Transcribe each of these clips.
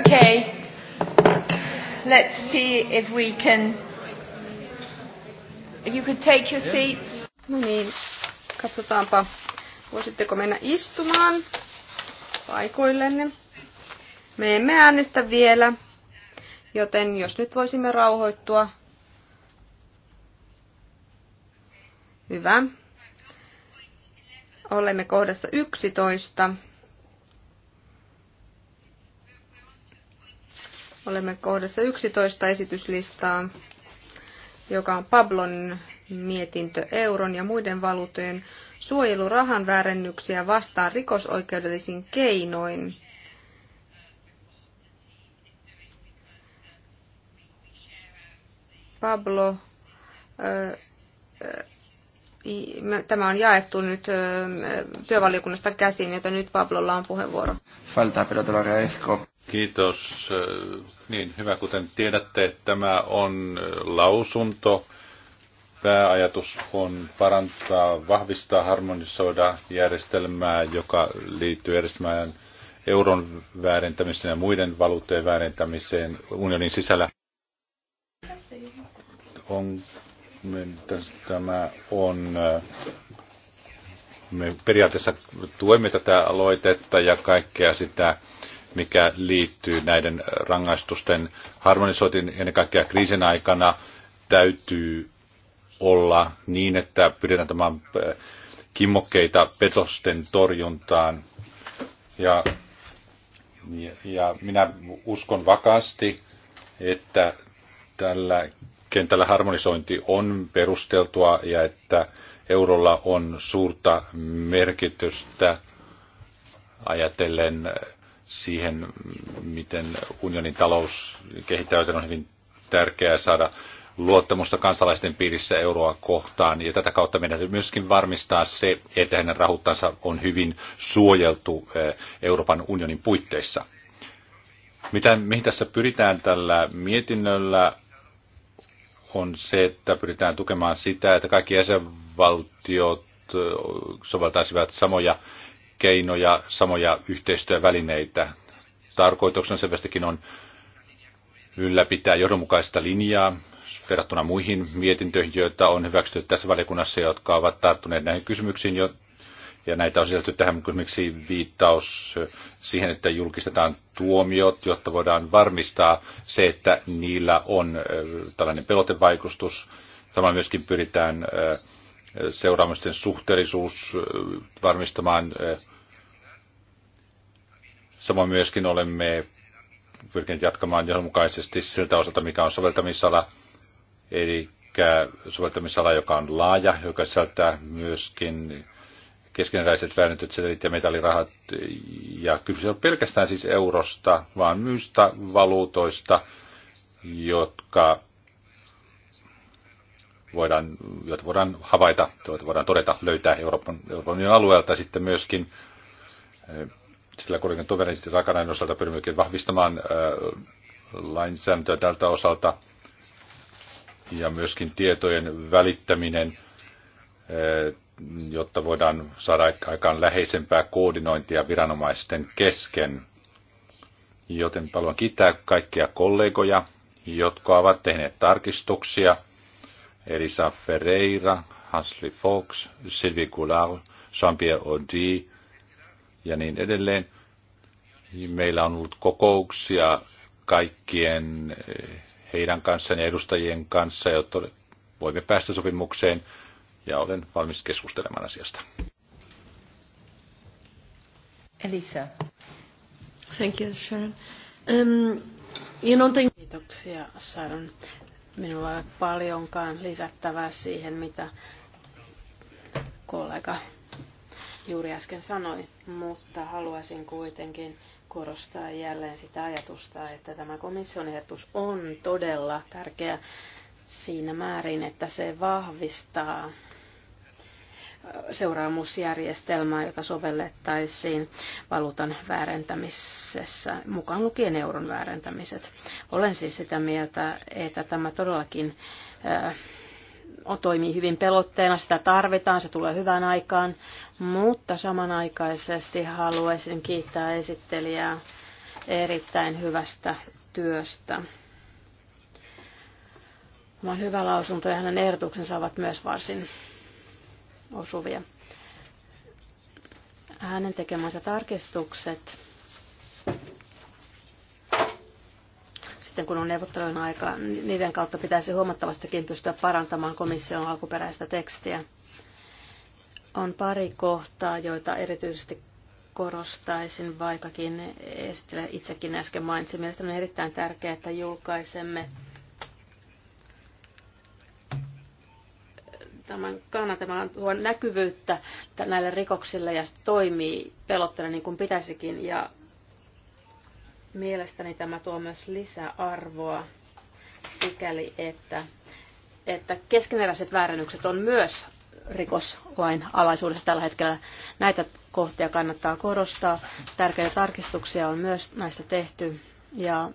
Okay. Let's see if we can... If you could take your seats. No niin, katsotaanpa, voisitteko mennä istumaan paikoillenne. Me emme äänestä vielä, joten jos nyt voisimme rauhoittua. Hyvä. Olemme kohdassa 11. Olemme kohdassa 11 esityslistaa, joka on Pablon mietintö euron ja muiden valuutojen suojelurahan väärennyksiä vastaan rikosoikeudellisin keinoin. Pablo, tämä on jaettu nyt työvaliokunnasta käsin, joten nyt Pablolla on puheenvuoro. Falta, pero te lo agradezco. Kiitos. Äh, niin, hyvä, kuten tiedätte, tämä on äh, lausunto. Pääajatus on parantaa, vahvistaa, harmonisoida järjestelmää, joka liittyy järjestelmään euron väärentämiseen ja muiden valuuttojen väärentämiseen unionin sisällä. On, tämä on äh, me periaatteessa tuemme tätä aloitetta ja kaikkea sitä, mikä liittyy näiden rangaistusten harmonisointiin ennen kaikkea kriisin aikana, täytyy olla niin, että pyritään tämän eh, kimmokkeita petosten torjuntaan. Ja, ja, ja minä uskon vakaasti, että tällä kentällä harmonisointi on perusteltua ja että eurolla on suurta merkitystä ajatellen eh, siihen, miten unionin talous kehittäytyy, on hyvin tärkeää saada luottamusta kansalaisten piirissä euroa kohtaan. Ja tätä kautta meidän täytyy myöskin varmistaa se, että hänen rahoittansa on hyvin suojeltu eh, Euroopan unionin puitteissa. Mitä, mihin tässä pyritään tällä mietinnöllä on se, että pyritään tukemaan sitä, että kaikki jäsenvaltiot eh, soveltaisivat samoja keinoja, samoja yhteistyövälineitä. Tarkoituksena selvästikin on ylläpitää johdonmukaista linjaa verrattuna muihin mietintöihin, joita on hyväksytty tässä valiokunnassa, jotka ovat tarttuneet näihin kysymyksiin jo. Ja näitä on sisältynyt tähän esimerkiksi viittaus siihen, että julkistetaan tuomiot, jotta voidaan varmistaa se, että niillä on tällainen pelotevaikutus. Samalla myöskin pyritään seuraamusten suhteellisuus varmistamaan Samoin myöskin olemme pyrkineet jatkamaan johdonmukaisesti siltä osalta, mikä on soveltamisala, eli soveltamisala, joka on laaja, joka sisältää myöskin keskeneräiset väännetyt setelit ja metallirahat. Ja kyse on pelkästään siis eurosta, vaan myystä valuutoista, jotka voidaan, joita voidaan havaita, joita voidaan todeta, löytää Euroopan, Euroopan alueelta. Sitten myöskin eh, sillä kuitenkin toverin rakanaan osalta pyrimmekin vahvistamaan lainsäädäntöä tältä osalta ja myöskin tietojen välittäminen, jotta voidaan saada aikaan läheisempää koordinointia viranomaisten kesken. Joten haluan kiittää kaikkia kollegoja, jotka ovat tehneet tarkistuksia. Elisa Ferreira, Hansli Fox, Sylvie Goulard, Jean-Pierre Audi, ja niin edelleen. Meillä on ollut kokouksia kaikkien eh, heidän kanssaan ja edustajien kanssa, jotta voimme päästä sopimukseen ja olen valmis keskustelemaan asiasta. Elisa. Thank you, Sharon. Um, you know, thank... Kiitoksia, Sharon. Minulla ei ole paljonkaan lisättävää siihen, mitä kollega juuri äsken sanoi, mutta haluaisin kuitenkin korostaa jälleen sitä ajatusta, että tämä komission ehdotus on todella tärkeä siinä määrin, että se vahvistaa seuraamusjärjestelmää, jota sovellettaisiin valuutan väärentämisessä, mukaan lukien euron väärentämiset. Olen siis sitä mieltä, että tämä todellakin toimii hyvin pelotteena, sitä tarvitaan, se tulee hyvään aikaan, mutta samanaikaisesti haluaisin kiittää esittelijää erittäin hyvästä työstä. Tämä on hyvä lausunto ja hänen ehdotuksensa ovat myös varsin osuvia. Hänen tekemänsä tarkistukset sitten kun on neuvottelujen aika, niiden kautta pitäisi huomattavastikin pystyä parantamaan komission alkuperäistä tekstiä. On pari kohtaa, joita erityisesti korostaisin, vaikkakin esittelen itsekin äsken mainitsin. Mielestäni on erittäin tärkeää, että julkaisemme tämän kannatamaan tuo näkyvyyttä näille rikoksille ja toimii pelottele niin kuin pitäisikin. Ja Mielestäni tämä tuo myös lisäarvoa sikäli, että, että keskeneräiset väärännykset on myös rikoslain alaisuudessa tällä hetkellä. Näitä kohtia kannattaa korostaa. Tärkeitä tarkistuksia on myös näistä tehty. Ja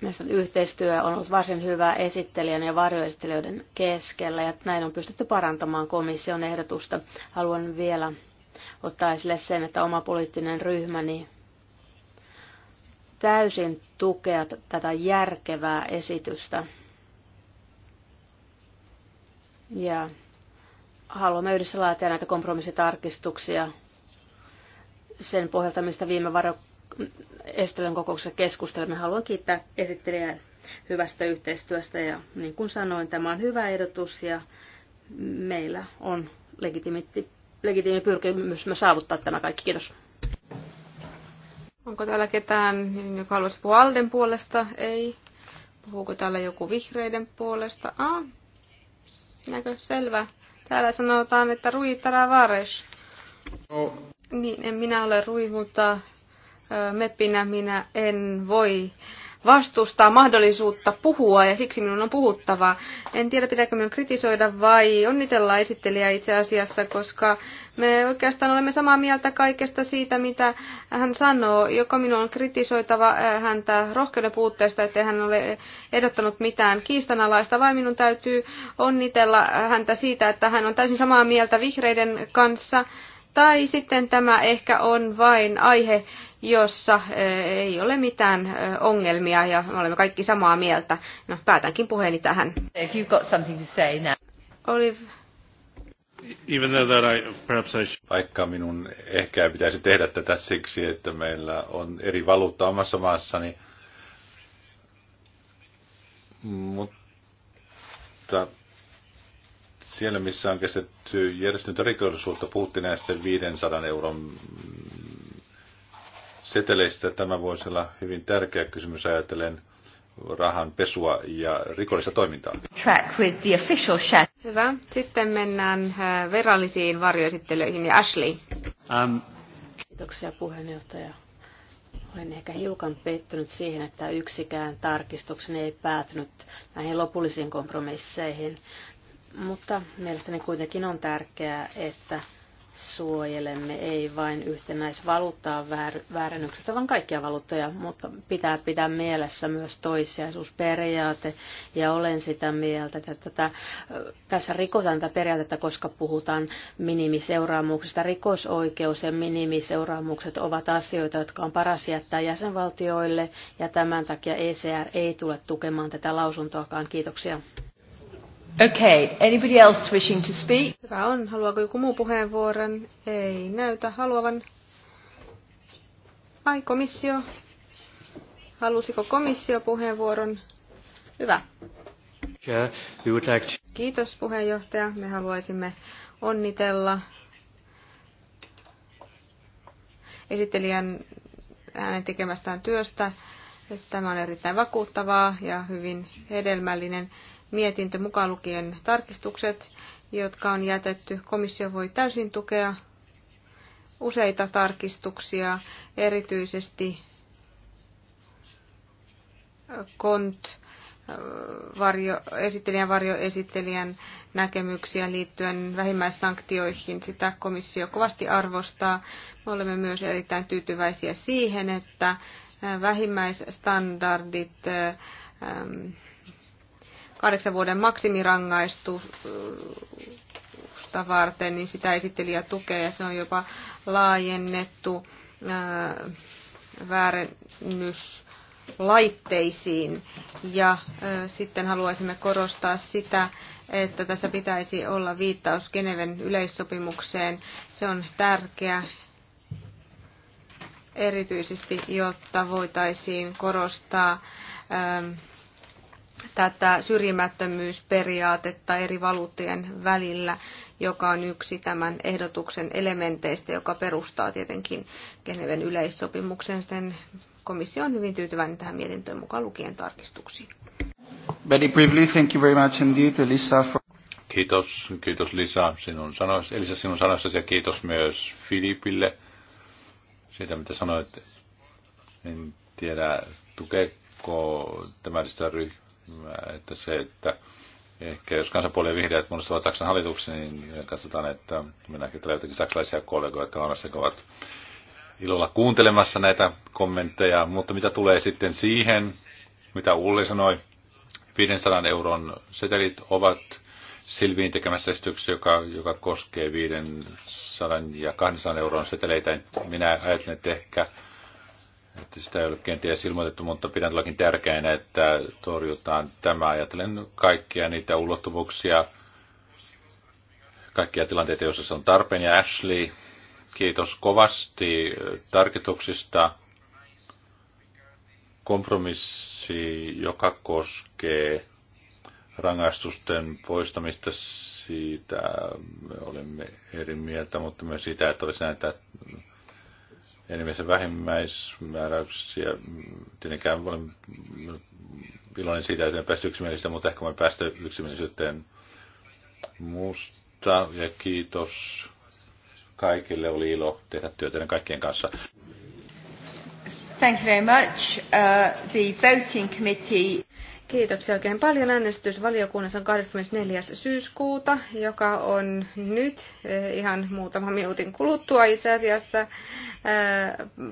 Mielestäni yhteistyö on ollut varsin hyvää esittelijän ja varjoesittelijöiden keskellä ja näin on pystytty parantamaan komission ehdotusta. Haluan vielä ottaa esille sen, että oma poliittinen ryhmäni täysin tukea tätä järkevää esitystä. Ja haluamme yhdessä laatia näitä kompromissitarkistuksia sen pohjalta, mistä viime varo Estelön kokouksessa keskustelemme. Haluan kiittää esittelijää hyvästä yhteistyöstä ja niin kuin sanoin, tämä on hyvä ehdotus ja meillä on legitimitti legitiimi pyrkimys saavuttaa tämä kaikki. Kiitos. Onko täällä ketään, niin, joka haluaisi puhua Alden puolesta? Ei. Puhuuko täällä joku vihreiden puolesta? Ah, sinäkö? Selvä. Täällä sanotaan, että Rui Taravares. No. Niin, en minä ole Rui, mutta meppinä minä en voi vastustaa mahdollisuutta puhua ja siksi minun on puhuttava. En tiedä, pitääkö minun kritisoida vai onnitella esittelijää itse asiassa, koska me oikeastaan olemme samaa mieltä kaikesta siitä, mitä hän sanoo. Joko minun on kritisoitava eh, häntä rohkeuden puutteesta, ettei hän ole ehdottanut mitään kiistanalaista, vai minun täytyy onnitella häntä siitä, että hän on täysin samaa mieltä vihreiden kanssa, tai sitten tämä ehkä on vain aihe, jossa eh, ei ole mitään eh, ongelmia ja me olemme kaikki samaa mieltä. No, päätänkin puheeni tähän. If you've got something to say now. Olive. Even though that I, perhaps I should... Vaikka minun ehkä pitäisi tehdä tätä siksi, että meillä on eri valuutta omassa maassani, mutta siellä, missä on kestetty järjestyntä rikollisuutta, puhuttiin näistä 500 euron seteleistä tämä voisi olla hyvin tärkeä kysymys ajatellen rahan pesua ja rikollista toimintaa. Track with the official chat. Hyvä. Sitten mennään äh, verallisiin varjoesittelyihin ja Ashley. Um. Kiitoksia puheenjohtaja. Olen ehkä hiukan pettynyt siihen, että yksikään tarkistuksen ei päätynyt näihin lopullisiin kompromisseihin. Mutta mielestäni kuitenkin on tärkeää, että suojelemme ei vain yhtenäisvaluuttaa väärännyksestä, vaan kaikkia valuuttoja, mutta pitää pitää mielessä myös toissijaisuusperiaate. Ja olen sitä mieltä, että tätä, tässä rikotaan tätä periaatetta, koska puhutaan minimiseuraamuksista. Rikosoikeus ja minimiseuraamukset ovat asioita, jotka on paras jättää jäsenvaltioille, ja tämän takia ECR ei tule tukemaan tätä lausuntoakaan. Kiitoksia. Okay, anybody else wishing to speak? Hyvä on. Haluaako joku muu puheenvuoron? Ei näytä haluavan. Ai, komissio. Halusiko komissio puheenvuoron? Hyvä. Kiitos puheenjohtaja. Me haluaisimme onnitella esittelijän hänen tekemästään työstä. Tämä on erittäin vakuuttavaa ja hyvin hedelmällinen mietintö mukaan lukien tarkistukset, jotka on jätetty. Komissio voi täysin tukea useita tarkistuksia, erityisesti kont äh, varjo, esittelijän varjoesittelijän näkemyksiä liittyen vähimmäissanktioihin. Sitä komissio kovasti arvostaa. Me olemme myös erittäin tyytyväisiä siihen, että äh, vähimmäisstandardit ähm, kahdeksan vuoden maksimirangaistusta varten, niin sitä esittelijä tukee ja se on jopa laajennettu äh, väärennys laitteisiin. Ja äh, sitten haluaisimme korostaa sitä, että tässä pitäisi olla viittaus Geneven yleissopimukseen. Se on tärkeä erityisesti, jotta voitaisiin korostaa ähm, tätä syrjimättömyysperiaatetta eri valuuttien välillä, joka on yksi tämän ehdotuksen elementeistä, joka perustaa tietenkin Geneven yleissopimuksen, sen komissio on hyvin tyytyväinen tähän mietintöön mukaan lukien tarkistuksiin. thank you very much indeed, Kiitos, kiitos Lisa sinun sanoissa, Elisa sinun sanoistasi ja kiitos myös Filipille siitä, mitä sanoit. En tiedä, tukeeko tämä ryhmä että se, että ehkä jos kansanpuolien vihreät muodostavat Saksan hallituksen, niin katsotaan, että minäkin tulee jotenkin saksalaisia kollegoja, jotka varmasti ovat ilolla kuuntelemassa näitä kommentteja, mutta mitä tulee sitten siihen, mitä Ulli sanoi, 500 euron setelit ovat Silviin tekemässä esityksessä, joka, joka koskee 500 ja 200 euron seteleitä. Minä ajattelen, että ehkä että sitä ei ole kenties ilmoitettu, mutta pidän todellakin tärkeänä, että torjutaan tämä. Ajattelen kaikkia niitä ulottuvuuksia, kaikkia tilanteita, joissa se on tarpeen. Ja Ashley, kiitos kovasti tarkoituksista. Kompromissi, joka koskee rangaistusten poistamista siitä, me olimme eri mieltä, mutta myös siitä, että olisi näitä enimmäisen vähimmäismääräyksiä. Tietenkään olen iloinen siitä, että en päästy yksimielisyyteen, mutta ehkä voin päästä yksimielisyyteen muusta. Ja kiitos kaikille. Oli ilo tehdä työtä kaikkien kanssa. Thank you very much. Uh, the voting committee... Kiitoksia oikein paljon. Äänestys valiokunnassa on 24. syyskuuta, joka on nyt eh, ihan muutaman minuutin kuluttua itse asiassa. Eh,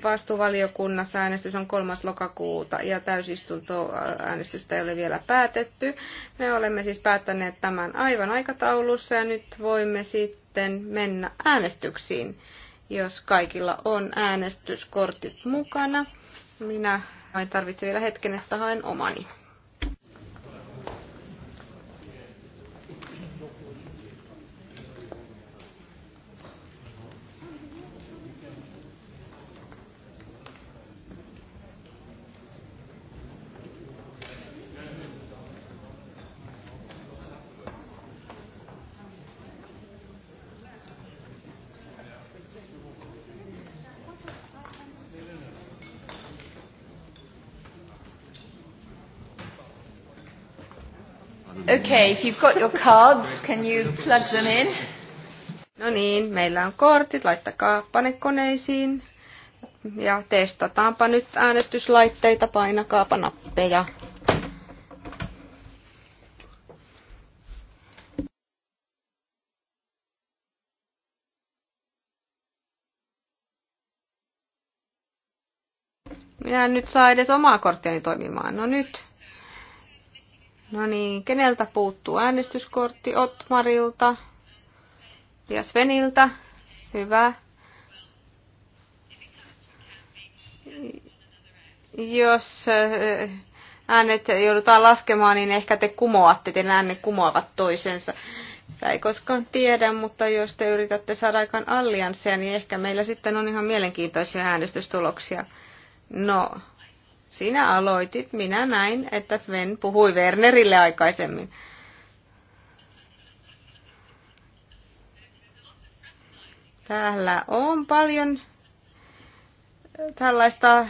vastuuvaliokunnassa äänestys on 3. lokakuuta ja täysistunto eh, äänestystä ei ole vielä päätetty. Me olemme siis päättäneet tämän aivan aikataulussa ja nyt voimme sitten mennä äänestyksiin, jos kaikilla on äänestyskortit mukana. Minä vain tarvitsen vielä hetken, että haen omani. Okay, if you've got your cards, can you plug them in? No niin, meillä on kortit, laittakaa panekoneisiin. Ja testataanpa nyt äänestyslaitteita, painakaapa nappeja. Minä en nyt saa edes omaa korttiani toimimaan. No nyt. No niin, keneltä puuttuu äänestyskortti? Otmarilta ja Sveniltä. Hyvä. Jos eh, äänet joudutaan laskemaan, niin ehkä te kumoatte, te äänne kumoavat toisensa. Sitä ei koskaan tiedä, mutta jos te yritätte saada aikaan alliansseja, niin ehkä meillä sitten on ihan mielenkiintoisia äänestystuloksia. No, sinä aloitit, minä näin, että Sven puhui Wernerille aikaisemmin. Täällä on paljon äh, tällaista äh,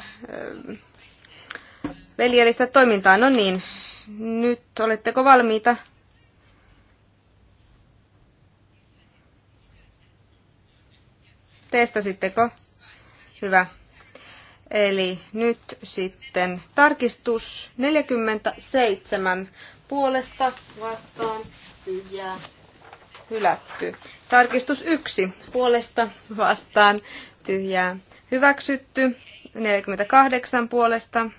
veljellistä toimintaa. No niin, nyt oletteko valmiita? Testasitteko? Hyvä. Eli nyt sitten tarkistus 47 puolesta vastaan tyhjää hylätty. Tarkistus 1 puolesta vastaan tyhjää hyväksytty. 48 puolesta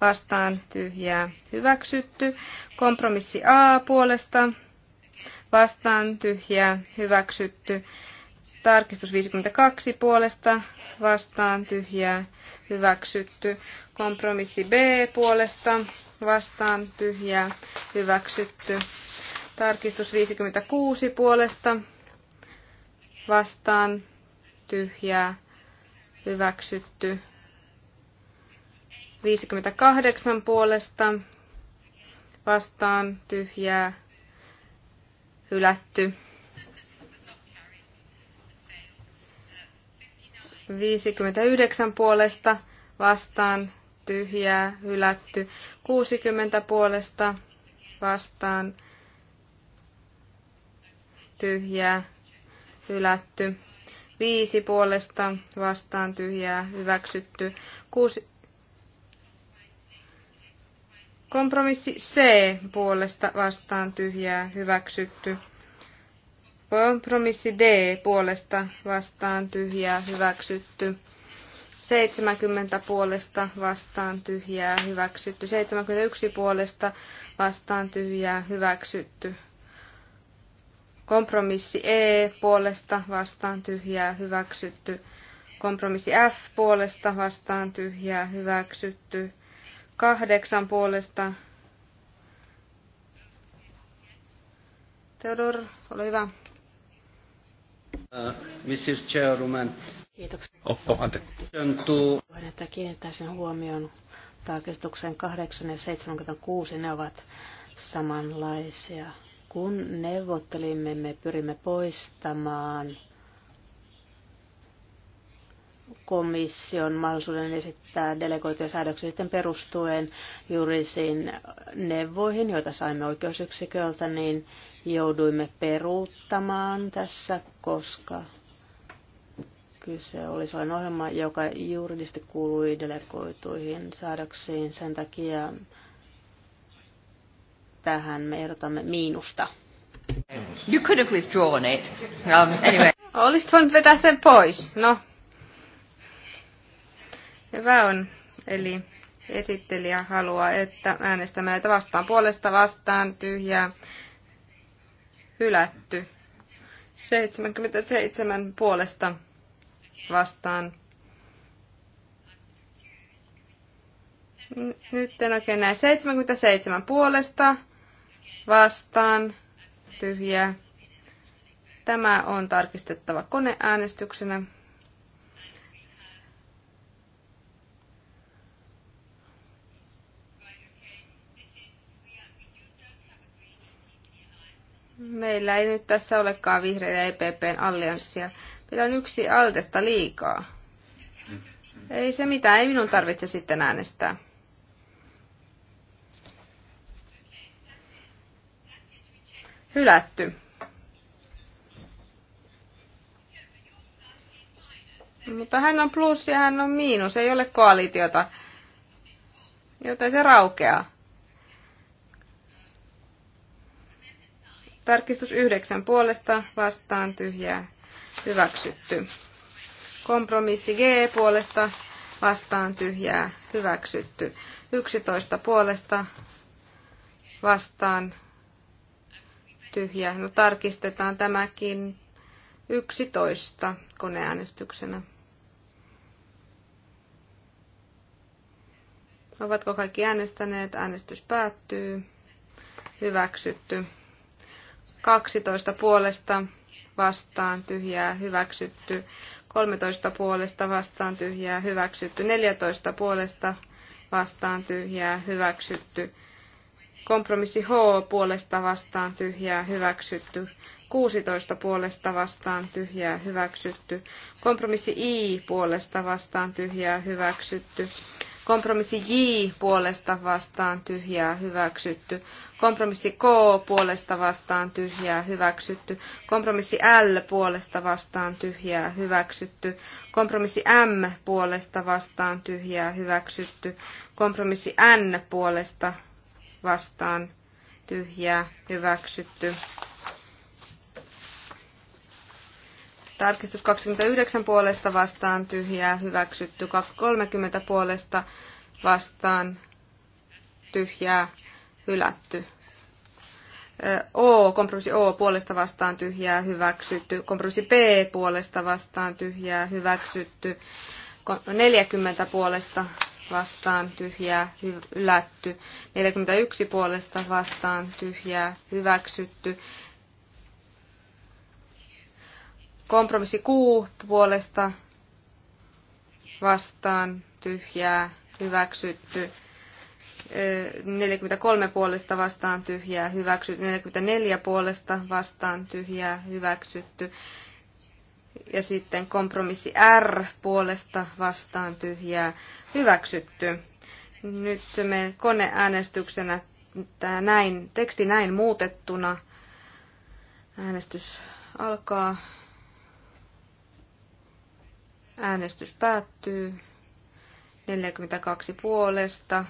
vastaan tyhjää hyväksytty. Kompromissi A puolesta vastaan tyhjää hyväksytty. Tarkistus 52 puolesta vastaan tyhjää hyväksytty. Kompromissi B puolesta vastaan tyhjää hyväksytty. Tarkistus 56 puolesta vastaan tyhjää hyväksytty. 58 puolesta vastaan tyhjää hylätty. 59 puolesta vastaan tyhjää hylätty. 60 puolesta vastaan tyhjää hylätty. 5 puolesta vastaan tyhjää hyväksytty. 6 Kompromissi C puolesta vastaan tyhjää hyväksytty. Kompromissi D puolesta vastaan tyhjää hyväksytty. 70 puolesta vastaan tyhjää hyväksytty. 71 puolesta vastaan tyhjää hyväksytty. Kompromissi E puolesta vastaan tyhjää hyväksytty. Kompromissi F puolesta vastaan tyhjää hyväksytty. Kahdeksan puolesta. Teodor, ole hyvä. Uh, Kiitoksia. Että kiinnittäisin huomioon tarkistuksen 8 ja 76, ne ovat samanlaisia. Kun neuvottelimme, me pyrimme poistamaan komission mahdollisuuden esittää delegoituja säädöksiä sitten perustuen juurisiin neuvoihin, joita saimme oikeusyksiköltä, niin jouduimme peruuttamaan tässä, koska kyse oli sellainen ohjelma, joka juridisesti kuului delegoituihin säädöksiin. Sen takia tähän me ehdotamme miinusta. You could have withdrawn it. Um, anyway. Olisit voinut vetää sen pois. No. Hyvä on. Eli esittelijä haluaa, että äänestämme näitä vastaan puolesta vastaan tyhjää hylätty. 77 puolesta vastaan. Nyt en oikein näe. 77 puolesta vastaan. Tyhjää. Tämä on tarkistettava koneäänestyksenä. Meillä ei nyt tässä olekaan vihreä EPPn allianssia. Meillä on yksi altesta liikaa. Ei se mitään, ei minun tarvitse sitten äänestää. Hylätty. Mutta hän on plus ja hän on miinus, ei ole koalitiota. Joten se raukeaa. Tarkistus 9 puolesta vastaan tyhjää hyväksytty. Kompromissi G puolesta vastaan tyhjää hyväksytty. 11 puolesta vastaan tyhjää. No tarkistetaan tämäkin 11 koneäänestyksenä. Ovatko kaikki äänestäneet? Äänestys päättyy. Hyväksytty. 12 puolesta vastaan tyhjää hyväksytty. 13 puolesta vastaan tyhjää hyväksytty. 14 puolesta vastaan tyhjää hyväksytty. Kompromissi H puolesta vastaan tyhjää hyväksytty. 16 puolesta vastaan tyhjää hyväksytty. Kompromissi I puolesta vastaan tyhjää hyväksytty. Kompromissi J puolesta vastaan tyhjää hyväksytty. Kompromissi K puolesta vastaan tyhjää hyväksytty. Kompromissi L puolesta vastaan tyhjää hyväksytty. Kompromissi M puolesta vastaan tyhjää hyväksytty. Kompromissi N puolesta vastaan tyhjää hyväksytty. Tarkistus 29 puolesta vastaan tyhjää hyväksytty. 30 puolesta vastaan tyhjää hylätty. O, kompromissi O puolesta vastaan tyhjää hyväksytty. Kompromissi P puolesta vastaan tyhjää hyväksytty. 40 puolesta vastaan tyhjää hylätty. 41 puolesta vastaan tyhjää hyväksytty. Kompromissi kuu puolesta vastaan tyhjää hyväksytty. 43 puolesta vastaan tyhjää hyväksytty. 44 puolesta vastaan tyhjää hyväksytty. Ja sitten kompromissi R puolesta vastaan tyhjää hyväksytty. Nyt me koneäänestyksenä tämä näin, teksti näin muutettuna. Äänestys alkaa. Äänestys päättyy. 42 puolesta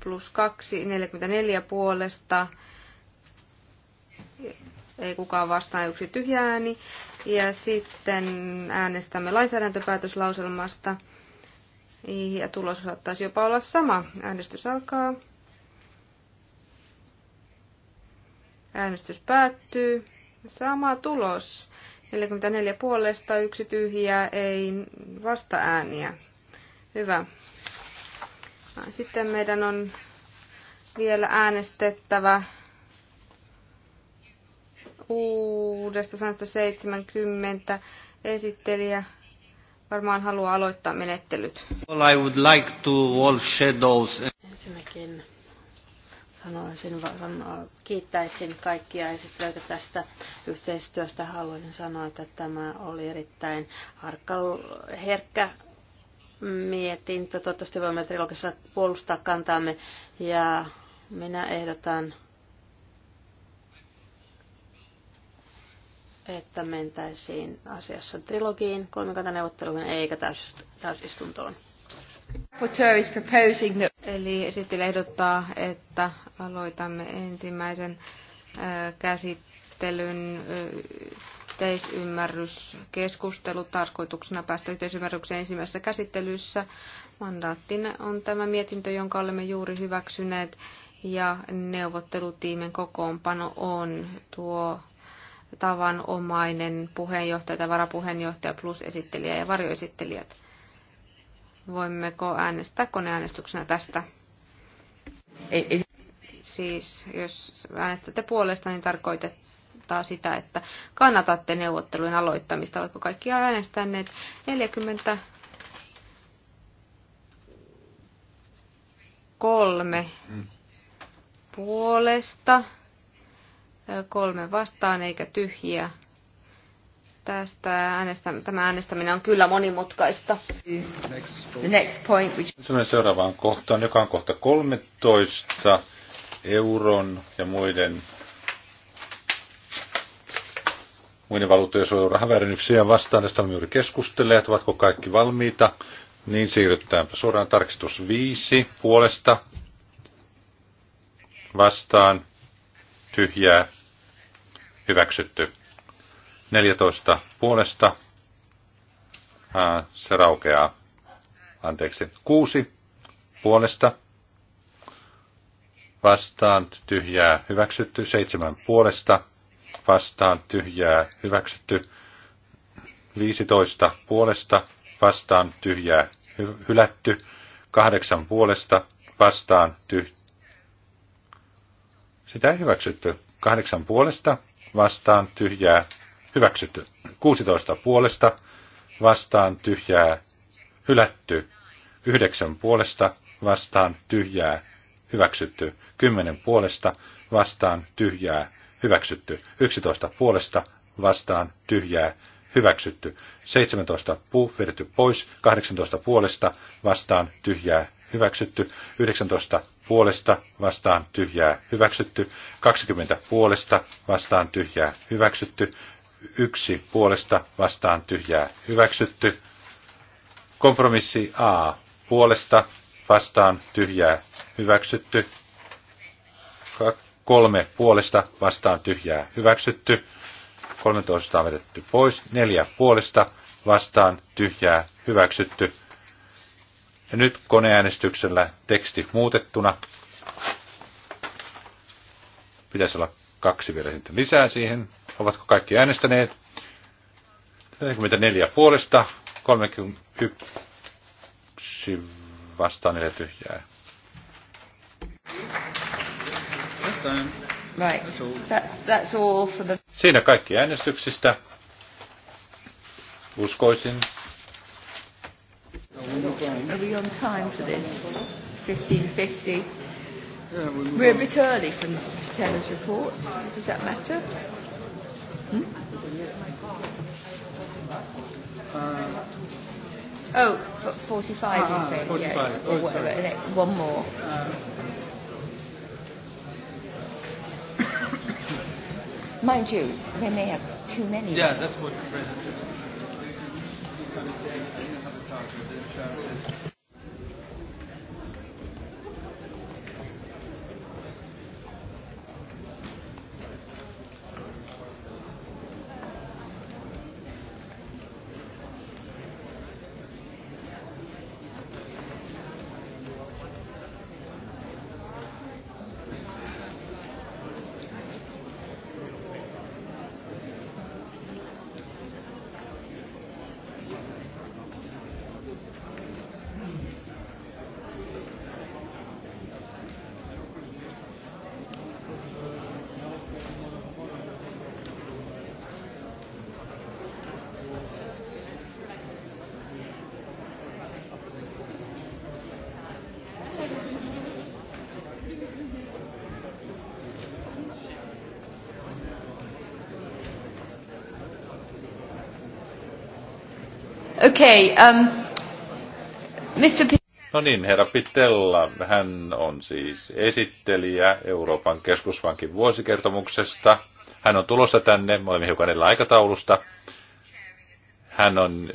plus 2, 44 puolesta. Ei kukaan vastaa yksi tyhjä ääni. Ja sitten äänestämme lainsäädäntöpäätöslauselmasta. Ja tulos saattaisi jopa olla sama. Äänestys alkaa. Äänestys päättyy. Sama tulos. 44 puolesta, yksi tyhjää, ei vasta ääniä. Hyvä. Sitten meidän on vielä äänestettävä uudesta sanasta 70 esittelijä varmaan haluaa aloittaa menettelyt. Well, I would like to all shadows. Ensinnäkin Sanoisin, äh, kiittäisin kaikkia esittelyitä tästä yhteistyöstä. Haluaisin sanoa, että tämä oli erittäin harkka, herkkä mietintö. Toivottavasti voimme trilogissa puolustaa kantaamme. Ja minä ehdotan, että mentäisiin asiassa trilogiin, kolmikantaneuvotteluihin eikä täysistuntoon. Eli esittely ehdottaa, että aloitamme ensimmäisen äh, käsittelyn äh, yhteisymmärryskeskustelu tarkoituksena päästä yhteisymmärrykseen ensimmäisessä käsittelyssä. Mandaattina on tämä mietintö, jonka olemme juuri hyväksyneet ja neuvottelutiimen kokoonpano on tuo tavanomainen puheenjohtaja tai varapuheenjohtaja plus esittelijä ja varjoesittelijät. Voimmeko äänestää koneäänestyksenä tästä? Ei, ei. Siis jos äänestätte puolesta, niin tarkoitetaan sitä, että kannatatte neuvottelujen aloittamista. Oletko kaikki äänestäneet 40 kolme mm. puolesta, kolme vastaan eikä tyhjiä. Tästä äänestä, tämä äänestäminen on kyllä monimutkaista. The next point, which... Seuraavaan kohtaan, joka on kohta 13 euron ja muiden muiden valuuttojen suojelurahväärinnyksiä vastaan. Tästä on juuri keskustelleet, ovatko kaikki valmiita. Niin siirrytäänpä suoraan tarkistus 5 puolesta vastaan tyhjää hyväksytty. 14 puolesta. se raukeaa. Anteeksi. 6 puolesta. Vastaan tyhjää hyväksytty. 7 puolesta. Vastaan tyhjää hyväksytty. 15 puolesta. Vastaan tyhjää hy- hylätty. 8 puolesta. Vastaan tyhjää. Sitä ei hyväksytty. Kahdeksan puolesta vastaan tyhjää hyväksytty. 16 puolesta vastaan tyhjää hylätty. 9 puolesta vastaan tyhjää hyväksytty. 10 puolesta vastaan tyhjää hyväksytty. 11 puolesta vastaan tyhjää hyväksytty. 17 puu vedetty pois, 18 puolesta vastaan tyhjää hyväksytty, 19 puolesta vastaan tyhjää hyväksytty, 20 puolesta vastaan tyhjää hyväksytty, yksi puolesta vastaan tyhjää hyväksytty. Kompromissi A puolesta vastaan tyhjää hyväksytty. Kolme puolesta vastaan tyhjää hyväksytty. 13 on vedetty pois. Neljä puolesta vastaan tyhjää hyväksytty. Ja nyt koneäänestyksellä teksti muutettuna. Pitäisi olla kaksi vielä lisää siihen. Ovatko kaikki äänestäneet? 44 puolesta, 31 vastaan 4 tyhjää. Siinä kaikki äänestyksistä. Uskoisin. Are we on time for this? 15.50? We're a bit early for Mr. Patella's report. Does that matter? Hmm? Uh, oh, 45, ah, you 45. Yeah, whatever. Oh, sorry. One more. Mind you, they may have too many. Yeah, that's what. Okay, um, Mr. P- no niin, herra Pitella, hän on siis esittelijä Euroopan keskuspankin vuosikertomuksesta. Hän on tulossa tänne, me olemme hiukan edellä aikataulusta. Hän on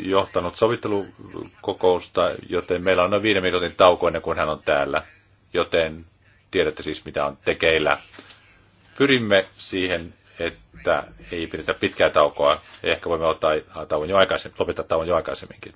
johtanut sovittelukokousta, joten meillä on noin viiden minuutin tauko ennen kuin hän on täällä. Joten tiedätte siis, mitä on tekeillä. Pyrimme siihen, että ei pidetä pitkää taukoa. Ehkä voimme ottaa tauon jo aikaisemmin, lopettaa tauon jo aikaisemminkin.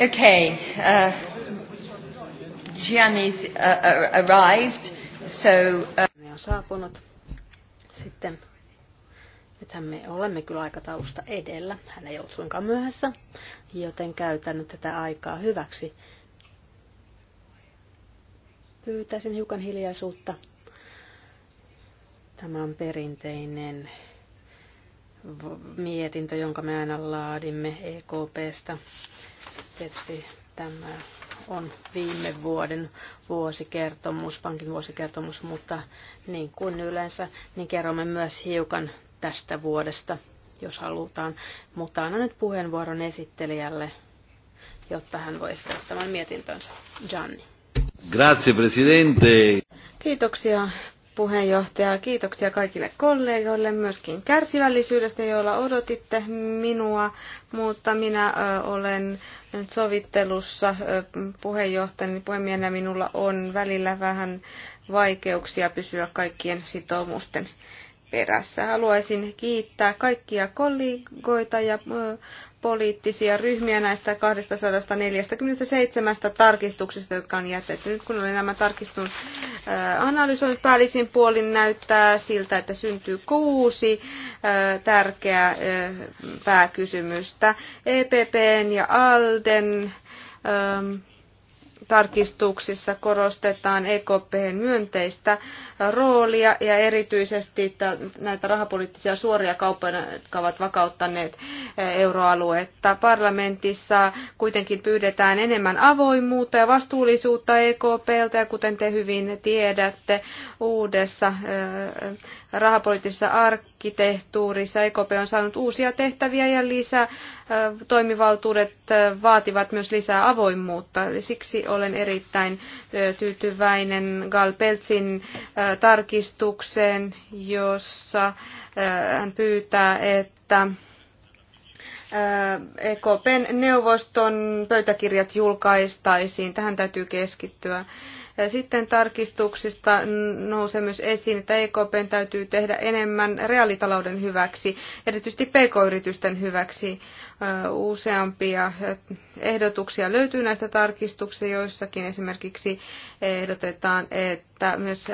Okay. Uh, Gianni's uh, uh arrived, so... Uh... on saapunut. Sitten Nythän me olemme kyllä aikataulusta edellä. Hän ei ollut suinkaan myöhässä, joten käytän tätä aikaa hyväksi. Pyytäisin hiukan hiljaisuutta. Tämä on perinteinen mietintö, jonka me aina laadimme EKPstä. Tietysti tämä on viime vuoden vuosikertomus, pankin vuosikertomus, mutta niin kuin yleensä, niin kerromme myös hiukan tästä vuodesta, jos halutaan. Mutta annan nyt puheenvuoron esittelijälle, jotta hän voi esitellä tämän mietintönsä. Gianni. Grazie, presidente. Kiitoksia puheenjohtaja. Kiitoksia kaikille kollegoille myöskin kärsivällisyydestä, joilla odotitte minua, mutta minä olen nyt sovittelussa puheenjohtajani puhemiehenä minulla on välillä vähän vaikeuksia pysyä kaikkien sitoumusten perässä. Haluaisin kiittää kaikkia kollegoita ja poliittisia ryhmiä näistä 247 tarkistuksesta, jotka on jätetty. Nyt kun olen nämä tarkistunut äh, analysoinut päällisin puolin, näyttää siltä, että syntyy kuusi äh, tärkeää äh, pääkysymystä. EPPn ja ALDEn ähm, tarkistuksissa korostetaan EKPn myönteistä roolia ja erityisesti näitä rahapoliittisia suoria kauppoja, jotka ovat vakauttaneet eh, euroaluetta. Parlamentissa kuitenkin pyydetään enemmän avoimuutta ja vastuullisuutta EKPltä ja kuten te hyvin tiedätte, uudessa eh, rahapoliittisessa arkkitehtuurissa. EKP on saanut uusia tehtäviä ja lisää toimivaltuudet vaativat myös lisää avoimuutta. Siksi olen erittäin tyytyväinen Gal Peltsin tarkistukseen, jossa hän pyytää, että EKPn neuvoston pöytäkirjat julkaistaisiin. Tähän täytyy keskittyä. Sitten tarkistuksista nousee myös esiin, että EKPn täytyy tehdä enemmän reaalitalouden hyväksi, erityisesti pk-yritysten hyväksi. Useampia ehdotuksia löytyy näistä tarkistuksista, joissakin esimerkiksi ehdotetaan, että myös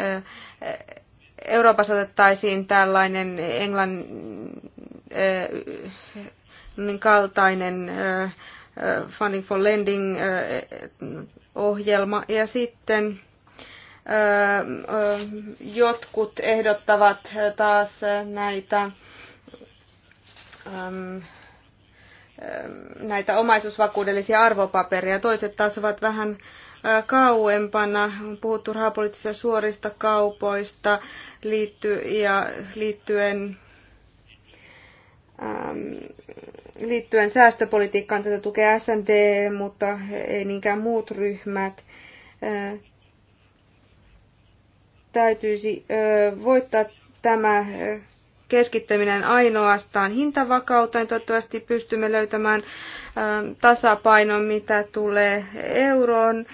Euroopassa otettaisiin tällainen englannin kaltainen Funding for Lending ohjelma. Ja sitten jotkut ehdottavat taas näitä näitä omaisuusvakuudellisia arvopaperia Toiset taas ovat vähän kauempana. On puhuttu rahapoliittisista suorista kaupoista ja liittyen Ähm, liittyen säästöpolitiikkaan tätä tukee SND, mutta ei niinkään muut ryhmät. Äh, täytyisi voittaa tämä keskittäminen ainoastaan hintavakauteen. Toivottavasti pystymme löytämään tasapainon, mitä tulee euroon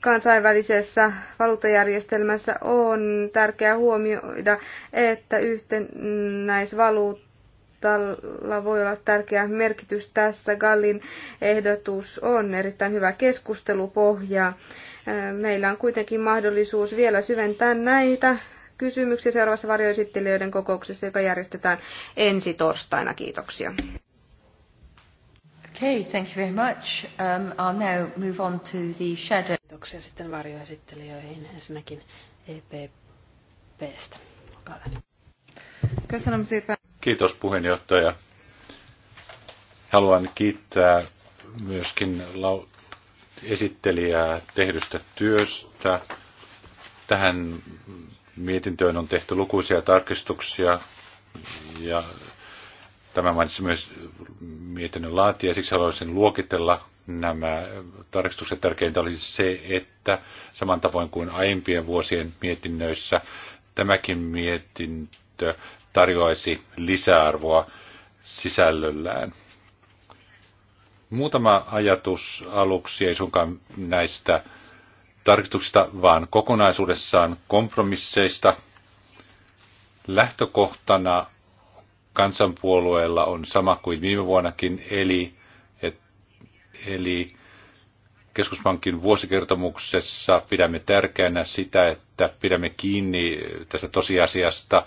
kansainvälisessä valuuttajärjestelmässä on tärkeää huomioida, että yhtenäisvaluuttalla voi olla tärkeä merkitys tässä. Gallin ehdotus on erittäin hyvä keskustelupohja. Äh, meillä on kuitenkin mahdollisuus vielä syventää näitä kysymyksiä seuraavassa varjoesittelijöiden kokouksessa, joka järjestetään ensi torstaina. Kiitoksia. Okay, thank you very much. Um, I'll now move on to the shadow. Kiitoksia sitten varjoesittelijöihin ensinnäkin EPPstä. Olkaa Kiitos puheenjohtaja. Haluan kiittää myöskin esittelijää tehdystä työstä. Tähän mietintöön on tehty lukuisia tarkistuksia ja Tämä mainitsi myös mietinnön laatija, siksi haluaisin luokitella nämä tarkistukset. Tärkeintä oli se, että saman tavoin kuin aiempien vuosien mietinnöissä, tämäkin mietintö tarjoaisi lisäarvoa sisällöllään. Muutama ajatus aluksi, ei suinkaan näistä tarkistuksista, vaan kokonaisuudessaan kompromisseista. Lähtökohtana kansanpuolueella on sama kuin viime vuonnakin, eli, et, eli keskuspankin vuosikertomuksessa pidämme tärkeänä sitä, että pidämme kiinni tästä tosiasiasta,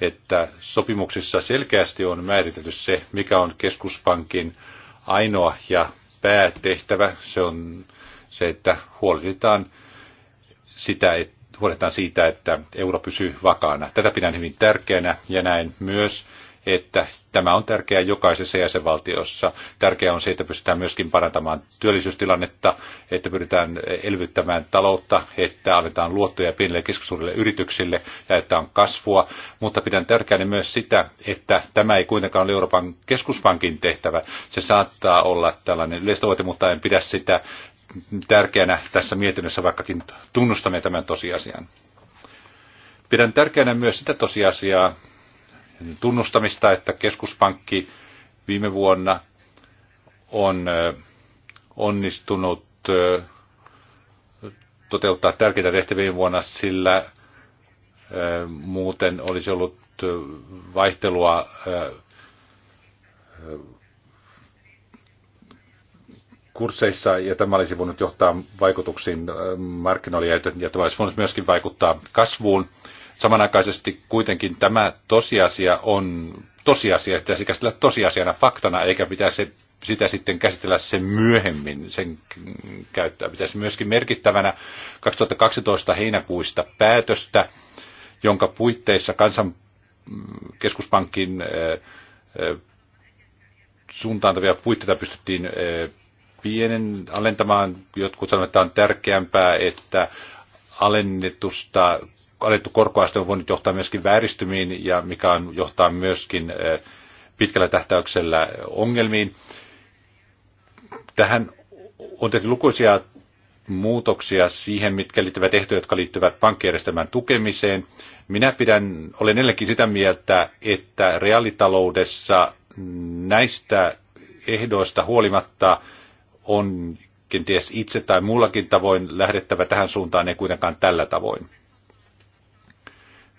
että sopimuksissa selkeästi on määritelty se, mikä on keskuspankin ainoa ja päätehtävä. Se on se, että huolehditaan, sitä, että huolehditaan siitä, että euro pysyy vakaana. Tätä pidän hyvin tärkeänä ja näin myös, että tämä on tärkeää jokaisessa jäsenvaltiossa. Tärkeää on se, että pystytään myöskin parantamaan työllisyystilannetta, että pyritään elvyttämään taloutta, että annetaan luottoja pienille ja keskisuurille yrityksille ja että on kasvua. Mutta pidän tärkeänä myös sitä, että tämä ei kuitenkaan ole Euroopan keskuspankin tehtävä. Se saattaa olla tällainen yleistavoite, mutta en pidä sitä tärkeänä tässä mietinnössä, vaikkakin tunnustamme tämän tosiasian. Pidän tärkeänä myös sitä tosiasiaa, tunnustamista, että keskuspankki viime vuonna on onnistunut toteuttaa tärkeitä tehtäviä vuonna, sillä muuten olisi ollut vaihtelua kursseissa, ja tämä olisi voinut johtaa vaikutuksiin markkinoille, ja tämä olisi voinut myöskin vaikuttaa kasvuun. Samanaikaisesti kuitenkin tämä tosiasia on tosiasia, että se käsitellä tosiasiana faktana, eikä pitäisi sitä sitten käsitellä sen myöhemmin, sen käyttää. Pitäisi myöskin merkittävänä 2012 heinäkuista päätöstä, jonka puitteissa kansan mm, keskuspankin suuntaantavia puitteita pystyttiin pienen alentamaan. Jotkut sanovat, että on tärkeämpää, että alennetusta alettu korkoaste on voinut johtaa myöskin vääristymiin ja mikä on, johtaa myöskin eh, pitkällä tähtäyksellä ongelmiin. Tähän on tehty lukuisia muutoksia siihen, mitkä liittyvät ehtoja, jotka liittyvät pankkijärjestelmän tukemiseen. Minä pidän, olen edelleenkin sitä mieltä, että reaalitaloudessa näistä ehdoista huolimatta on kenties itse tai muullakin tavoin lähdettävä tähän suuntaan, ei kuitenkaan tällä tavoin.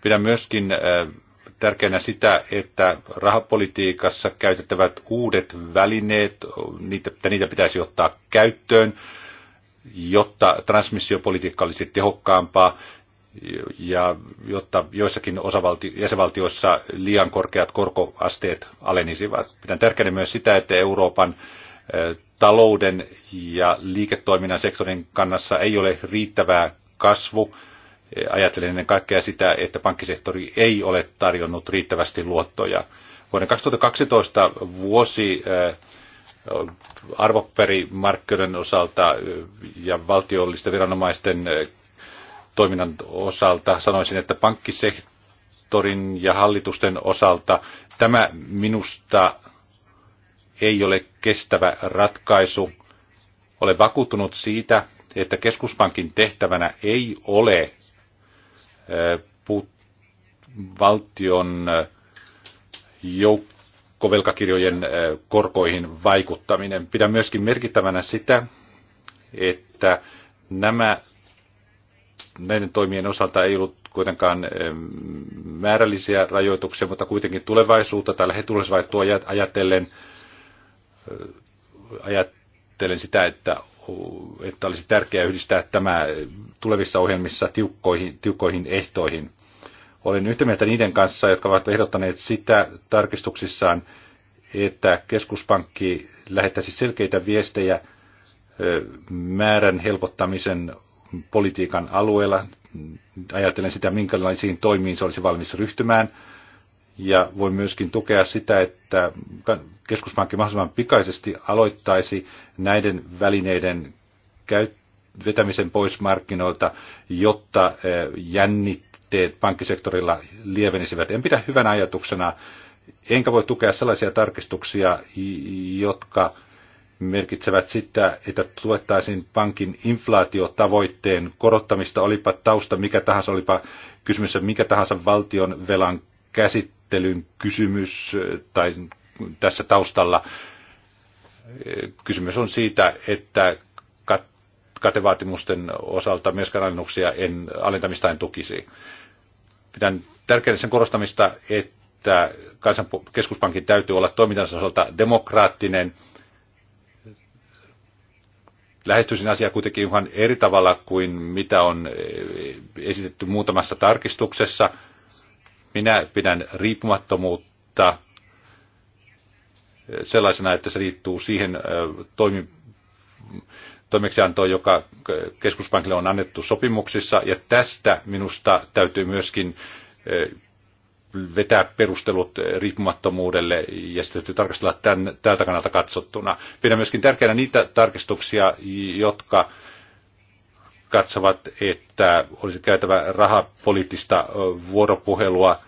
Pidän myöskin äh, tärkeänä sitä, että rahapolitiikassa käytettävät uudet välineet, että niitä pitäisi ottaa käyttöön, jotta transmissiopolitiikka olisi tehokkaampaa ja jotta joissakin osavalti- jäsenvaltioissa liian korkeat korkoasteet alenisivat. Pidän tärkeänä myös sitä, että Euroopan äh, talouden ja liiketoiminnan sektorin kannassa ei ole riittävää kasvu- Ajattelen ennen kaikkea sitä, että pankkisektori ei ole tarjonnut riittävästi luottoja. Vuoden 2012 vuosi äh, arvoperimarkkinoiden osalta äh, ja valtiollisten viranomaisten äh, toiminnan osalta sanoisin, että pankkisektorin ja hallitusten osalta tämä minusta ei ole kestävä ratkaisu. Olen vakuuttunut siitä, että keskuspankin tehtävänä ei ole Äh, puut, valtion äh, joukkovelkakirjojen äh, korkoihin vaikuttaminen. Pidän myöskin merkittävänä sitä, että nämä näiden toimien osalta ei ollut kuitenkaan määrällisiä rajoituksia, mutta kuitenkin tulevaisuutta tai lähetulisvaihtoa ajatellen, ajatellen sitä, että että olisi tärkeää yhdistää tämä tulevissa ohjelmissa tiukkoihin, tiukkoihin ehtoihin. Olen yhtä mieltä niiden kanssa, jotka ovat ehdottaneet sitä tarkistuksissaan, että keskuspankki lähettäisi selkeitä viestejä määrän helpottamisen politiikan alueella. Ajattelen sitä, minkälaisiin toimiin se olisi valmis ryhtymään ja voi myöskin tukea sitä, että keskuspankki mahdollisimman pikaisesti aloittaisi näiden välineiden käyttöön vetämisen pois markkinoilta, jotta eh, jännitteet pankkisektorilla lievenisivät. En pidä hyvän ajatuksena, enkä voi tukea sellaisia tarkistuksia, jotka merkitsevät sitä, että tuettaisiin pankin inflaatiotavoitteen korottamista, olipa tausta mikä tahansa, olipa kysymys mikä tahansa valtion velan käsit menettelyn kysymys tai tässä taustalla. Kysymys on siitä, että katevaatimusten osalta myöskään alennuksia en, alentamista en tukisi. Pidän tärkeänä sen korostamista, että kansan keskuspankin täytyy olla toimintansa osalta demokraattinen. Lähestyisin asiaa kuitenkin ihan eri tavalla kuin mitä on eh, esitetty muutamassa tarkistuksessa – minä pidän riippumattomuutta sellaisena, että se liittyy siihen toimi, toimeksiantoon, joka keskuspankille on annettu sopimuksissa, ja tästä minusta täytyy myöskin vetää perustelut riippumattomuudelle ja sitä täytyy tarkastella tämän, tältä kannalta katsottuna. Pidän myöskin tärkeänä niitä tarkistuksia, jotka katsovat, että olisi käytävä rahapoliittista vuoropuhelua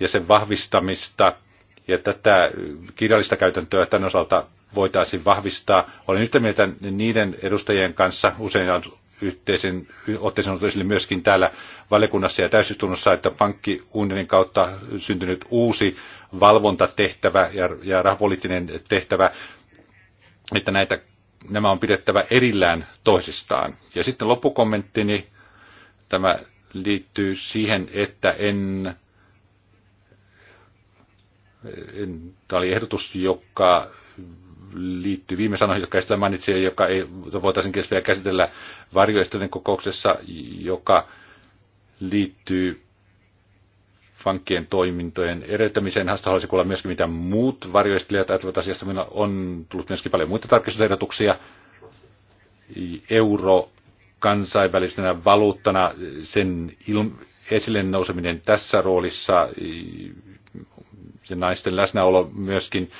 ja sen vahvistamista. Ja tätä kirjallista käytäntöä tämän osalta voitaisiin vahvistaa. Olen yhtä mieltä niiden edustajien kanssa, usein on yhteisen otteeseen esille myöskin täällä valiokunnassa ja täysistunnossa, että pankkiunionin kautta syntynyt uusi valvontatehtävä ja, ja rahapoliittinen tehtävä, että näitä nämä on pidettävä erillään toisistaan. Ja sitten loppukommenttini, tämä liittyy siihen, että en, en tämä oli ehdotus, joka liittyy viime sanoihin, jotka sitä mainitsin, joka ei, voitaisiin vielä käsitellä varjoistojen kokouksessa, joka liittyy pankkien toimintojen edeltämiseen. Hän haluaisi kuulla myöskin, mitä muut varjoistelijat ajattelevat asiasta. Minulla on tullut myöskin paljon muita tarkistusehdotuksia. Euro kansainvälisenä valuuttana, sen il- esille nouseminen tässä roolissa ja naisten läsnäolo myöskin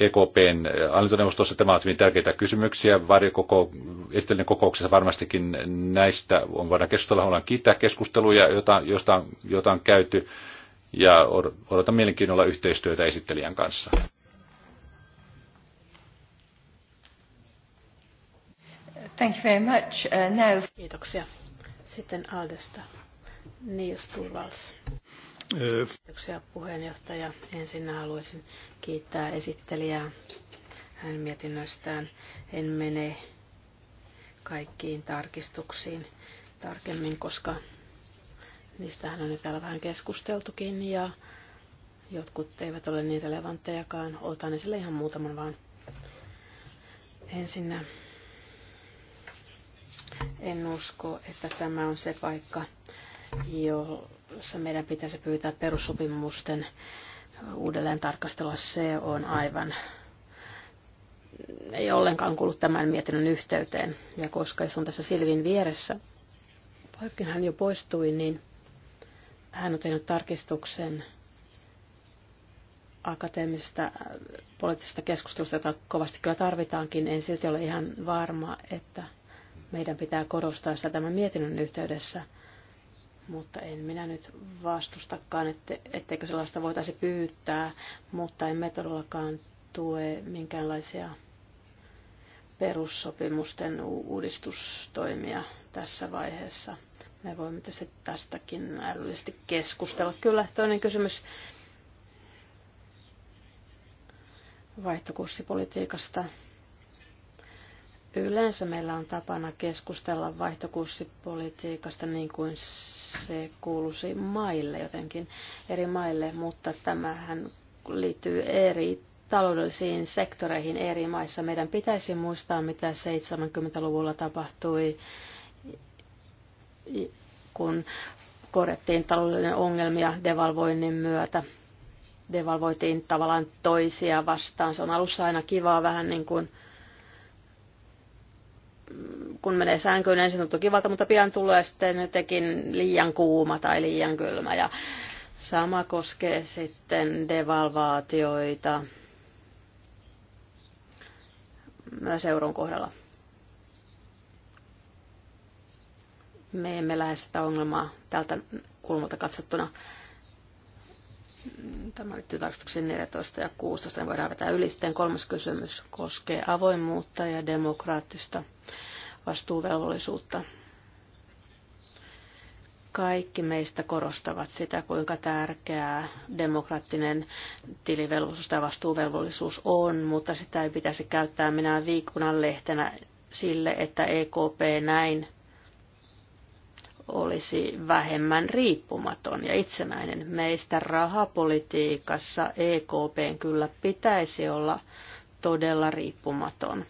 EKPn hallintoneuvostossa. Tämä on hyvin tärkeitä kysymyksiä. Varjokoko, esitellinen kokouksessa varmastikin näistä on voidaan keskustella. Haluan kiittää keskusteluja, jota, joista, on, on käyty. Ja odotan mielenkiinnolla yhteistyötä esittelijän kanssa. Thank you very much. Uh, now... Kiitoksia. Sitten Aldesta. Niels Turvals. Kiitoksia puheenjohtaja. Ensin haluaisin kiittää esittelijää hänen mietinnöstään. En mene kaikkiin tarkistuksiin tarkemmin, koska niistähän on nyt täällä vähän keskusteltukin ja jotkut eivät ole niin relevanttejakaan. Otan esille ihan muutaman vaan. Ensinnä en usko, että tämä on se paikka, jo, jossa meidän pitäisi pyytää perussopimusten uudelleen tarkastella, se on aivan ei ollenkaan kuulu tämän mietinnön yhteyteen. Ja koska se on tässä Silvin vieressä, vaikkin hän jo poistui, niin hän on tehnyt tarkistuksen akateemisesta poliittisesta keskustelusta, jota kovasti kyllä tarvitaankin. En silti ole ihan varma, että meidän pitää korostaa sitä tämän mietinnön yhteydessä – mutta en minä nyt vastustakaan, ette, etteikö sellaista voitaisi pyytää, mutta me todellakaan tue minkäänlaisia perussopimusten uudistustoimia tässä vaiheessa. Me voimme tietysti tästäkin älyllisesti keskustella. Kyllä, toinen kysymys vaihtokurssipolitiikasta. Yleensä meillä on tapana keskustella vaihtokurssipolitiikasta niin kuin se kuuluisi maille jotenkin eri maille, mutta tämähän liittyy eri taloudellisiin sektoreihin eri maissa. Meidän pitäisi muistaa, mitä 70-luvulla tapahtui, kun korjattiin taloudellinen ongelmia devalvoinnin myötä. Devalvoitiin tavallaan toisia vastaan. Se on alussa aina kivaa vähän niin kuin kun menee sänkyyn, ensin tuntui kivalta, mutta pian tulee sitten jotenkin liian kuuma tai liian kylmä. Ja sama koskee sitten devalvaatioita myös euron kohdalla. Me emme lähde sitä ongelmaa tältä kulmalta katsottuna. Tämä liittyy tarkastuksiin 14 ja 16, niin voidaan vetää yli. Sitten kolmas kysymys koskee avoimuutta ja demokraattista vastuuvelvollisuutta. Kaikki meistä korostavat sitä, kuinka tärkeää demokraattinen tilivelvollisuus tai vastuuvelvollisuus on, mutta sitä ei pitäisi käyttää minä viikunnan lehtenä sille, että EKP näin olisi vähemmän riippumaton ja itsenäinen. Meistä rahapolitiikassa EKPn kyllä pitäisi olla todella riippumaton.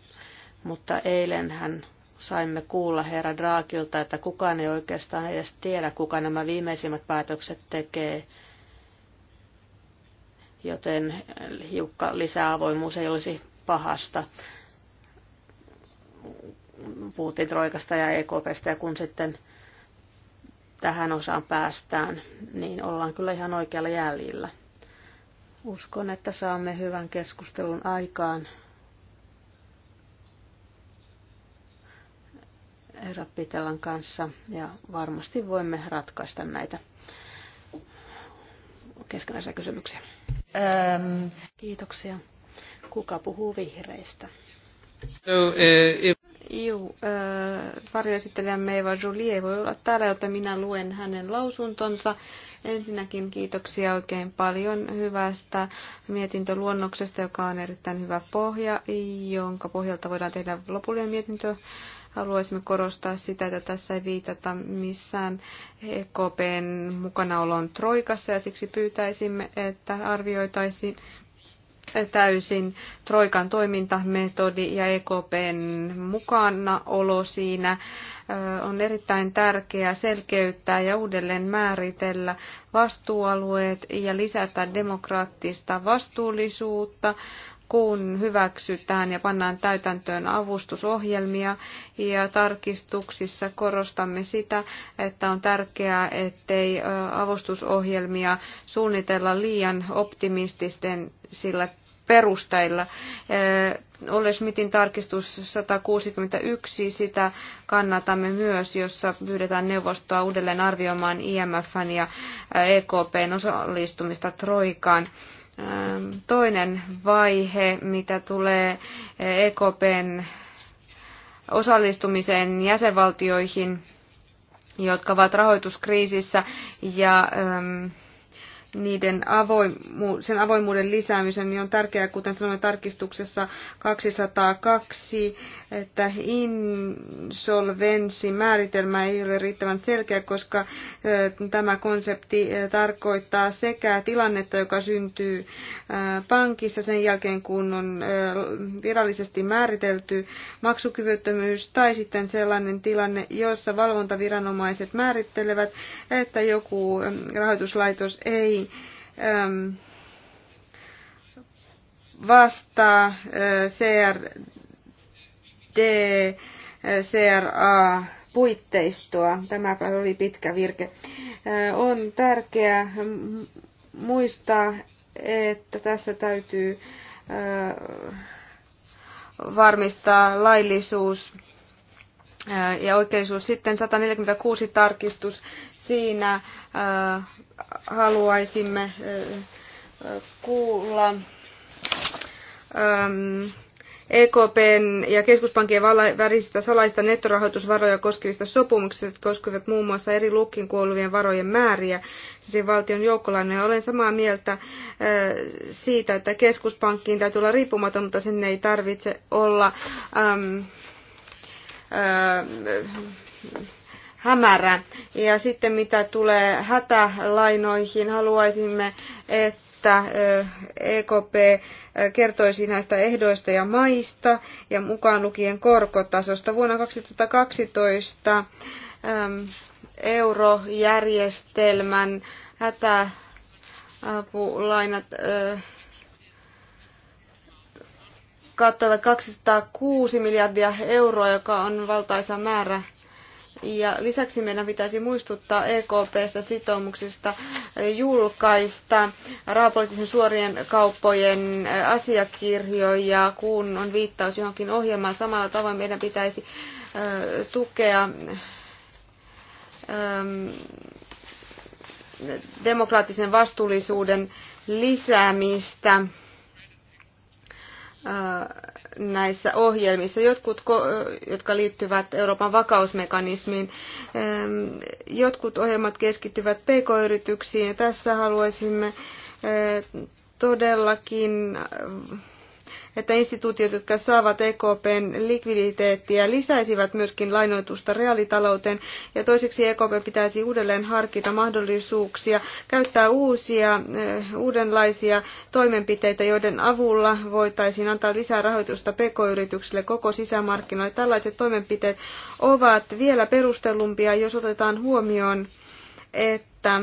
Mutta eilen hän saimme kuulla herra Draakilta, että kukaan ei oikeastaan edes tiedä, kuka nämä viimeisimmät päätökset tekee, joten hiukka lisäavoimuus ei olisi pahasta. Puhuttiin Troikasta ja EKPstä, ja kun sitten tähän osaan päästään, niin ollaan kyllä ihan oikealla jäljillä. Uskon, että saamme hyvän keskustelun aikaan Rappitellan kanssa ja varmasti voimme ratkaista näitä keskenäisiä kysymyksiä. Ähm. Kiitoksia. Kuka puhuu vihreistä? So, uh, if... Juu, eh, varjoesittelijämme Eva Jolie ei voi olla täällä, joten minä luen hänen lausuntonsa. Ensinnäkin kiitoksia oikein paljon hyvästä mietintöluonnoksesta, joka on erittäin hyvä pohja, jonka pohjalta voidaan tehdä lopullinen mietintö haluaisimme korostaa sitä, että tässä ei viitata missään EKPn mukanaolon troikassa ja siksi pyytäisimme, että arvioitaisiin täysin Troikan toimintametodi ja EKPn mukanaolo siinä on erittäin tärkeää selkeyttää ja uudelleen määritellä vastuualueet ja lisätä demokraattista vastuullisuutta, kun hyväksytään ja pannaan täytäntöön avustusohjelmia ja tarkistuksissa korostamme sitä, että on tärkeää, ettei avustusohjelmia suunnitella liian optimististen sillä perusteilla. Olle Schmidtin tarkistus 161, sitä kannatamme myös, jossa pyydetään neuvostoa uudelleen arvioimaan IMFn ja EKPn osallistumista Troikaan. Ähm, toinen vaihe, mitä tulee EKPn eh, e osallistumiseen jäsenvaltioihin, jotka ovat rahoituskriisissä ja ähm, niiden avoimu, sen avoimuuden lisäämisen, niin on tärkeää, kuten sanoin tarkistuksessa 202, että insolvenssimääritelmä ei ole riittävän selkeä, koska tämä konsepti tarkoittaa sekä tilannetta, joka syntyy pankissa sen jälkeen, kun on virallisesti määritelty maksukyvyttömyys, tai sitten sellainen tilanne, jossa valvontaviranomaiset määrittelevät, että joku rahoituslaitos ei vasta ähm, vastaa äh, CRD, äh, CRA puitteistoa. Tämä oli pitkä virke. Äh, on tärkeää muistaa, että tässä täytyy varmistaa laillisuus ja oikeellisuus. Sitten 146 tarkistus. Siinä haluaisimme kuulla EKPn ja keskuspankien välisistä salaista nettorahoitusvaroja koskevista sopimuksista, jotka koskevat muun muassa eri lukkin kuuluvien varojen määriä, sen valtion joukkolainoja. Olen samaa mieltä siitä, että keskuspankkiin täytyy olla riippumaton, mutta sen ei tarvitse olla... Ähm, äh, hämärä. Ja sitten mitä tulee hätälainoihin, haluaisimme, että EKP kertoisi näistä ehdoista ja maista ja mukaan lukien korkotasosta. Vuonna 2012 eurojärjestelmän hätäapulainat kattavat 206 miljardia euroa, joka on valtaisa määrä ja lisäksi meidän pitäisi muistuttaa EKPstä sitoumuksista julkaista rahapoliittisen suorien kauppojen äh, asiakirjoja, kun on viittaus johonkin ohjelmaan. Samalla tavoin meidän pitäisi äh, tukea ähm, demokraattisen vastuullisuuden lisäämistä äh, näissä ohjelmissa, jotkut, jotka liittyvät Euroopan vakausmekanismiin. Ähm, jotkut ohjelmat keskittyvät pk-yrityksiin ja tässä haluaisimme äh, todellakin että instituutiot, jotka saavat EKPn likviditeettiä, lisäisivät myöskin lainoitusta reaalitalouteen. Ja toiseksi EKP pitäisi uudelleen harkita mahdollisuuksia käyttää uusia, eh, uudenlaisia toimenpiteitä, joiden avulla voitaisiin antaa lisää rahoitusta pk-yrityksille koko sisämarkkinoille. Tällaiset toimenpiteet ovat vielä perustellumpia, jos otetaan huomioon, että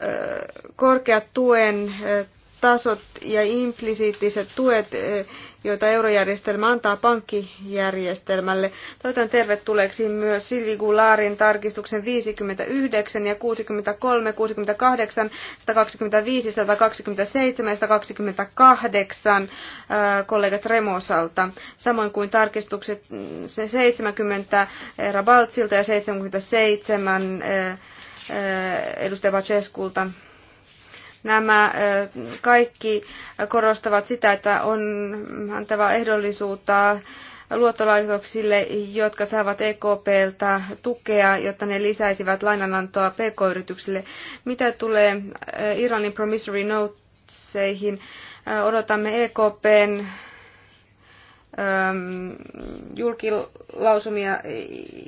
eh, korkeat tuen eh, tasot ja implisiittiset tuet, eh, joita eurojärjestelmä antaa pankkijärjestelmälle. Toivotan tervetulleeksi myös Silvi Gularin tarkistuksen 59 ja 63, 68, 125, 127 ja 128 äh, kollegat Remosalta, samoin kuin tarkistukset 70 mm, eh, Rabaltsilta ja 77 eh, edustaja Vaceskulta. Nämä kaikki korostavat sitä, että on antava ehdollisuutta luottolaitoksille, jotka saavat EKPltä tukea, jotta ne lisäisivät lainanantoa PK-yrityksille. Mitä tulee Iranin promissory noteseihin, odotamme EKPn julkilausumia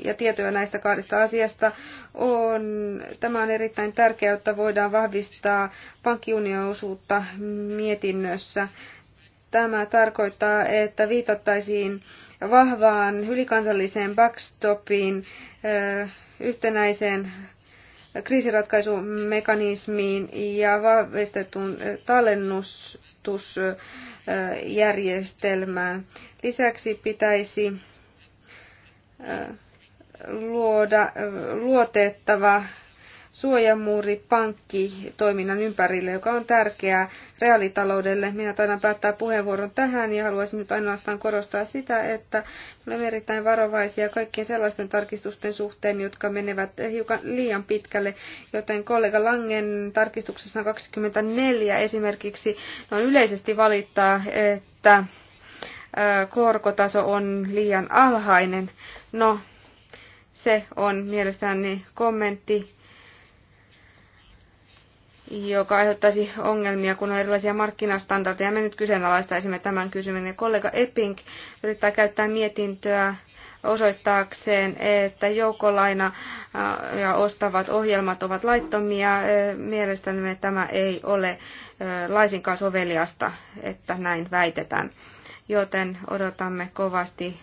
ja tietoja näistä kahdesta asiasta. On, tämä on erittäin tärkeää, että voidaan vahvistaa pankkiunioisuutta mietinnössä. Tämä tarkoittaa, että viitattaisiin vahvaan ylikansalliseen backstopiin, yhtenäiseen kriisiratkaisumekanismiin ja vahvistetun tallennus rahoitusjärjestelmää. Lisäksi pitäisi luoda luotettava suojamuuri toiminnan ympärille, joka on tärkeää reaalitaloudelle. Minä taidan päättää puheenvuoron tähän ja haluaisin nyt ainoastaan korostaa sitä, että olemme erittäin varovaisia kaikkien sellaisten tarkistusten suhteen, jotka menevät hiukan liian pitkälle, joten kollega Langen tarkistuksessa 24 esimerkiksi on yleisesti valittaa, että korkotaso on liian alhainen. No, se on mielestäni kommentti, joka aiheuttaisi ongelmia, kun on erilaisia markkinastandardeja. Me nyt kyseenalaistaisimme tämän kysymyksen. Kollega Epping yrittää käyttää mietintöä osoittaakseen, että joukolaina äh, ja ostavat ohjelmat ovat laittomia. Äh, Mielestäni tämä ei ole äh, laisinkaan soveliasta, että näin väitetään. Joten odotamme kovasti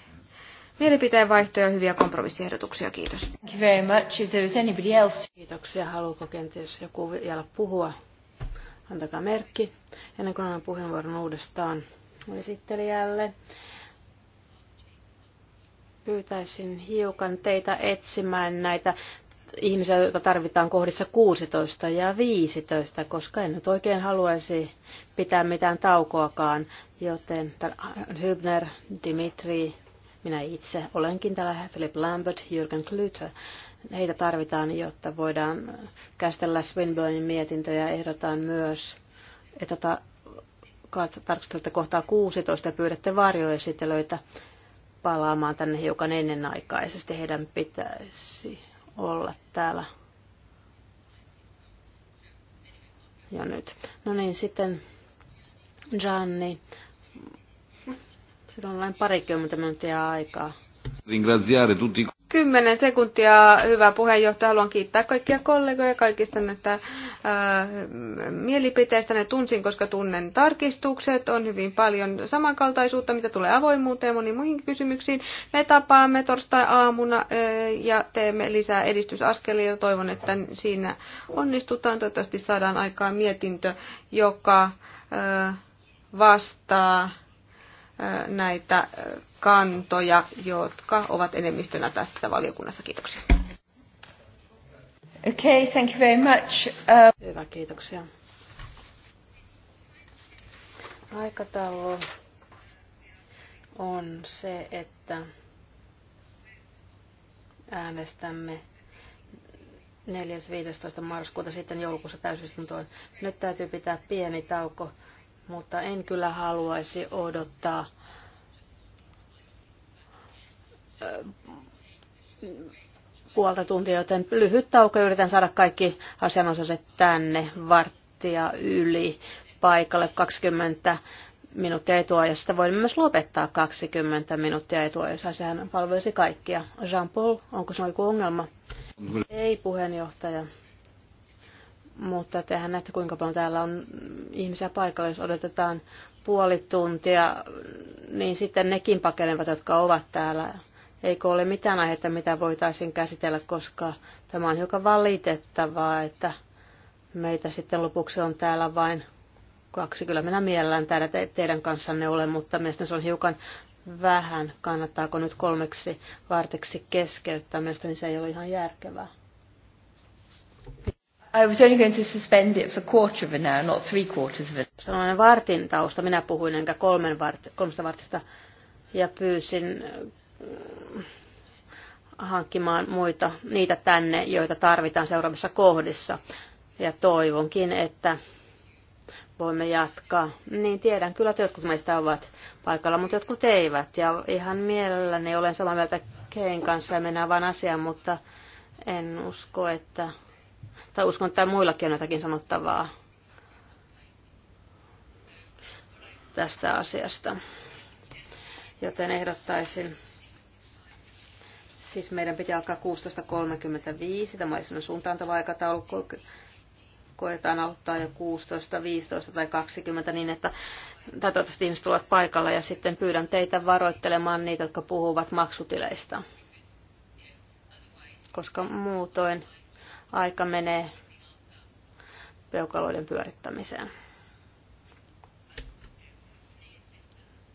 vaihtoja ja hyviä kompromissiehdotuksia. Kiitos. Thank you very much. If there is anybody else. Kiitoksia. Haluuko kenties joku vielä puhua? Antakaa merkki. Ennen kuin annan puheenvuoron uudestaan esittelijälle, pyytäisin hiukan teitä etsimään näitä ihmisiä, joita tarvitaan kohdissa 16 ja 15, koska en nyt oikein haluaisi pitää mitään taukoakaan, joten Hübner, Dimitri, minä itse olenkin täällä Philip Lambert, Jürgen Klüter. Heitä tarvitaan, jotta voidaan käsitellä Swinburnin mietintöjä. Ehdotan myös, että tarkastelette kohtaa 16 ja pyydätte varjoesitelöitä palaamaan tänne hiukan ennenaikaisesti. Heidän pitäisi olla täällä jo nyt. No niin, sitten Gianni Silloin on vain parikymmentä minuuttia aikaa. Ringraziare tutti. Kymmenen sekuntia, hyvä puheenjohtaja. Haluan kiittää kaikkia kollegoja kaikista näistä äh, mielipiteistä. Ne tunsin, koska tunnen tarkistukset. On hyvin paljon samankaltaisuutta, mitä tulee avoimuuteen ja moniin muihin kysymyksiin. Me tapaamme torstai-aamuna äh, ja teemme lisää edistysaskelia. Toivon, että siinä onnistutaan. Toivottavasti saadaan aikaan mietintö, joka äh, vastaa näitä kantoja, jotka ovat enemmistönä tässä valiokunnassa. Kiitoksia. Okay, thank you very much. Uh... Hyvä, kiitoksia. Aikataulu on se, että äänestämme 4.15. marraskuuta sitten joulukuussa täysistuntoon. Nyt täytyy pitää pieni tauko mutta en kyllä haluaisi odottaa puolta tuntia, joten lyhyt tauko. Yritän saada kaikki asianosaiset tänne varttia yli paikalle 20 minuuttia etuajasta. Voimme myös lopettaa 20 minuuttia etuajassa. Sehän palvelisi kaikkia. Jean-Paul, onko sinulla joku ongelma? Ei, puheenjohtaja. Mutta tehän näette, kuinka paljon täällä on ihmisiä paikalla, jos odotetaan puoli tuntia, niin sitten nekin pakenevat, jotka ovat täällä. Eikö ole mitään aihetta, mitä voitaisiin käsitellä, koska tämä on hiukan valitettavaa, että meitä sitten lopuksi on täällä vain kaksi. Kyllä minä mielellään täällä te- teidän kanssanne olen, mutta mielestäni se on hiukan vähän. Kannattaako nyt kolmeksi varteksi keskeyttää? Mielestäni se ei ole ihan järkevää. I was only going to suspend it for quarter of an hour, not three quarters of an hour. Sanoin vartin tausta, minä puhuin enkä kolmen vart, kolmesta vartista ja pyysin äh, hankkimaan muita, niitä tänne, joita tarvitaan seuraavissa kohdissa. Ja toivonkin, että voimme jatkaa. Niin tiedän, kyllä että jotkut meistä ovat paikalla, mutta jotkut eivät. Ja ihan mielelläni olen samaa mieltä Kein kanssa ja mennään vaan asiaan, mutta en usko, että tai uskon, että muillakin on jotakin sanottavaa tästä asiasta. Joten ehdottaisin, siis meidän piti alkaa 16.35, tämä olisi suuntaantava aikataulu, koetaan aloittaa jo 16, 15 tai 20 niin, että tai toivottavasti ihmiset tulevat paikalla ja sitten pyydän teitä varoittelemaan niitä, jotka puhuvat maksutileista. Koska muutoin aika menee peukaloiden pyörittämiseen.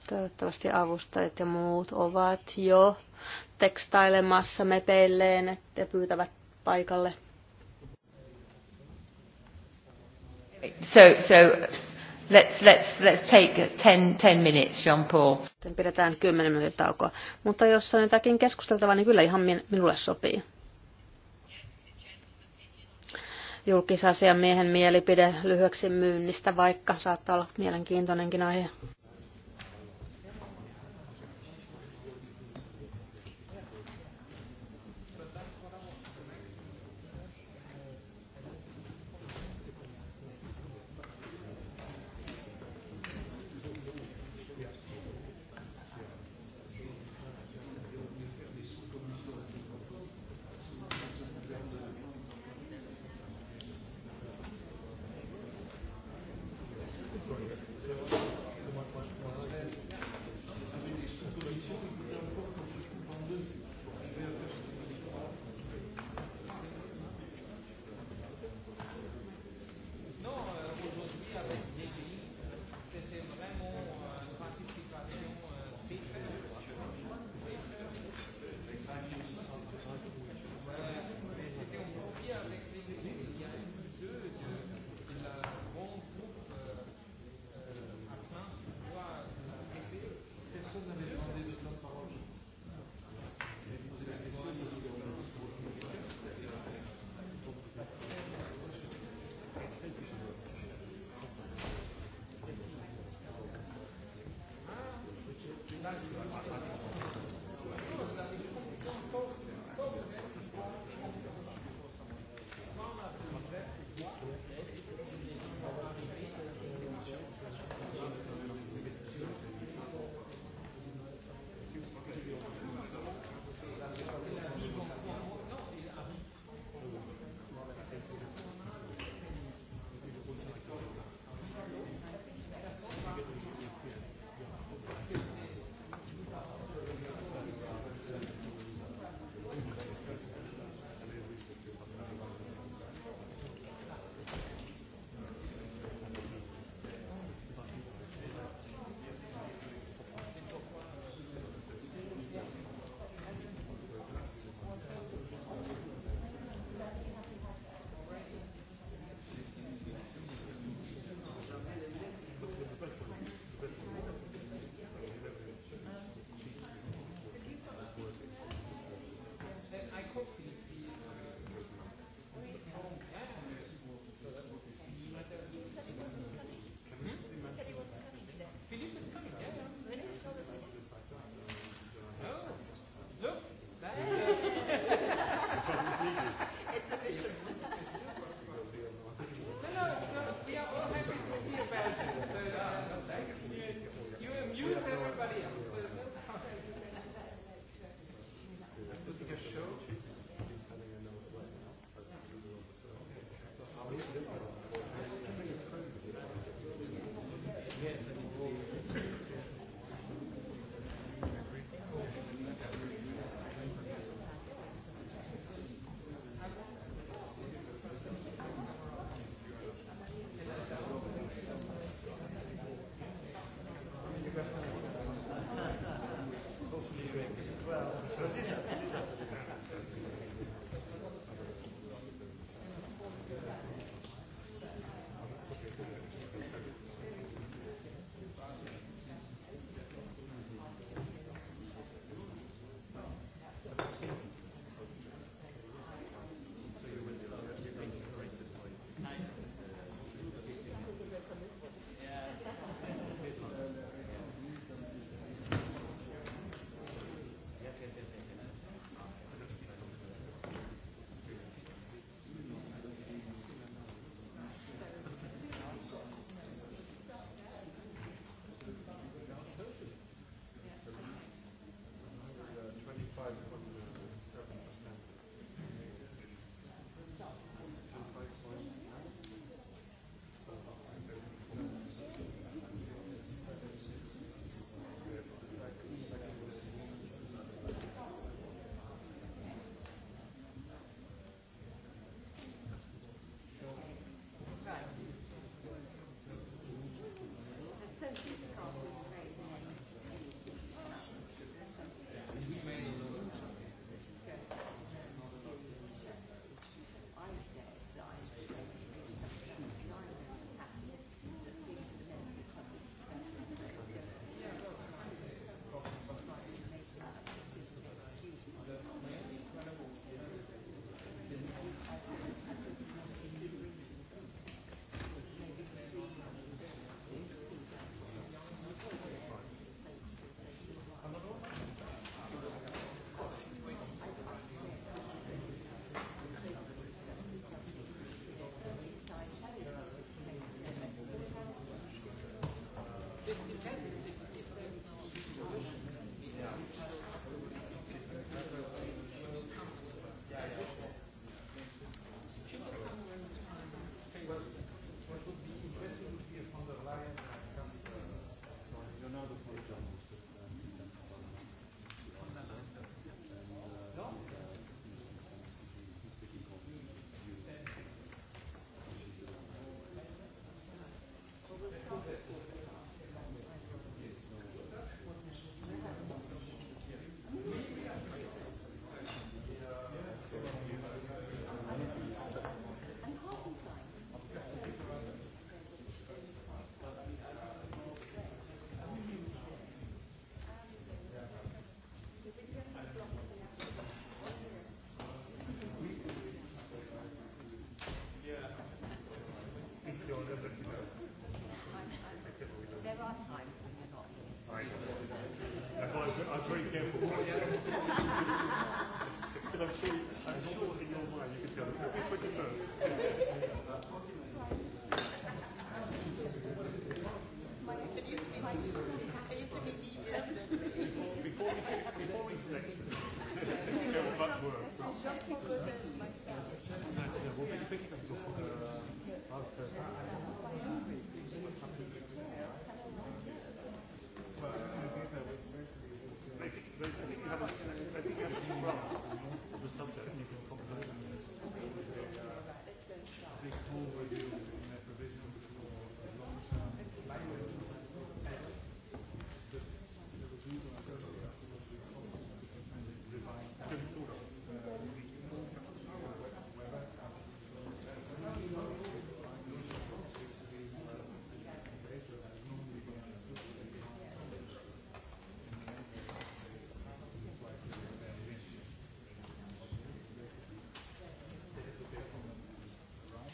Toivottavasti avustajat ja muut ovat jo tekstailemassa mepeilleen ja pyytävät paikalle. So, so let's, let's, let's take 10, ten minutes, Jean-Paul. Pidetään 10 minuutin taukoa. Mutta jos on jotakin keskusteltavaa, niin kyllä ihan minulle sopii julkisasiamiehen mielipide lyhyeksi myynnistä, vaikka saattaa olla mielenkiintoinenkin aihe.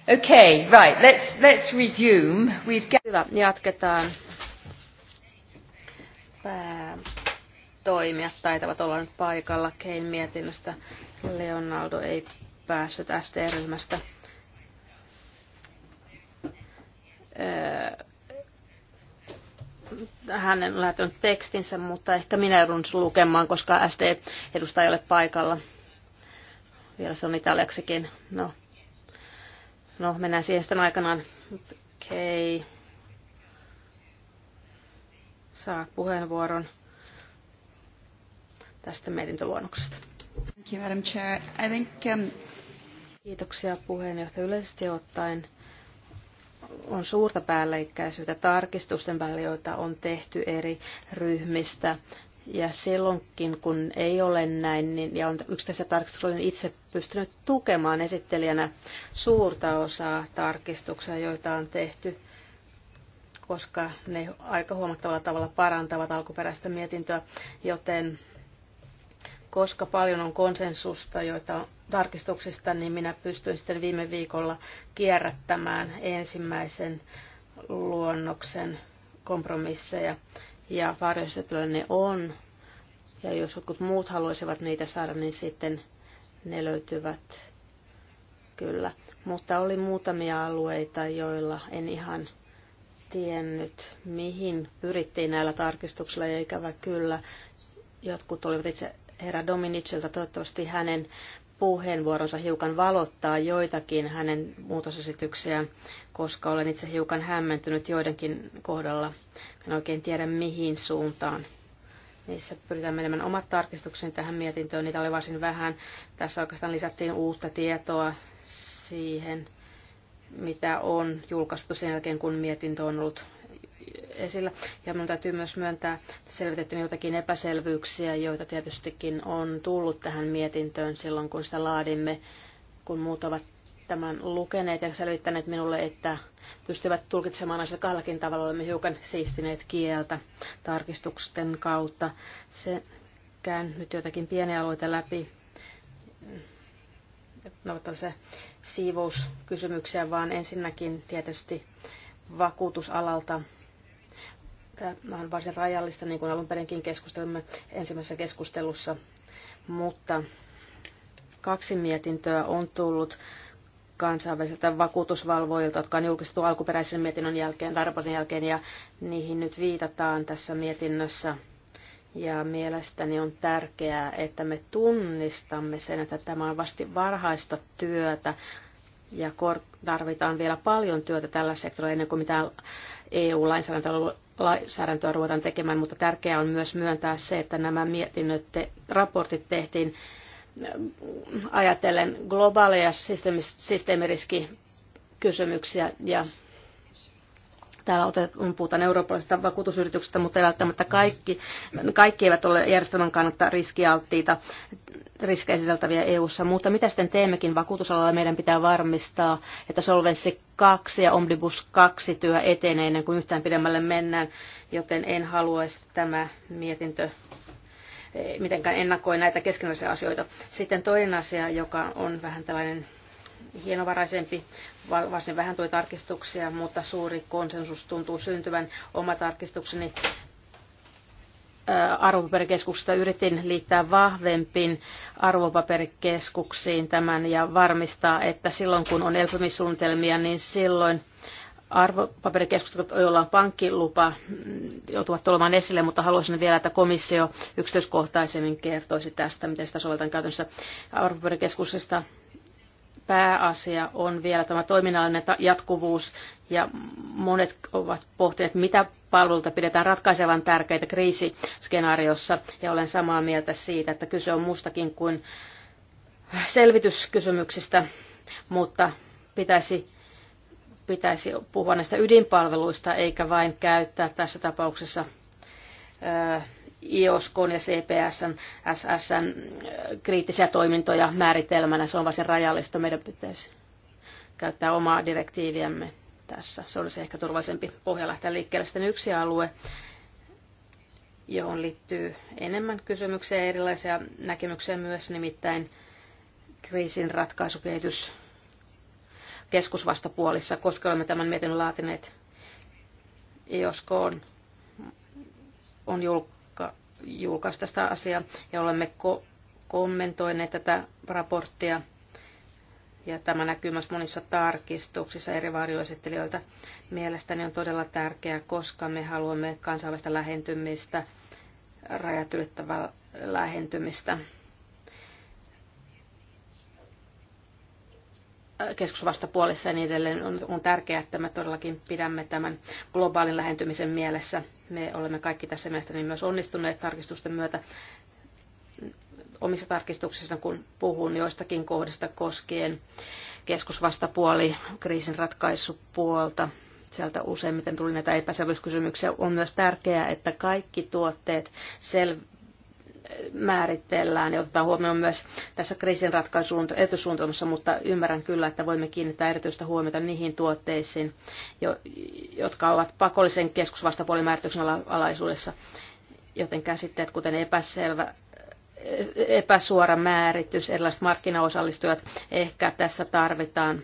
Okay, right, let's, let's resume. We've got... Hyvä, jatketaan. Päätoimijat taitavat olla nyt paikalla. Kein mietinnöstä Leonardo ei päässyt ST-ryhmästä. Öö, hän on lähtenyt tekstinsä, mutta ehkä minä joudun lukemaan, koska ST-edustaja ei ole paikalla. Vielä se on italiaksikin. No, No, mennään siihen sitten aikanaan. Okei. Okay. Saa puheenvuoron tästä mietintöluonnoksesta. Thank you, Madam Chair. I think, um... Kiitoksia puheenjohtaja. Yleisesti ottaen on suurta päälleikkäisyyttä tarkistusten välillä, joita on tehty eri ryhmistä ja silloinkin, kun ei ole näin, niin, ja on yksittäisiä tarkistuksia, olen itse pystynyt tukemaan esittelijänä suurta osaa tarkistuksia, joita on tehty, koska ne aika huomattavalla tavalla parantavat alkuperäistä mietintöä, joten koska paljon on konsensusta, joita on tarkistuksista, niin minä pystyin sitten viime viikolla kierrättämään ensimmäisen luonnoksen kompromisseja ja varjoistettuna ne on. Ja jos jotkut muut haluaisivat niitä saada, niin sitten ne löytyvät kyllä. Mutta oli muutamia alueita, joilla en ihan tiennyt, mihin pyrittiin näillä tarkistuksilla, ja ikävä kyllä jotkut olivat itse herra Dominicilta, toivottavasti hänen puheenvuoronsa hiukan valottaa joitakin hänen muutosesityksiään, koska olen itse hiukan hämmentynyt joidenkin kohdalla. En oikein tiedä mihin suuntaan. Niissä pyritään menemään omat tarkistukseni tähän mietintöön. Niitä oli varsin vähän. Tässä oikeastaan lisättiin uutta tietoa siihen, mitä on julkaistu sen jälkeen, kun mietintö on ollut esillä. Ja minun täytyy myös myöntää selvitetty jotakin epäselvyyksiä, joita tietystikin on tullut tähän mietintöön silloin, kun sitä laadimme, kun muut ovat tämän lukeneet ja selvittäneet minulle, että pystyvät tulkitsemaan asioita kahdellakin tavalla. Olemme hiukan siistineet kieltä tarkistusten kautta. Se käyn nyt jotakin pieniä alueita läpi. Ne ovat tällaisia siivouskysymyksiä, vaan ensinnäkin tietysti vakuutusalalta Tämä on varsin rajallista, niin kuin alun perinkin keskustelimme ensimmäisessä keskustelussa, mutta kaksi mietintöä on tullut kansainvälisiltä vakuutusvalvoilta, jotka on julkistettu alkuperäisen mietinnön jälkeen, tarpeen jälkeen, ja niihin nyt viitataan tässä mietinnössä. Ja mielestäni on tärkeää, että me tunnistamme sen, että tämä on vasti varhaista työtä, ja tarvitaan vielä paljon työtä tällä sektorilla ennen kuin mitään EU-lainsäädäntöä lainsäädäntöä ruvetaan tekemään, mutta tärkeää on myös myöntää se, että nämä mietinnöt, te, raportit tehtiin äh, ajatellen globaaleja systeemiriskikysymyksiä ja Täällä otetaan, puhutaan eurooppalaisista vakuutusyrityksistä, mutta ei välttämättä kaikki. Kaikki eivät ole järjestelmän kannalta riskialttiita, riskejä sisältäviä EU-ssa. Mutta mitä sitten teemmekin vakuutusalalla? Meidän pitää varmistaa, että Solvenssi 2 ja Omnibus 2 työ etenee ennen kuin yhtään pidemmälle mennään, joten en haluaisi tämä mietintö eh, mitenkään ennakoi näitä keskinäisiä asioita. Sitten toinen asia, joka on vähän tällainen hienovaraisempi, varsin vähän tuli tarkistuksia, mutta suuri konsensus tuntuu syntyvän. Oma tarkistukseni arvopaperikeskuksesta yritin liittää vahvempin arvopaperikeskuksiin tämän ja varmistaa, että silloin kun on elpymissuunnitelmia, niin silloin arvopaperikeskukset, joilla on pankkilupa, mm, joutuvat tulemaan esille, mutta haluaisin vielä, että komissio yksityiskohtaisemmin kertoisi tästä, miten sitä sovelletaan käytännössä arvopaperikeskuksesta pääasia on vielä tämä toiminnallinen jatkuvuus ja monet ovat pohtineet, mitä palveluita pidetään ratkaisevan tärkeitä kriisiskenaariossa ja olen samaa mieltä siitä, että kyse on mustakin kuin selvityskysymyksistä, mutta pitäisi, pitäisi puhua näistä ydinpalveluista eikä vain käyttää tässä tapauksessa IOSK ja CPS SSn kriittisiä toimintoja määritelmänä. Se on varsin rajallista. Meidän pitäisi käyttää omaa direktiiviämme tässä. Se olisi ehkä turvallisempi pohja lähteä liikkeelle. Sitten yksi alue, johon liittyy enemmän kysymyksiä ja erilaisia näkemyksiä myös, nimittäin kriisin ratkaisukehitys keskusvastapuolissa, koska olemme tämän mietin laatineet, josko on, on julk, julkaisi tästä asiaa ja olemme ko- kommentoineet tätä raporttia. Ja tämä näkyy myös monissa tarkistuksissa eri varjoesittelijöiltä. Mielestäni on todella tärkeää, koska me haluamme kansainvälistä lähentymistä, rajat ylittävää lähentymistä keskusvastapuolissa ja niin edelleen. On, on tärkeää, että me todellakin pidämme tämän globaalin lähentymisen mielessä. Me olemme kaikki tässä mielestäni myös onnistuneet tarkistusten myötä omissa tarkistuksissa, kun puhun joistakin kohdista koskien keskusvastapuoli, kriisin ratkaisupuolta. Sieltä useimmiten tuli näitä epäselvyyskysymyksiä. On myös tärkeää, että kaikki tuotteet sel- määritellään ja otetaan huomioon myös tässä kriisin ratkaisusuunnitelmassa, mutta ymmärrän kyllä, että voimme kiinnittää erityistä huomiota niihin tuotteisiin, jotka ovat pakollisen keskusvastapuolen määrityksen alaisuudessa, joten käsitteet, kuten epäselvä, epäsuora määritys, erilaiset markkinaosallistujat, ehkä tässä tarvitaan,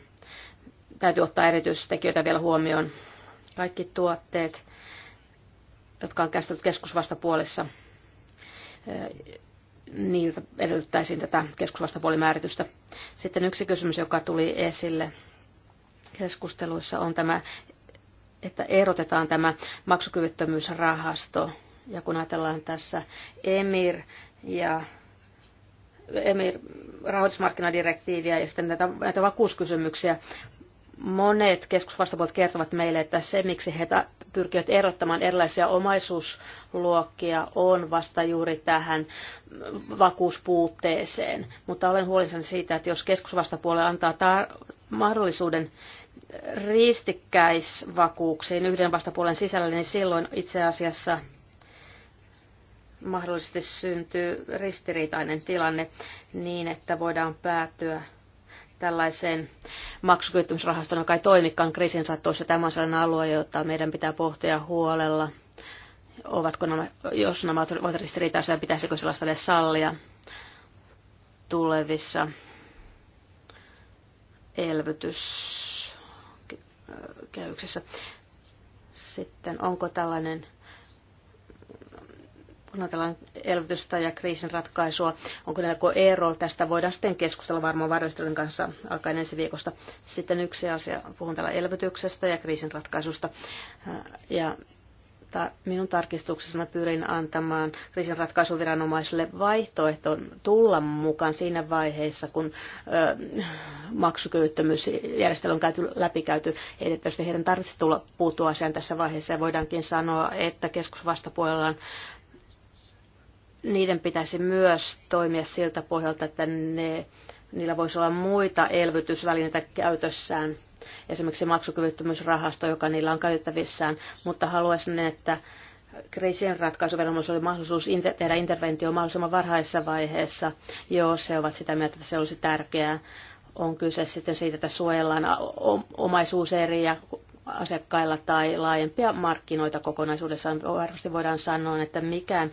täytyy ottaa erityistekijöitä vielä huomioon, kaikki tuotteet, jotka on käsitelty keskusvastapuolessa – niiltä edellyttäisiin tätä puolimääritystä. Sitten yksi kysymys, joka tuli esille keskusteluissa, on tämä, että erotetaan tämä maksukyvyttömyysrahasto. Ja kun ajatellaan tässä EMIR ja EMIR rahoitusmarkkinadirektiiviä ja sitten näitä, näitä vakuuskysymyksiä, Monet keskusvastapuolet kertovat meille, että se, miksi he pyrkivät erottamaan erilaisia omaisuusluokkia, on vasta juuri tähän vakuuspuutteeseen. Mutta olen huolissani siitä, että jos keskusvastapuolelle antaa mahdollisuuden ristikkäisvakuuksiin yhden vastapuolen sisällä, niin silloin itse asiassa mahdollisesti syntyy ristiriitainen tilanne niin, että voidaan päätyä tällaiseen maksukyvyttömyysrahastoon, joka ei toimikaan kriisin sattuessa. Tämä on sellainen alue, jota meidän pitää pohtia huolella. Ovatko nämä, jos nämä ovat ristiriitaisia, pitäisikö sellaista edes sallia tulevissa elvytyskehyksissä. Sitten onko tällainen kun ajatellaan elvytystä ja kriisin ratkaisua, onko joku ero? Tästä voidaan sitten keskustella varmaan varjostelun kanssa alkaen ensi viikosta. Sitten yksi asia, puhun täällä elvytyksestä ja kriisin ratkaisusta. Ja minun tarkistuksessani pyrin antamaan ratkaisuviranomaisille vaihtoehton tulla mukaan siinä vaiheessa, kun maksukyvyttömyysjärjestelmä on käyty, läpikäyty. Ei heidän tarvitsee tulla puuttua asiaan tässä vaiheessa ja voidaankin sanoa, että keskusvastapuolella on niiden pitäisi myös toimia siltä pohjalta, että ne, niillä voisi olla muita elvytysvälineitä käytössään, esimerkiksi maksukyvyttömyysrahasto, joka niillä on käytettävissään, mutta haluaisin, että kriisien ratkaisuveromassa oli mahdollisuus inter- tehdä interventio mahdollisimman varhaisessa vaiheessa, jos he ovat sitä mieltä, että se olisi tärkeää. On kyse sitten siitä, että suojellaan omaisuuseriä asiakkailla tai laajempia markkinoita kokonaisuudessaan. Varmasti voidaan sanoa, että mikään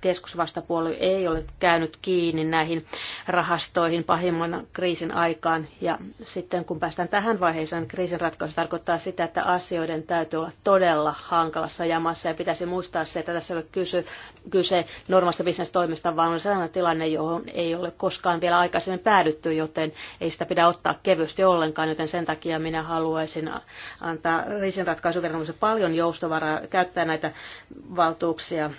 keskusvastapuoli ei ole käynyt kiinni näihin rahastoihin pahimman kriisin aikaan. Ja sitten kun päästään tähän vaiheeseen, kriisin ratkaisu tarkoittaa sitä, että asioiden täytyy olla todella hankalassa jamassa. Ja pitäisi muistaa se, että tässä ei ole kyse, kyse normaalista bisnestoimista, vaan on sellainen tilanne, johon ei ole koskaan vielä aikaisemmin päädytty, joten ei sitä pidä ottaa kevyesti ollenkaan. Joten sen takia minä haluaisin antaa kriisinratkaisuviranomaisille paljon joustovaraa käyttää näitä valtuuksia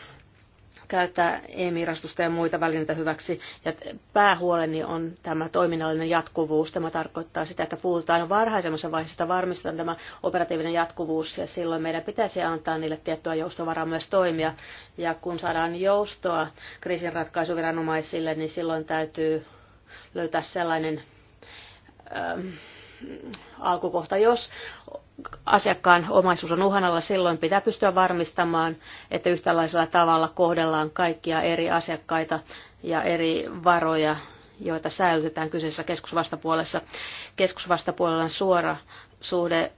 käyttää e-mirastusta ja muita välineitä hyväksi. Ja päähuoleni on tämä toiminnallinen jatkuvuus. Tämä tarkoittaa sitä, että puhutaan varhaisemmassa vaiheessa, varmistetaan tämä operatiivinen jatkuvuus ja silloin meidän pitäisi antaa niille tiettyä joustovaraa myös toimia. Ja kun saadaan joustoa kriisinratkaisuviranomaisille, niin silloin täytyy löytää sellainen ähm, alkukohta. Jos asiakkaan omaisuus on uhanalla, silloin pitää pystyä varmistamaan, että yhtälaisella tavalla kohdellaan kaikkia eri asiakkaita ja eri varoja joita säilytetään kyseisessä keskusvastapuolessa. Keskusvastapuolella on suora suhde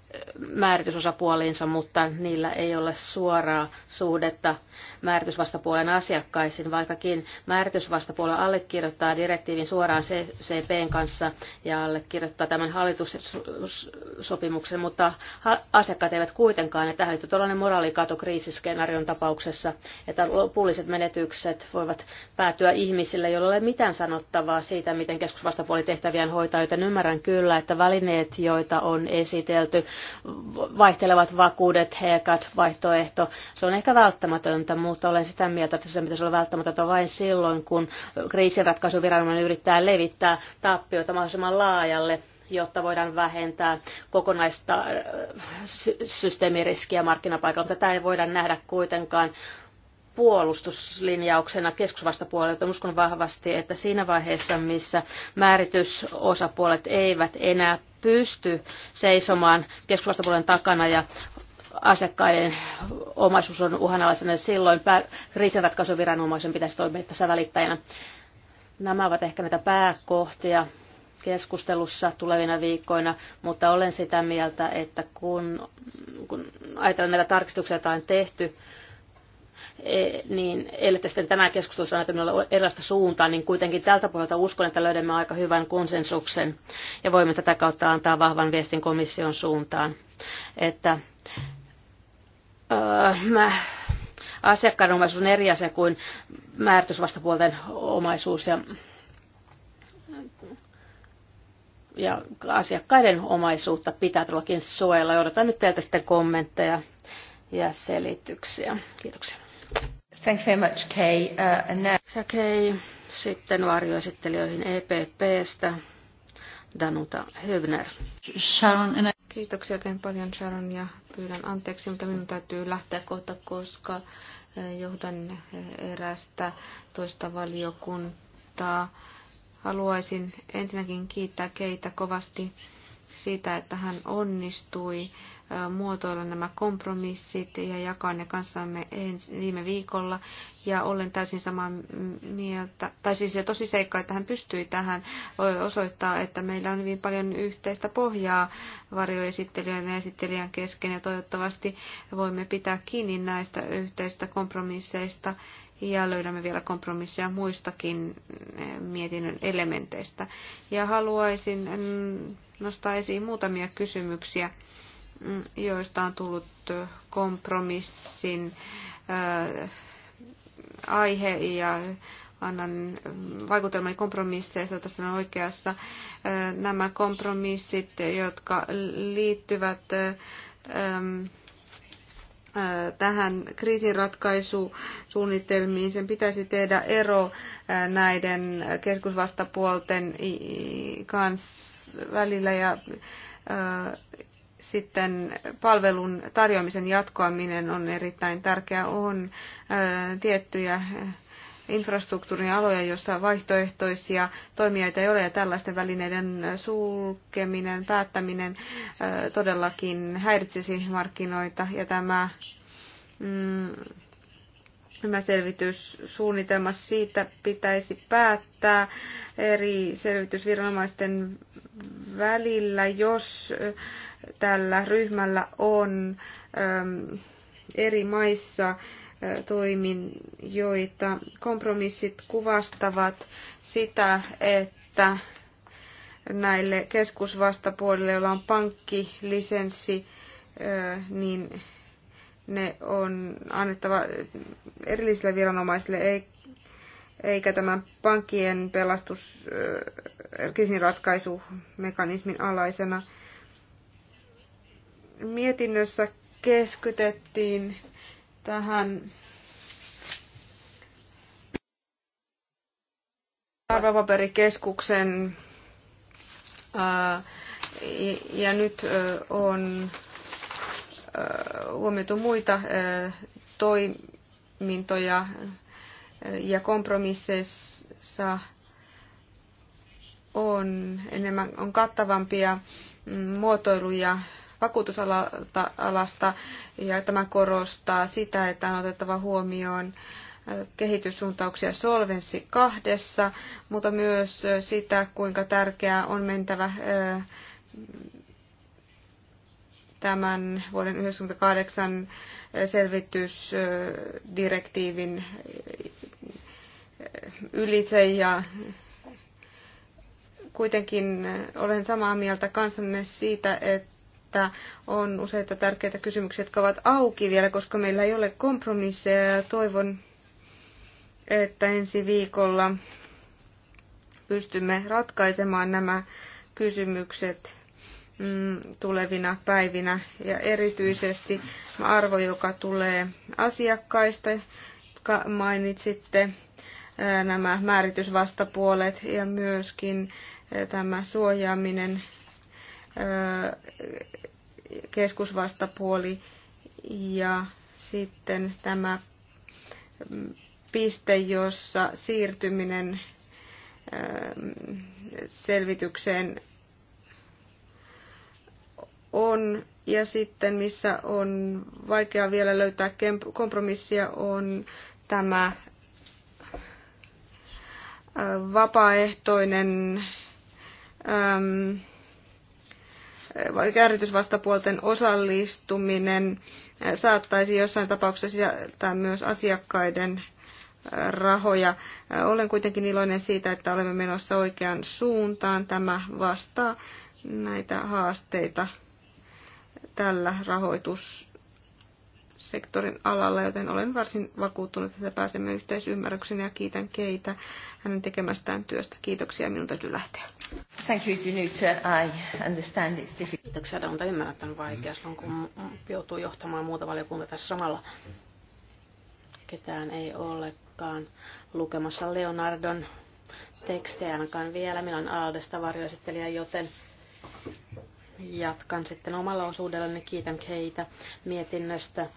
määritysosapuoliinsa, mutta niillä ei ole suoraa suhdetta määritysvastapuolen asiakkaisiin, vaikkakin määritysvastapuoli allekirjoittaa direktiivin suoraan CCPn kanssa ja allekirjoittaa tämän hallitussopimuksen, mutta asiakkaat eivät kuitenkaan, että tähän tällainen moraalikato kriisiskenaarion tapauksessa, että lopulliset menetykset voivat päätyä ihmisille, joilla ei ole mitään sanottavaa siitä, miten keskusvastapuoli tehtäviään hoitaa, joten ymmärrän kyllä, että välineet, joita on esillä, käsitelty, vaihtelevat vakuudet, heikat vaihtoehto. Se on ehkä välttämätöntä, mutta olen sitä mieltä, että se pitäisi olla välttämätöntä vain silloin, kun kriisinratkaisuviranomainen yrittää levittää tappioita mahdollisimman laajalle jotta voidaan vähentää kokonaista äh, systeemiriskiä markkinapaikalla. Mutta tätä ei voida nähdä kuitenkaan puolustuslinjauksena keskusvastapuolelta. Uskon vahvasti, että siinä vaiheessa, missä määritysosapuolet eivät enää pysty seisomaan keskustapuolen takana ja asiakkaiden omaisuus on uhanalaisena, silloin kriisinratkaisuviranomaisen pitäisi toimia tässä välittäjänä. Nämä ovat ehkä näitä pääkohtia keskustelussa tulevina viikkoina, mutta olen sitä mieltä, että kun, kun ajatellaan näitä tarkistuksia, joita on tehty, E, niin ellette sitten tämä keskustelu saa ole erilaista suuntaa, niin kuitenkin tältä puolelta uskon, että löydämme aika hyvän konsensuksen ja voimme tätä kautta antaa vahvan viestin komission suuntaan, että äh, mä, asiakkaan omaisuus on eri asia kuin määritysvastapuolten omaisuus ja, ja asiakkaiden omaisuutta pitää tullakin suojella. Odotan nyt teiltä sitten kommentteja ja selityksiä. Kiitoksia. Thank very much, Kay. Uh, and now... Kay. Sitten varjoesittelijöihin EPPstä. Danuta Hövner. Sharon, and I... Kiitoksia oikein paljon Sharon ja pyydän anteeksi, mutta minun täytyy lähteä kohta, koska eh, johdan eh, erästä toista valiokuntaa. Haluaisin ensinnäkin kiittää Keitä kovasti siitä, että hän onnistui muotoilla nämä kompromissit ja jakaa ne kanssamme viime viikolla. Ja olen täysin samaa mieltä, tai siis se seikka että hän pystyi tähän osoittaa, että meillä on hyvin paljon yhteistä pohjaa varjoesittelijän ja esittelijän kesken, ja toivottavasti voimme pitää kiinni näistä yhteistä kompromisseista ja löydämme vielä kompromisseja muistakin mietinnön elementeistä. Ja haluaisin mm, nostaa esiin muutamia kysymyksiä, joista on tullut kompromissin äh, aihe ja annan vaikutelman kompromisseista, tässä on oikeassa. Äh, nämä kompromissit, jotka liittyvät äh, ähm, tähän kriisinratkaisusuunnitelmiin, sen pitäisi tehdä ero näiden keskusvastapuolten kanssa välillä ja sitten palvelun tarjoamisen jatkoaminen on erittäin tärkeää. On tiettyjä infrastruktuurin aloja, joissa vaihtoehtoisia toimijoita ei ole, ja tällaisten välineiden sulkeminen, päättäminen todellakin häiritsisi markkinoita, ja tämä, mm, tämä selvityssuunnitelma siitä pitäisi päättää eri selvitysviranomaisten välillä, jos tällä ryhmällä on ähm, eri maissa äh, joita Kompromissit kuvastavat sitä, että näille keskusvastapuolille, joilla on pankkilisenssi, äh, niin ne on annettava erillisille viranomaisille, eikä tämän pankkien pelastus äh, kriisinratkaisumekanismin alaisena mietinnössä keskitettiin tähän arvopaperikeskuksen ja nyt on huomioitu muita toimintoja ja kompromisseissa on enemmän on kattavampia mm, muotoiluja vakuutusalasta ja tämä korostaa sitä, että on otettava huomioon kehityssuuntauksia Solvenssi kahdessa, mutta myös sitä, kuinka tärkeää on mentävä tämän vuoden 1998 selvitysdirektiivin ylitse ja kuitenkin olen samaa mieltä kanssanne siitä, että että on useita tärkeitä kysymyksiä, jotka ovat auki vielä, koska meillä ei ole kompromisseja ja toivon, että ensi viikolla pystymme ratkaisemaan nämä kysymykset mm, tulevina päivinä ja erityisesti arvo, joka tulee asiakkaista, jotka mainitsitte nämä määritysvastapuolet ja myöskin tämä suojaaminen keskusvastapuoli ja sitten tämä piste, jossa siirtyminen selvitykseen on ja sitten missä on vaikea vielä löytää kompromissia on tämä vapaaehtoinen kääritysvastapuolten osallistuminen saattaisi jossain tapauksessa sisältää myös asiakkaiden rahoja. Olen kuitenkin iloinen siitä, että olemme menossa oikeaan suuntaan. Tämä vastaa näitä haasteita tällä rahoitus sektorin alalla, joten olen varsin vakuuttunut, että pääsemme yhteisymmärryksen ja kiitän Keitä hänen tekemästään työstä. Kiitoksia, minun täytyy lähteä. Thank you, Danuta. I understand it's difficult. Kiitoksia, Danuta. Ymmärrän, että on vaikea silloin, kun joutuu johtamaan muuta valiokunta tässä samalla. Ketään ei olekaan lukemassa Leonardon tekstejä ainakaan vielä. Minä olen Aldesta varjoesittelijä, joten Jatkan sitten omalla osuudellani. Kiitän Keitä mietinnöstä.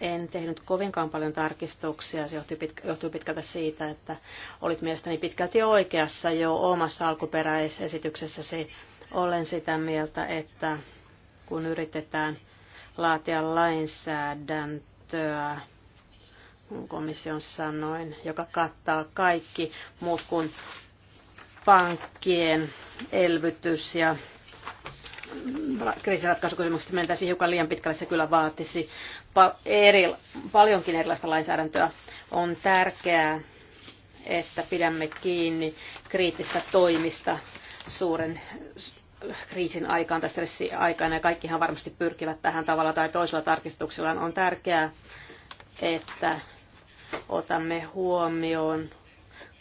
En tehnyt kovinkaan paljon tarkistuksia. Se johtui, pitkä, johtui pitkältä siitä, että olit mielestäni pitkälti oikeassa jo omassa alkuperäisesityksessäsi. Olen sitä mieltä, että kun yritetään laatia lainsäädäntöä, komission sanoin, joka kattaa kaikki muut kuin pankkien elvytys ja kriisiratkaisukysymyksestä mentäisiin hiukan liian pitkälle, se kyllä vaatisi eri, paljonkin erilaista lainsäädäntöä. On tärkeää, että pidämme kiinni kriittistä toimista suuren kriisin aikaan tai stressiaikana, ja kaikkihan varmasti pyrkivät tähän tavalla tai toisella tarkistuksella. On tärkeää, että otamme huomioon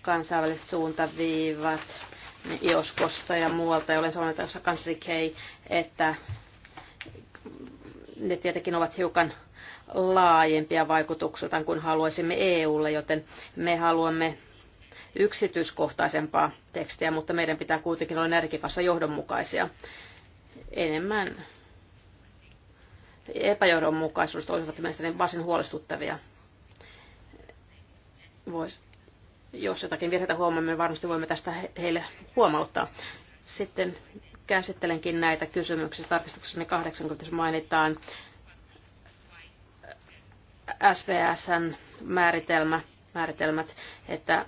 kansainväliset suuntaviivat, Ioskosta ja muualta, ja olen sanonut tässä kanssani Kei, että ne tietenkin ovat hiukan laajempia vaikutuksia kuin haluaisimme EUlle, joten me haluamme yksityiskohtaisempaa tekstiä, mutta meidän pitää kuitenkin olla närkipassa johdonmukaisia. Enemmän epäjohdonmukaisuudesta olisivat mielestäni varsin huolestuttavia. Voisi jos jotakin virheitä huomaamme, varmasti voimme tästä heille huomauttaa. Sitten käsittelenkin näitä kysymyksiä. Tarkistuksessa 80 mainitaan SVSn määritelmä, määritelmät, että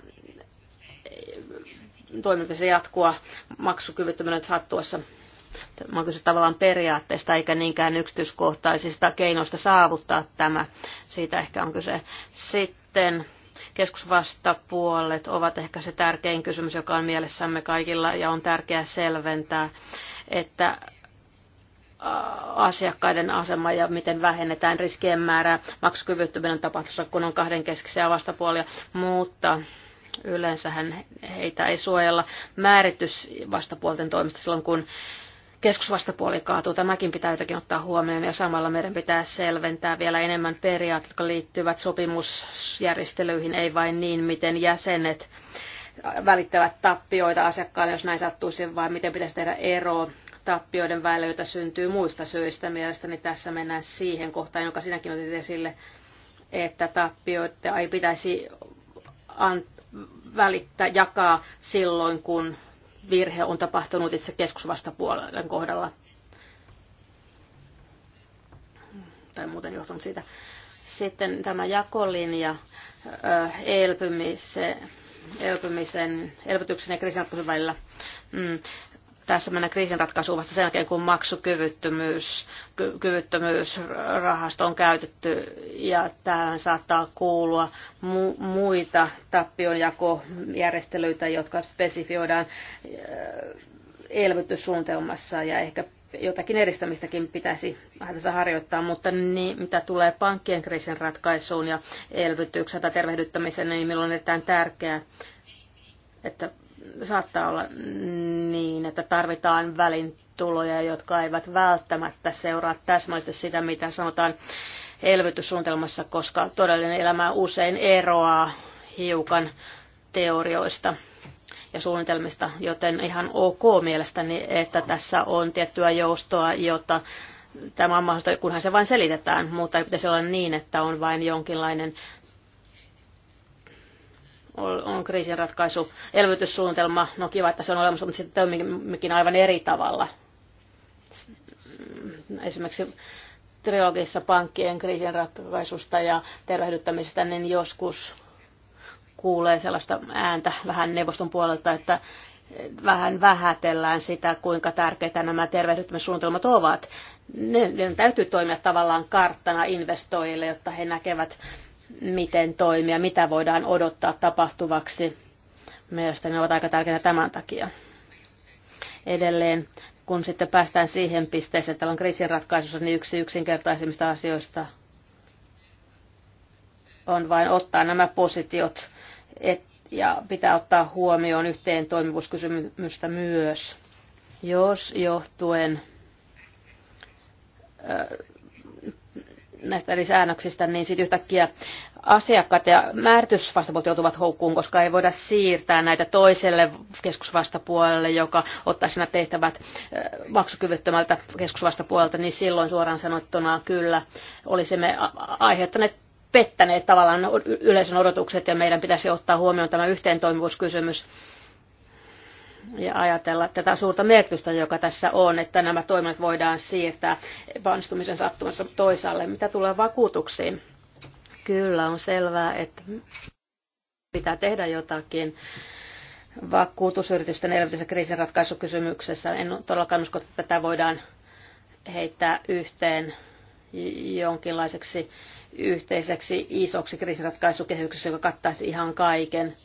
toiminta se jatkua maksukyvyttömyyden sattuessa. Mä oon kyse tavallaan periaatteesta eikä niinkään yksityiskohtaisista keinoista saavuttaa tämä. Siitä ehkä on kyse. Sitten keskusvastapuolet ovat ehkä se tärkein kysymys, joka on mielessämme kaikilla ja on tärkeää selventää, että asiakkaiden asema ja miten vähennetään riskien määrää maksukyvyttömyyden tapahtuessa, kun on kahden keskisiä vastapuolia, mutta yleensähän heitä ei suojella määritys vastapuolten toimesta silloin, kun keskusvastapuoli kaatuu. Tämäkin pitää jotenkin ottaa huomioon ja samalla meidän pitää selventää vielä enemmän periaatteet, jotka liittyvät sopimusjärjestelyihin, ei vain niin, miten jäsenet välittävät tappioita asiakkaille, jos näin sattuisi, vaan miten pitäisi tehdä ero tappioiden välillä, joita syntyy muista syistä. Mielestäni tässä mennään siihen kohtaan, jonka sinäkin otit esille, että tappioita ei pitäisi välittää, jakaa silloin, kun virhe on tapahtunut itse keskusvastapuolen kohdalla. Tai muuten johtunut siitä. Sitten tämä jakolinja elpymisen, elpymisen elpytyksen ja kriisinratkaisun välillä. Mm tässä mennä kriisinratkaisuun vasta sen jälkeen, kun maksukyvyttömyysrahasto on käytetty ja tähän saattaa kuulua mu- muita tappionjakojärjestelyitä, jotka spesifioidaan äh, elvytyssuunnitelmassa ja ehkä jotakin eristämistäkin pitäisi tässä harjoittaa, mutta niin, mitä tulee pankkien kriisin ratkaisuun ja elvytykseen tai tervehdyttämiseen, niin milloin on erittäin tärkeää, että saattaa olla niin, että tarvitaan välintuloja, jotka eivät välttämättä seuraa täsmällisesti sitä, mitä sanotaan elvytyssuunnitelmassa, koska todellinen elämä usein eroaa hiukan teorioista ja suunnitelmista, joten ihan ok mielestäni, että tässä on tiettyä joustoa, jota tämä on mahdollista, kunhan se vain selitetään, mutta ei pitäisi olla niin, että on vain jonkinlainen on kriisinratkaisu, elvytyssuunnitelma, no kiva, että se on olemassa, mutta sitten toimikin aivan eri tavalla. Esimerkiksi trilogissa pankkien kriisinratkaisusta ja tervehdyttämisestä, niin joskus kuulee sellaista ääntä vähän neuvoston puolelta, että vähän vähätellään sitä, kuinka tärkeitä nämä tervehdyttämissuunnitelmat ovat. Ne, ne täytyy toimia tavallaan karttana investoijille, jotta he näkevät miten toimia, mitä voidaan odottaa tapahtuvaksi. Mielestäni ne ovat aika tärkeitä tämän takia. Edelleen, kun sitten päästään siihen pisteeseen, että on kriisin ratkaisussa, niin yksi yksinkertaisimmista asioista on vain ottaa nämä positiot et, ja pitää ottaa huomioon yhteen toimivuuskysymystä myös. Jos johtuen näistä eri säännöksistä, niin sitten yhtäkkiä asiakkaat ja määritysvastapuolet joutuvat houkkuun, koska ei voida siirtää näitä toiselle keskusvastapuolelle, joka ottaisi nämä tehtävät maksukyvyttömältä keskusvastapuolelta, niin silloin suoraan sanottuna kyllä olisimme aiheuttaneet pettäneet tavallaan yleisön odotukset ja meidän pitäisi ottaa huomioon tämä yhteentoimivuuskysymys ja ajatella tätä suurta merkitystä, joka tässä on, että nämä toimet voidaan siirtää vanhistumisen sattumassa toisaalle. Mitä tulee vakuutuksiin? Kyllä on selvää, että pitää tehdä jotakin vakuutusyritysten elvytys- ja kriisinratkaisukysymyksessä. En todellakaan usko, että tätä voidaan heittää yhteen jonkinlaiseksi yhteiseksi isoksi kriisinratkaisukehyksessä, joka kattaisi ihan kaiken.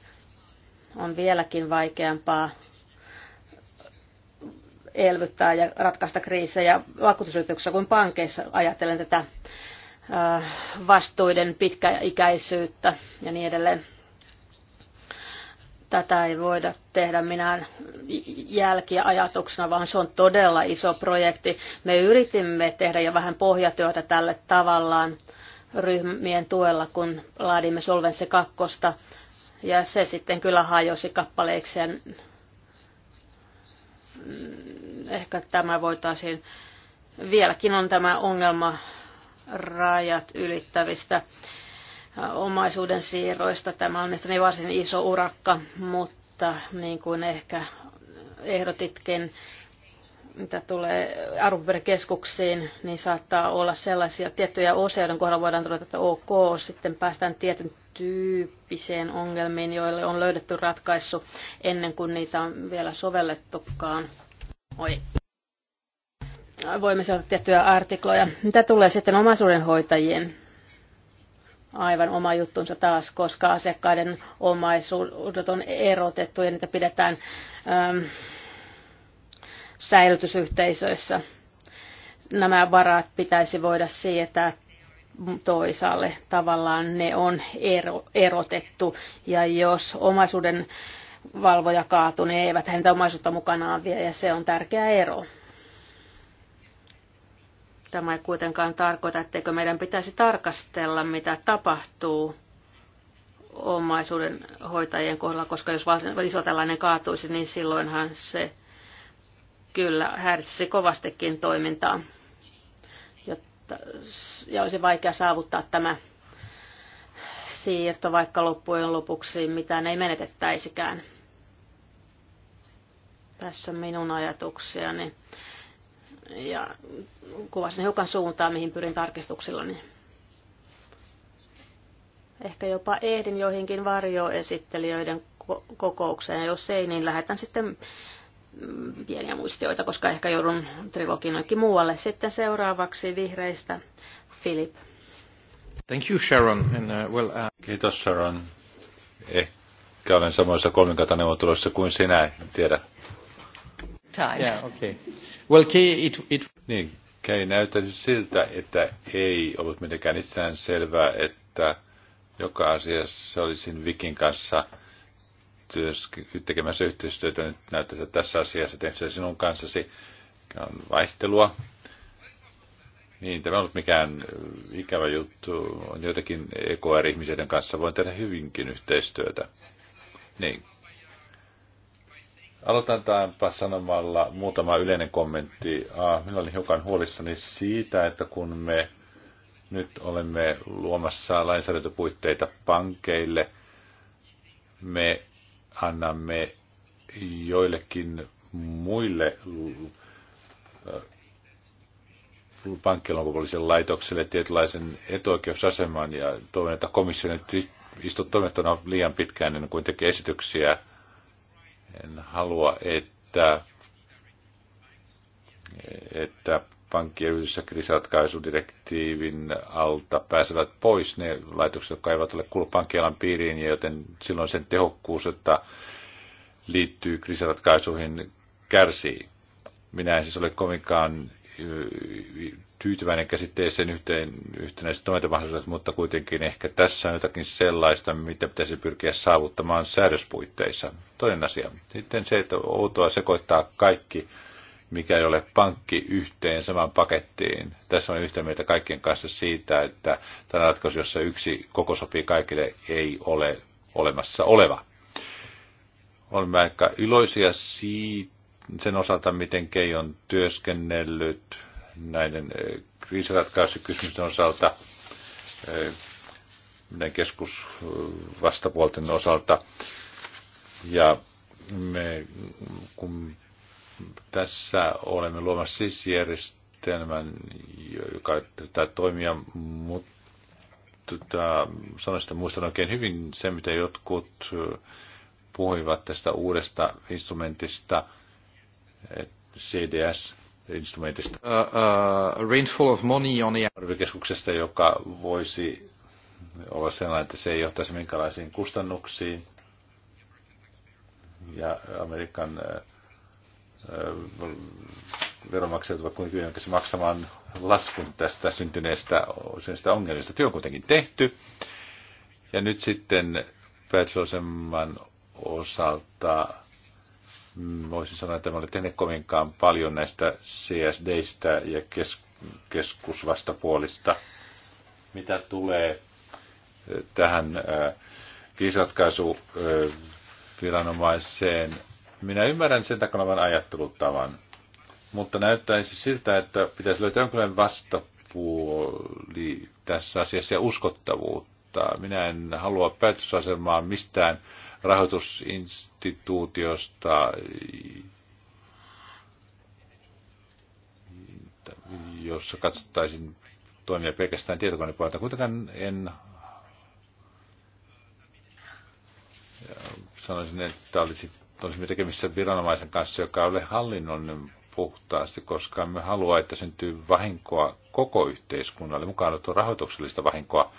On vieläkin vaikeampaa elvyttää ja ratkaista kriisejä vakuutusyhtiöissä kuin pankeissa ajatellen tätä äh, vastuiden pitkäikäisyyttä ja niin edelleen. Tätä ei voida tehdä minään jälkiajatuksena, vaan se on todella iso projekti. Me yritimme tehdä jo vähän pohjatyötä tälle tavallaan ryhmien tuella, kun laadimme Solvense kakkosta. Ja se sitten kyllä hajosi kappaleiksi ja Mm, ehkä tämä voitaisiin, vieläkin on tämä ongelma rajat ylittävistä omaisuuden siirroista. Tämä on mielestäni varsin iso urakka, mutta niin kuin ehkä ehdotitkin, mitä tulee arvopaperikeskuksiin, niin saattaa olla sellaisia tiettyjä osia, joiden kohdalla voidaan todeta, että ok, sitten päästään tietyn tyyppiseen ongelmiin, joille on löydetty ratkaisu ennen kuin niitä on vielä sovellettukaan. Oi. Voimme saada tiettyjä artikloja. Mitä tulee sitten omaisuudenhoitajien aivan oma juttunsa taas, koska asiakkaiden omaisuudet on erotettu ja niitä pidetään ähm, säilytysyhteisöissä. Nämä varat pitäisi voida sietää toisaalle. Tavallaan ne on ero, erotettu ja jos omaisuuden valvoja kaatuu, niin eivät häntä omaisuutta mukanaan vie ja se on tärkeä ero. Tämä ei kuitenkaan tarkoita, etteikö meidän pitäisi tarkastella, mitä tapahtuu omaisuuden hoitajien kohdalla, koska jos iso tällainen kaatuisi, niin silloinhan se kyllä häiritsisi kovastikin toimintaa jotta, ja olisi vaikea saavuttaa tämä siirto, vaikka loppujen lopuksi mitään ei menetettäisikään. Tässä minun ajatuksiani ja kuvasin hiukan suuntaa, mihin pyrin tarkistuksillani. Ehkä jopa ehdin joihinkin varjoesittelijöiden kokoukseen, jos ei, niin lähetän sitten pieniä muistioita, koska ehkä joudun triloginoikin muualle. Sitten seuraavaksi vihreistä Philip. Thank you, Sharon. And, uh, well, uh... Kiitos, Sharon. Ehkä olen samoissa kolminkantaneuvotteluissa kuin sinä, en tiedä. Time. Yeah, okay. Well, K, it, it... Niin, Kei näyttäisi siltä, että ei ollut mitenkään itseään selvää, että joka asiassa olisin Vikin kanssa – tekemässä yhteistyötä. Nyt näyttää, tässä asiassa tehdään sinun kanssasi on vaihtelua. Niin, tämä on ollut mikään äh, ikävä juttu. On joitakin EKR-ihmisiä, kanssa voin tehdä hyvinkin yhteistyötä. Niin. Aloitan tämänpä sanomalla muutama yleinen kommentti. Ah, minä olin hiukan huolissani siitä, että kun me nyt olemme luomassa lainsäädäntöpuitteita pankeille, me annamme joillekin muille äh, pankkilomakokollisen laitokselle tietynlaisen etuoikeusaseman ja toivon, että komissio nyt istuu toimettona liian pitkään ennen kuin tekee esityksiä. En halua, että, että pankkien yhdessä kriisiratkaisudirektiivin alta pääsevät pois ne laitokset, jotka eivät ole kuulu pankkialan piiriin, joten silloin sen tehokkuus, että liittyy kriisiratkaisuihin, kärsii. Minä en siis ole kovinkaan tyytyväinen käsitteeseen yhteen, yhtenäiset toimintamahdollisuudet, mutta kuitenkin ehkä tässä on jotakin sellaista, mitä pitäisi pyrkiä saavuttamaan säädöspuitteissa. Toinen asia. Sitten se, että outoa sekoittaa kaikki mikä ei ole pankki yhteen samaan pakettiin. Tässä on yhtä mieltä kaikkien kanssa siitä, että tämä ratkaisu, jossa yksi koko sopii kaikille, ei ole olemassa oleva. Olemme aika iloisia sen osalta, miten Kei on työskennellyt näiden kriisiratkaisukysymysten osalta, keskus vastapuolten osalta. Ja me, kun tässä olemme luomassa siis järjestelmän, joka tätä toimia, mutta tota, sanoisin, että muistan oikein hyvin se, mitä jotkut puhuivat tästä uudesta instrumentista, CDS, instrumentista. Uh, uh, rainfall of money on the... joka voisi olla sellainen, että se ei johtaisi minkälaisiin kustannuksiin. Ja Amerikan uh, veronmaksajat ovat kuitenkin maksamaan laskun tästä syntyneestä, syntyneestä ongelmista. Työ on kuitenkin tehty. Ja nyt sitten päätösosemman osalta mm, voisin sanoa, että olen tehnyt kovinkaan paljon näistä CSDistä ja kes- keskusvastapuolista, mitä tulee tähän kiisratkaisuviranomaiseen minä ymmärrän sen takanavan ajattelutavan, mutta näyttäisi siltä, että pitäisi löytää jonkinlainen vastapuoli tässä asiassa ja uskottavuutta. Minä en halua päätösasemaa mistään rahoitusinstituutiosta, jossa katsottaisiin toimia pelkästään tietokonepuolelta. Kuitenkaan en sanoisin, että olisi olisimme tekemisissä viranomaisen kanssa, joka ei ole hallinnollinen puhtaasti, koska me halua, että syntyy vahinkoa koko yhteiskunnalle, mukaan on rahoituksellista vahinkoa,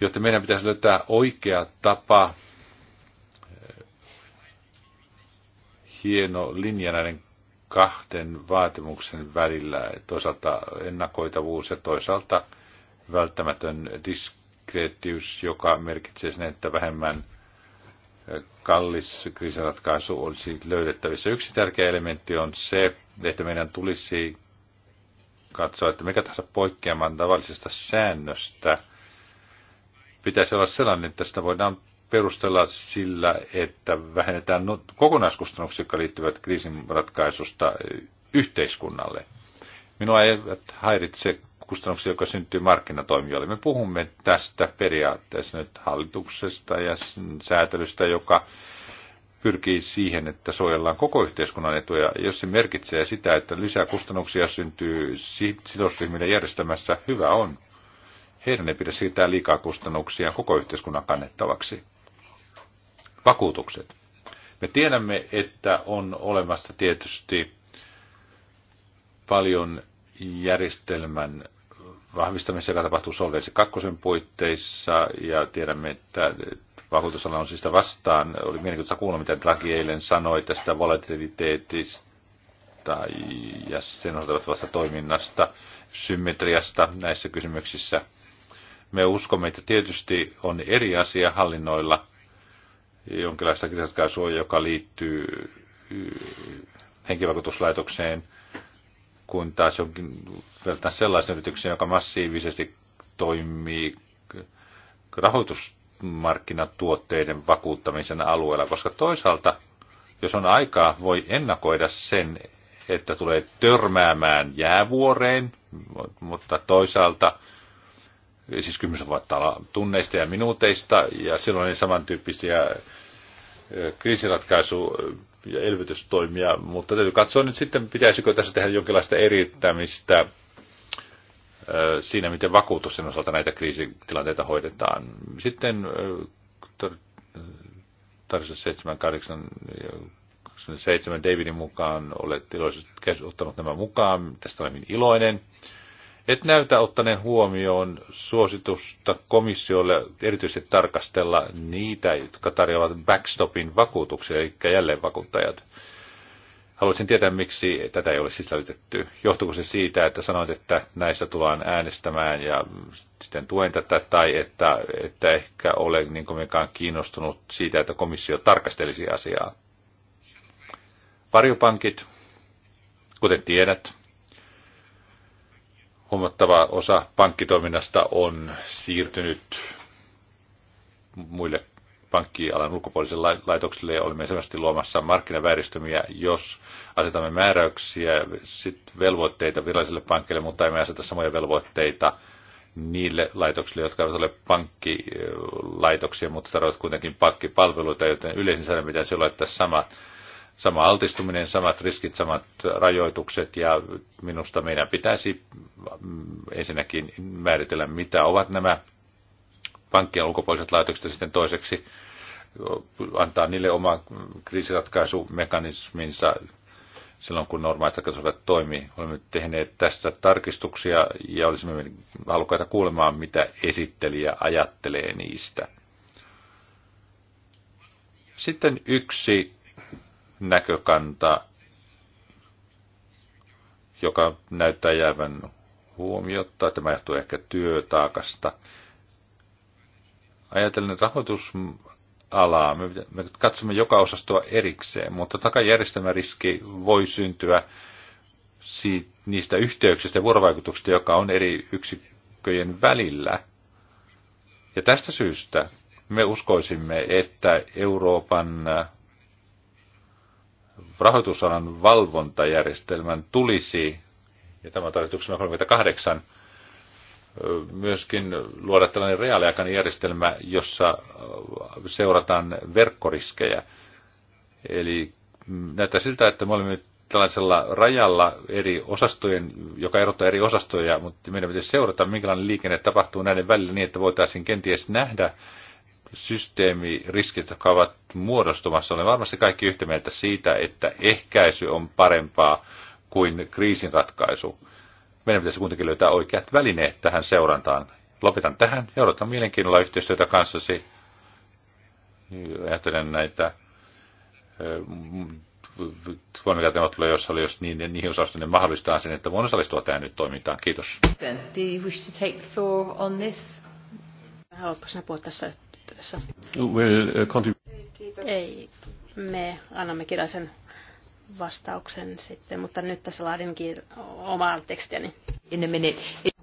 jotta meidän pitäisi löytää oikea tapa, eh, hieno linja näiden kahden vaatimuksen välillä, toisaalta ennakoitavuus ja toisaalta välttämätön diskreettius, joka merkitsee sen, että vähemmän – kallis kriisiratkaisu olisi löydettävissä. Yksi tärkeä elementti on se, että meidän tulisi katsoa, että mikä tahansa poikkeaman tavallisesta säännöstä pitäisi olla sellainen, että sitä voidaan perustella sillä, että vähennetään no- kokonaiskustannuksia, jotka liittyvät kriisin ratkaisusta yhteiskunnalle. Minua ei häiritse kustannuksia, joka syntyy markkinatoimijoille. Me puhumme tästä periaatteessa nyt hallituksesta ja säätelystä, joka pyrkii siihen, että suojellaan koko yhteiskunnan etuja, jos se merkitsee sitä, että lisää kustannuksia syntyy sidosryhmille järjestämässä, hyvä on. Heidän ei pidä siirtää liikaa kustannuksia koko yhteiskunnan kannettavaksi. Vakuutukset. Me tiedämme, että on olemassa tietysti paljon järjestelmän vahvistamisessa, joka tapahtuu Solvensi kakkosen puitteissa, ja tiedämme, että vakuutusala on siitä siis vastaan. Oli mielenkiintoista kuulla, mitä Draghi eilen sanoi tästä volatiliteetista ja sen osalta toiminnasta, symmetriasta näissä kysymyksissä. Me uskomme, että tietysti on eri asia hallinnoilla jonkinlaista kirjastuskäysuoja, joka liittyy henkivakuutuslaitokseen – kuin taas jonkin vertaan sellaisen yrityksen, joka massiivisesti toimii rahoitusmarkkinatuotteiden vakuuttamisen alueella, koska toisaalta, jos on aikaa, voi ennakoida sen, että tulee törmäämään jäävuoreen, mutta toisaalta, siis kysymys vuotta olla tunneista ja minuuteista, ja silloin samantyyppisiä kriisiratkaisu ja elvytystoimia, mutta täytyy katsoa nyt sitten, pitäisikö tässä tehdä jonkinlaista erittämistä siinä, miten vakuutusten osalta näitä kriisitilanteita hoidetaan. Sitten tarjous 7, 8, 7 Davidin mukaan olet iloisesti ottanut nämä mukaan. Tästä olen iloinen et näytä ottaneen huomioon suositusta komissiolle erityisesti tarkastella niitä, jotka tarjoavat backstopin vakuutuksia, eli jälleenvakuuttajat. Haluaisin tietää, miksi tätä ei ole sisällytetty. Johtuuko se siitä, että sanoit, että näissä tullaan äänestämään ja sitten tuen tätä, tai että, että ehkä ole niin kuin kiinnostunut siitä, että komissio tarkastelisi asiaa? Varjopankit, kuten tiedät, Huomattava osa pankkitoiminnasta on siirtynyt muille pankkialan ulkopuolisille laitoksille ja olemme selvästi luomassa markkinavääristymiä, jos asetamme määräyksiä, sit velvoitteita virallisille pankkeille, mutta emme aseta samoja velvoitteita niille laitoksille, jotka eivät ole pankkilaitoksia, mutta tarvitsevat kuitenkin pankkipalveluita, joten yleisin säännön pitäisi olla, että samat sama altistuminen, samat riskit, samat rajoitukset ja minusta meidän pitäisi mm, ensinnäkin määritellä, mitä ovat nämä pankkien ulkopuoliset laitokset ja sitten toiseksi antaa niille oma kriisiratkaisumekanisminsa silloin, kun normaalit ratkaisut toimii. Olemme tehneet tästä tarkistuksia ja olisimme halukkaita kuulemaan, mitä esittelijä ajattelee niistä. Sitten yksi näkökanta, joka näyttää jäävän huomiota. Tämä johtuu ehkä työtaakasta. Ajatellen rahoitusalaa, me, me katsomme joka osastoa erikseen, mutta takajärjestelmäriski voi syntyä siitä, niistä yhteyksistä ja vuorovaikutuksista, joka on eri yksikköjen välillä. Ja tästä syystä me uskoisimme, että Euroopan rahoitusalan valvontajärjestelmän tulisi, ja tämä on tarkoituksena 38, myöskin luoda tällainen reaaliaikainen järjestelmä, jossa seurataan verkkoriskejä. Eli näyttää siltä, että me olemme tällaisella rajalla eri osastojen, joka erottaa eri osastoja, mutta meidän pitäisi seurata, minkälainen liikenne tapahtuu näiden välillä niin, että voitaisiin kenties nähdä, systeemiriskit, jotka ovat muodostumassa. Olen varmasti kaikki yhtä mieltä siitä, että ehkäisy on parempaa kuin kriisin ratkaisu. Meidän pitäisi kuitenkin löytää oikeat välineet tähän seurantaan. Lopetan tähän ja odotan mielenkiinnolla yhteistyötä kanssasi. Ajattelen näitä eh, voimikäytäneuvotteluja, jossa oli, jos niin, niihin niin mahdollistaa sen, että voin osallistua tähän nyt toimintaan. Kiitos. Haluatko sinä puhua tässä työssä. Uh, Ei, me annamme kirjallisen vastauksen sitten, mutta nyt tässä laadinkin omaa tekstiäni.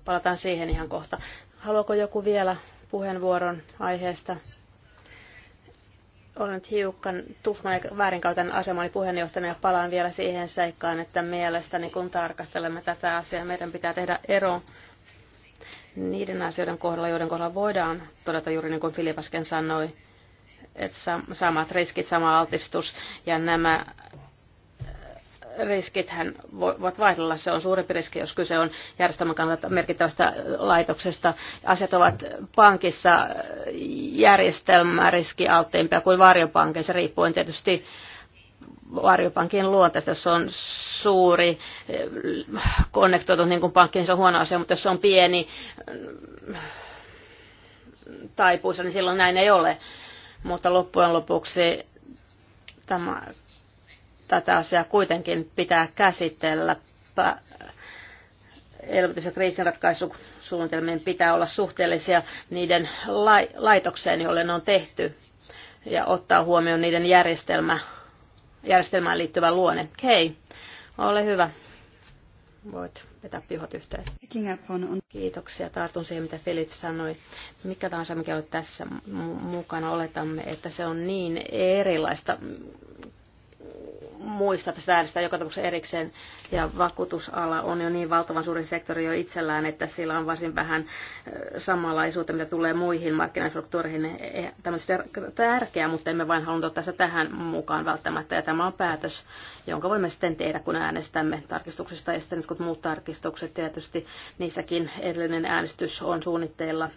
palataan siihen ihan kohta. Haluaako joku vielä puheenvuoron aiheesta? Olen nyt hiukan tuhman ja väärinkäytän asemani puheenjohtajana ja palaan vielä siihen seikkaan, että mielestäni kun tarkastelemme tätä asiaa, meidän pitää tehdä ero niiden asioiden kohdalla, joiden kohdalla voidaan todeta juuri niin kuin Filip äsken sanoi, että samat riskit, sama altistus ja nämä äh, riskithän voivat vaihdella. Se on suurempi riski, jos kyse on järjestelmän kannalta merkittävästä laitoksesta. Asiat ovat pankissa äh, alttiimpia kuin varjopankeissa, riippuen tietysti varjopankin luonteesta, jos on suuri konnektoitu niin kuin pankkiin, niin se on huono asia, mutta jos se on pieni mm, taipuus, niin silloin näin ei ole. Mutta loppujen lopuksi tämä, tätä asiaa kuitenkin pitää käsitellä. Elvytys- ja kriisinratkaisusuunnitelmien pitää olla suhteellisia niiden laitokseen, jolle ne on tehty, ja ottaa huomioon niiden järjestelmä järjestelmään liittyvä luonne. Hei, ole hyvä. Voit vetää pihot yhteen. Kiitoksia. Tartun siihen, mitä Filip sanoi. Mikä tahansa, mikä olet tässä mukana, oletamme, että se on niin erilaista muista tästä äänestää joka tapauksessa erikseen. Ja vakuutusala on jo niin valtavan suuri sektori jo itsellään, että sillä on varsin vähän samanlaisuutta, mitä tulee muihin markkinastruktuureihin. E, tämä on siis tärkeää, mutta emme vain halunnut ottaa sitä tähän mukaan välttämättä. Ja tämä on päätös, jonka voimme sitten tehdä, kun äänestämme tarkistuksesta. Ja sitten kun muut tarkistukset, tietysti niissäkin edellinen äänestys on suunnitteilla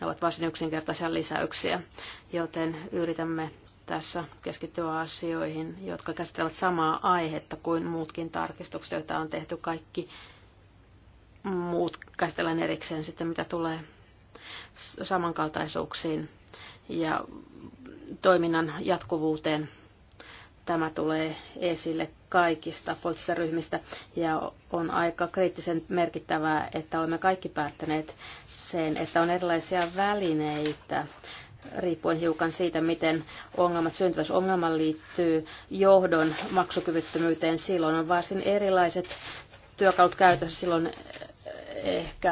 ne ovat varsin yksinkertaisia lisäyksiä, joten yritämme tässä keskittyä asioihin, jotka käsittelevät samaa aihetta kuin muutkin tarkistukset, joita on tehty kaikki muut käsitellään erikseen sitten, mitä tulee samankaltaisuuksiin ja toiminnan jatkuvuuteen. Tämä tulee esille kaikista poliittisista ryhmistä ja on aika kriittisen merkittävää, että olemme kaikki päättäneet sen, että on erilaisia välineitä riippuen hiukan siitä, miten ongelmat syntyvät. Jos ongelma liittyy johdon maksukyvyttömyyteen, silloin on varsin erilaiset työkalut käytössä. Silloin eh, ehkä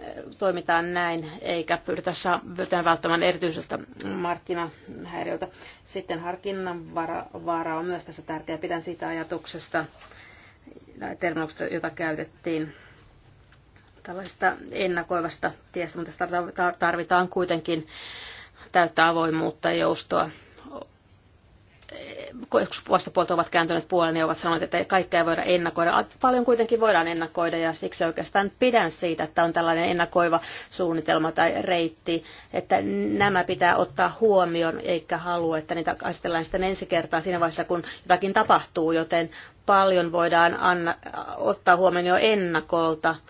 eh, toimitaan näin, eikä pyritä, saa, pyritä välttämään erityiseltä markkinahäiriöltä. Sitten harkinnan vara, vara on myös tässä tärkeä. Pidän siitä ajatuksesta terminoksesta, jota käytettiin tällaisesta ennakoivasta tiestä, mutta tässä tarvitaan kuitenkin täyttä avoimuutta ja joustoa. Joskus vastapuolta ovat kääntyneet puoleen ja niin ovat sanoneet, että kaikkea ei voida ennakoida. Paljon kuitenkin voidaan ennakoida ja siksi oikeastaan pidän siitä, että on tällainen ennakoiva suunnitelma tai reitti, että nämä pitää ottaa huomioon eikä halua, että niitä käsitellään sitten ensi kertaa siinä vaiheessa, kun jotakin tapahtuu, joten paljon voidaan anna, ottaa huomioon jo ennakolta –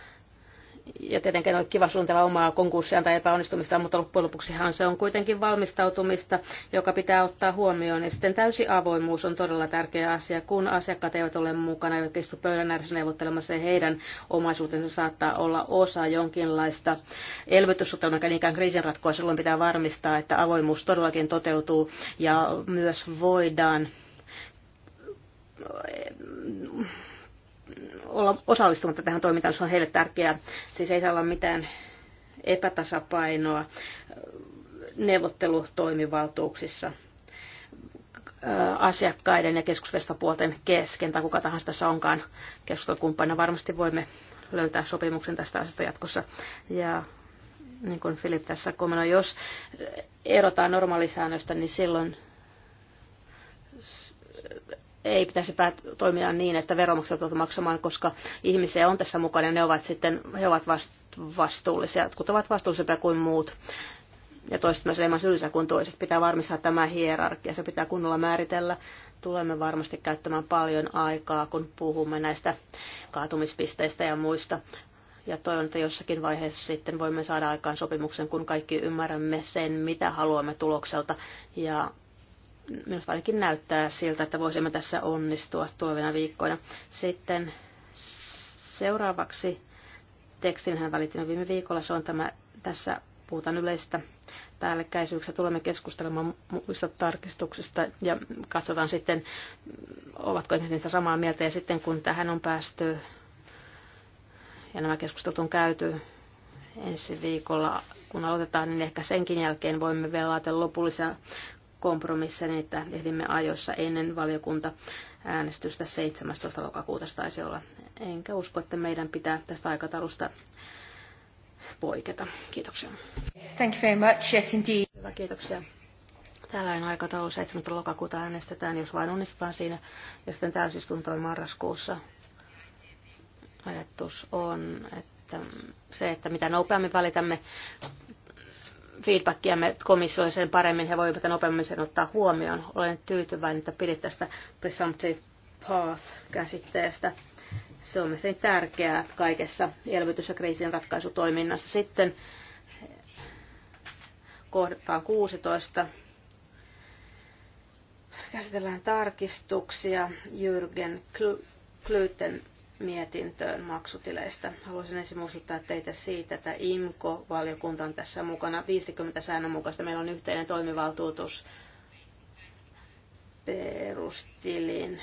ja tietenkin on kiva suunnitella omaa konkurssiaan tai epäonnistumista, mutta loppujen lopuksihan se on kuitenkin valmistautumista, joka pitää ottaa huomioon. Ja sitten täysi avoimuus on todella tärkeä asia, kun asiakkaat eivät ole mukana, eivät istu pöydän ääressä neuvottelemassa ja heidän omaisuutensa saattaa olla osa jonkinlaista elvytyssuunnitelmaa, ikään niinkään ratkoa, Silloin pitää varmistaa, että avoimuus todellakin toteutuu ja myös voidaan olla osallistumatta tähän toimintaan, se on heille tärkeää. Siis ei saa olla mitään epätasapainoa neuvottelutoimivaltuuksissa asiakkaiden ja keskusvestapuolten kesken, tai kuka tahansa tässä onkaan keskustelukumppana. varmasti voimme löytää sopimuksen tästä asiasta jatkossa. Ja niin kuin Filip tässä kommentoi, jos erotaan normaalisäännöstä, niin silloin ei pitäisi toimia niin, että veromaksajat ovat maksamaan, koska ihmisiä on tässä mukana ja ne ovat sitten, he ovat vastuullisia, jotkut ovat vastuullisempia kuin muut. Ja toiset myös enemmän syyllisiä kuin toiset. Pitää varmistaa tämä hierarkia, se pitää kunnolla määritellä. Tulemme varmasti käyttämään paljon aikaa, kun puhumme näistä kaatumispisteistä ja muista. Ja toivon, että jossakin vaiheessa sitten voimme saada aikaan sopimuksen, kun kaikki ymmärrämme sen, mitä haluamme tulokselta. Ja minusta ainakin näyttää siltä, että voisimme tässä onnistua tulevina viikkoina. Sitten seuraavaksi tekstin hän välitin viime viikolla. Se on tämä, tässä puhutaan yleistä päällekkäisyyksistä. Tulemme keskustelemaan muista tarkistuksista ja katsotaan sitten, ovatko ihmiset niistä samaa mieltä. Ja sitten kun tähän on päästy ja nämä keskustelut on käyty ensi viikolla, kun aloitetaan, niin ehkä senkin jälkeen voimme vielä laitella lopullisia kompromissin, niin että ehdimme ajoissa ennen valiokunta äänestystä 17. lokakuuta taisi olla. Enkä usko, että meidän pitää tästä aikataulusta poiketa. Kiitoksia. Thank you very much. Yes, indeed. Hyvä, kiitoksia. Tällainen aikataulu 7. lokakuuta äänestetään, jos vain onnistutaan siinä, ja sitten täysistuntoon marraskuussa. Ajatus on, että se, että mitä nopeammin valitamme feedbackiamme komissioon sen paremmin, he voivat nopeammin sen ottaa huomioon. Olen tyytyväinen, että pidit tästä presumptive path-käsitteestä. Se on mielestäni tärkeää kaikessa elvytys- ja kriisin ratkaisutoiminnassa. Sitten kohdataan 16. Käsitellään tarkistuksia Jürgen Klyten mietintöön maksutileistä. Haluaisin ensin muistuttaa teitä siitä, että IMKO-valiokunta on tässä mukana 50 säännönmukaista. Meillä on yhteinen toimivaltuutus perustilin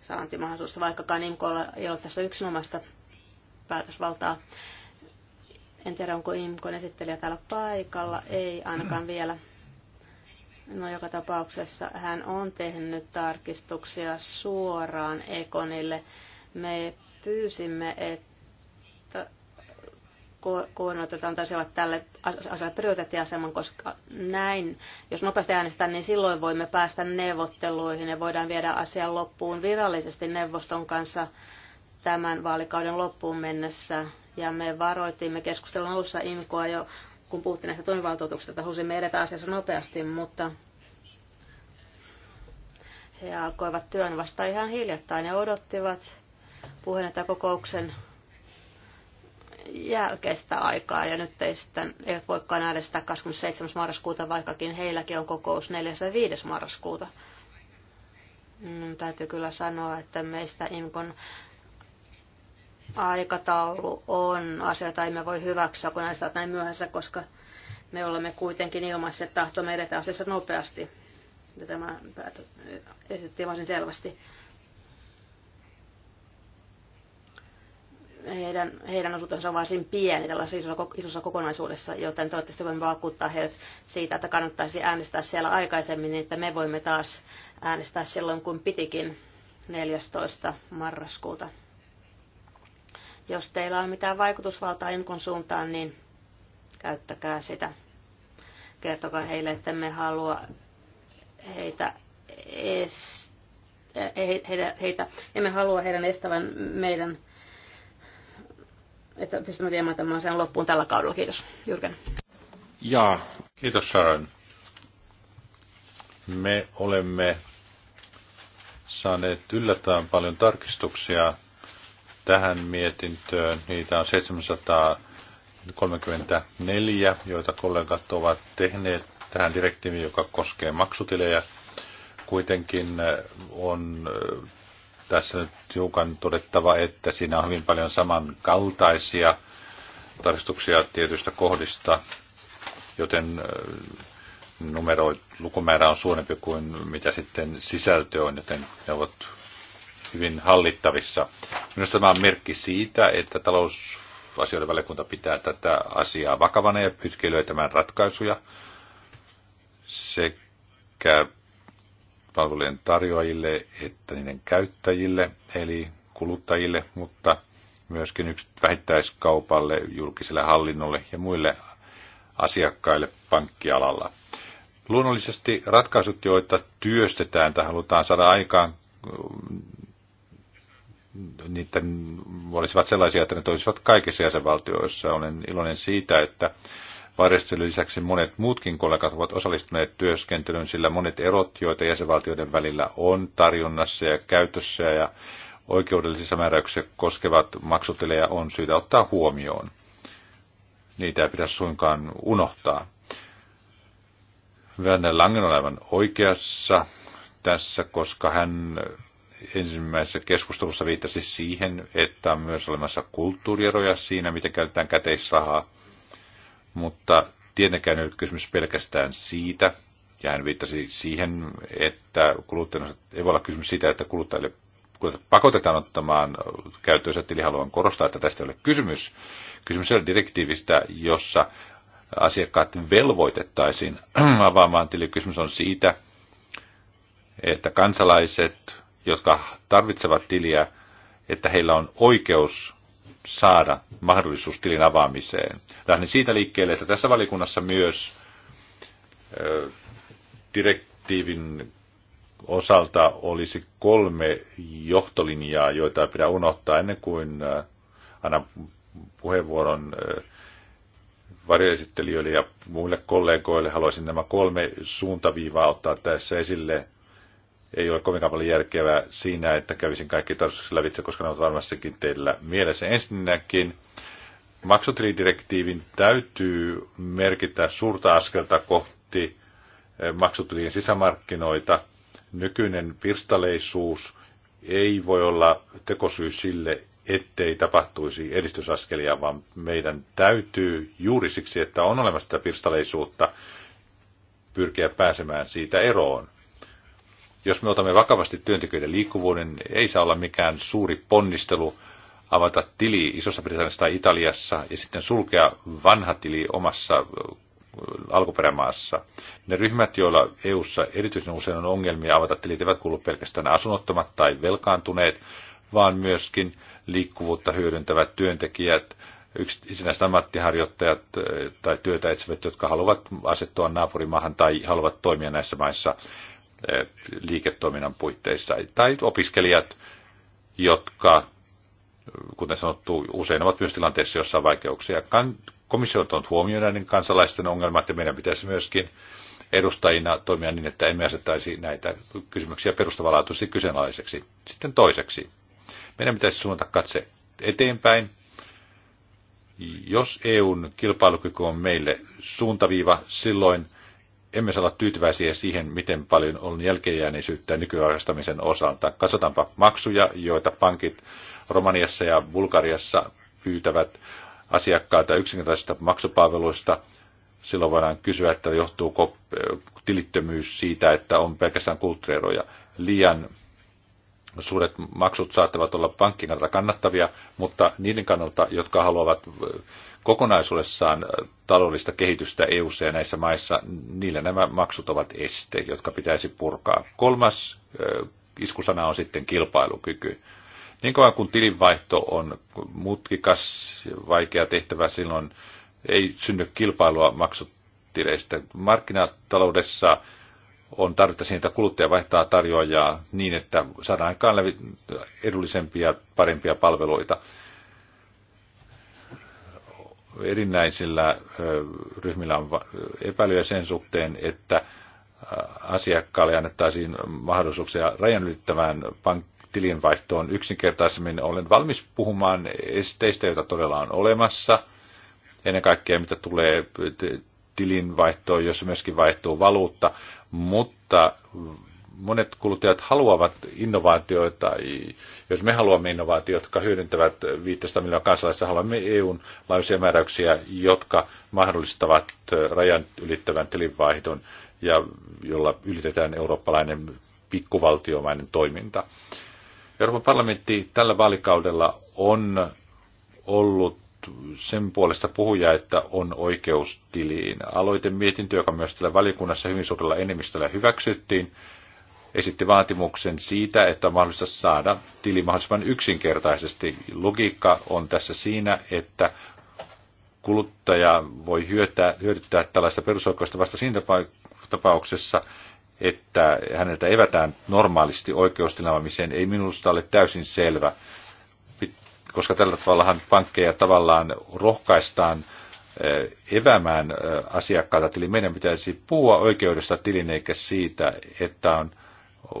saantimahdollisuus, vaikkakaan IMKOlla ei ole tässä yksinomaista päätösvaltaa. En tiedä, onko IMKOn esittelijä täällä paikalla. Ei ainakaan vielä. No joka tapauksessa hän on tehnyt tarkistuksia suoraan Ekonille me pyysimme, että koordinaattorit antaisivat tälle asialle prioriteettiaseman, koska näin, jos nopeasti äänestetään, niin silloin voimme päästä neuvotteluihin ja voidaan viedä asian loppuun virallisesti neuvoston kanssa tämän vaalikauden loppuun mennessä. Ja me varoitimme keskustelun alussa IMKOa jo, kun puhuttiin näistä toimivaltuutuksista, että halusimme edetä asiassa nopeasti, mutta he alkoivat työn vasta ihan hiljattain ja odottivat puheenjohtajakokouksen jälkeistä aikaa ja nyt ei sitten ei voikaan äänestää 27. marraskuuta, vaikkakin heilläkin on kokous 4. ja 5. marraskuuta. Mm, täytyy kyllä sanoa, että meistä IMKon aikataulu on asia, jota emme voi hyväksyä, kun näistä näin myöhässä, koska me olemme kuitenkin että tahtomme edetä asiassa nopeasti. Ja tämä esitettiin varsin selvästi. heidän, heidän osuutensa on varsin pieni tällaisessa siis isossa, isossa kokonaisuudessa, joten toivottavasti voimme vakuuttaa heidät siitä, että kannattaisi äänestää siellä aikaisemmin, niin että me voimme taas äänestää silloin, kun pitikin 14. marraskuuta. Jos teillä on mitään vaikutusvaltaa jonkun suuntaan, niin käyttäkää sitä. Kertokaa heille, että me halua heitä estää heitä, heitä, emme halua heidän estävän meidän että pystymme viemään tämän sen loppuun tällä kaudella. Kiitos, Jyrken. Jaa, kiitos Sharon. Me olemme saaneet yllättävän paljon tarkistuksia tähän mietintöön. Niitä on 734, joita kollegat ovat tehneet tähän direktiiviin, joka koskee maksutilejä. Kuitenkin eh, on eh, tässä nyt hiukan todettava, että siinä on hyvin paljon samankaltaisia tarkistuksia tietyistä kohdista, joten numero, lukumäärä on suurempi kuin mitä sitten sisältö on, joten ne ovat hyvin hallittavissa. Minusta tämä on merkki siitä, että talousasioiden valiokunta pitää tätä asiaa vakavana ja pyrkii löytämään ratkaisuja sekä palvelujen tarjoajille että niiden käyttäjille, eli kuluttajille, mutta myöskin vähittäiskaupalle, julkiselle hallinnolle ja muille asiakkaille pankkialalla. Luonnollisesti ratkaisut, joita työstetään tai halutaan saada aikaan, niitä olisivat sellaisia, että ne toisivat kaikissa jäsenvaltioissa. Olen iloinen siitä, että Varjostelun lisäksi monet muutkin kollegat ovat osallistuneet työskentelyyn, sillä monet erot, joita jäsenvaltioiden välillä on tarjonnassa ja käytössä ja oikeudellisissa määräyksissä koskevat maksutilejä on syytä ottaa huomioon. Niitä ei pidä suinkaan unohtaa. Werner Langen on aivan oikeassa tässä, koska hän ensimmäisessä keskustelussa viittasi siihen, että on myös olemassa kulttuurieroja siinä, miten käytetään käteisrahaa mutta tietenkään ei ole kysymys pelkästään siitä, ja hän viittasi siihen, että kuluttajana ei voi olla kysymys siitä, että kuluttajille pakotetaan ottamaan käyttöönsä tili. Haluan korostaa, että tästä ei ole kysymys. Kysymys on direktiivistä, jossa asiakkaat velvoitettaisiin avaamaan tili. Kysymys on siitä, että kansalaiset, jotka tarvitsevat tiliä, että heillä on oikeus saada mahdollisuus tilin avaamiseen. Lähden siitä liikkeelle, että tässä valikunnassa myös direktiivin osalta olisi kolme johtolinjaa, joita pitää unohtaa ennen kuin annan puheenvuoron varjoesittelijöille ja muille kollegoille. Haluaisin nämä kolme suuntaviivaa ottaa tässä esille ei ole kovinkaan paljon järkevää siinä, että kävisin kaikki tarkoitukset lävitse, koska ne ovat varmastikin teillä mielessä. Ensinnäkin maksutilidirektiivin täytyy merkitä suurta askelta kohti eh, maksutilien sisämarkkinoita. Nykyinen pirstaleisuus ei voi olla tekosyy sille, ettei tapahtuisi edistysaskelia, vaan meidän täytyy juuri siksi, että on olemassa sitä pirstaleisuutta, pyrkiä pääsemään siitä eroon. Jos me otamme vakavasti työntekijöiden liikkuvuuden, ei saa olla mikään suuri ponnistelu avata tili Isossa Britanniassa tai Italiassa ja sitten sulkea vanha tili omassa alkuperämaassa. Ne ryhmät, joilla EU-ssa erityisen usein on ongelmia avata tilit, eivät kuulu pelkästään asunnottomat tai velkaantuneet, vaan myöskin liikkuvuutta hyödyntävät työntekijät, yksinäiset ammattiharjoittajat tai työtä etsivät, jotka haluavat asettua naapurimaahan tai haluavat toimia näissä maissa. Eh, liiketoiminnan puitteissa. Tai opiskelijat, jotka, kuten sanottu, usein ovat myös tilanteessa, jossa on vaikeuksia. Komissio on huomioida niin kansalaisten ongelmat ja meidän pitäisi myöskin edustajina toimia niin, että emme asettaisi näitä kysymyksiä perustavanlaatuisesti kyseenalaiseksi. Sitten toiseksi, meidän pitäisi suunnata katse eteenpäin. Jos EUn kilpailukyky on meille suuntaviiva, silloin – emme saa olla tyytyväisiä siihen, miten paljon on jälkeenjääneisyyttä nykyaikaistamisen osalta. Katsotaanpa maksuja, joita pankit Romaniassa ja Bulgariassa pyytävät asiakkaita yksinkertaisista maksupalveluista. Silloin voidaan kysyä, että johtuuko äh, tilittömyys siitä, että on pelkästään kulttuurieroja. Liian suuret maksut saattavat olla pankkien kannattavia, mutta niiden kannalta, jotka haluavat äh, kokonaisuudessaan äh, taloudellista kehitystä eu ja näissä maissa, niillä nämä maksut ovat este, jotka pitäisi purkaa. Kolmas äh, iskusana on sitten kilpailukyky. Niin kauan kun tilinvaihto on mutkikas, vaikea tehtävä, silloin ei synny kilpailua maksutileistä. Markkinataloudessa on tarvetta siihen, että kuluttaja vaihtaa tarjoajaa niin, että saadaan aikaan edullisempia, parempia palveluita erinäisillä ryhmillä on epäilyjä sen suhteen, että asiakkaalle annettaisiin mahdollisuuksia rajan ylittävään pank- tilinvaihtoon yksinkertaisemmin. Olen valmis puhumaan esteistä, joita todella on olemassa. Ennen kaikkea mitä tulee tilinvaihtoon, jossa myöskin vaihtuu valuutta, mutta monet kuluttajat haluavat innovaatioita. Jos me haluamme innovaatioita, jotka hyödyntävät 500 miljoonaa kansalaista, haluamme EUn laajuisia määräyksiä, jotka mahdollistavat rajan ylittävän tilinvaihdon ja jolla ylitetään eurooppalainen pikkuvaltiomainen toiminta. Euroopan parlamentti tällä vaalikaudella on ollut sen puolesta puhuja, että on oikeus tiliin. Aloite mietintö, joka myös tällä valiokunnassa hyvin suurella enemmistöllä hyväksyttiin, esitti vaatimuksen siitä, että on mahdollista saada tili mahdollisimman yksinkertaisesti. Logiikka on tässä siinä, että kuluttaja voi hyötää, hyödyttää tällaista perusoikeusta vasta siinä tapauksessa, että häneltä evätään normaalisti oikeustilaamiseen, ei minusta ole täysin selvä, koska tällä tavallahan pankkeja tavallaan rohkaistaan eh, evämään eh, asiakkaita, eli meidän pitäisi puhua oikeudesta tilin eikä siitä, että on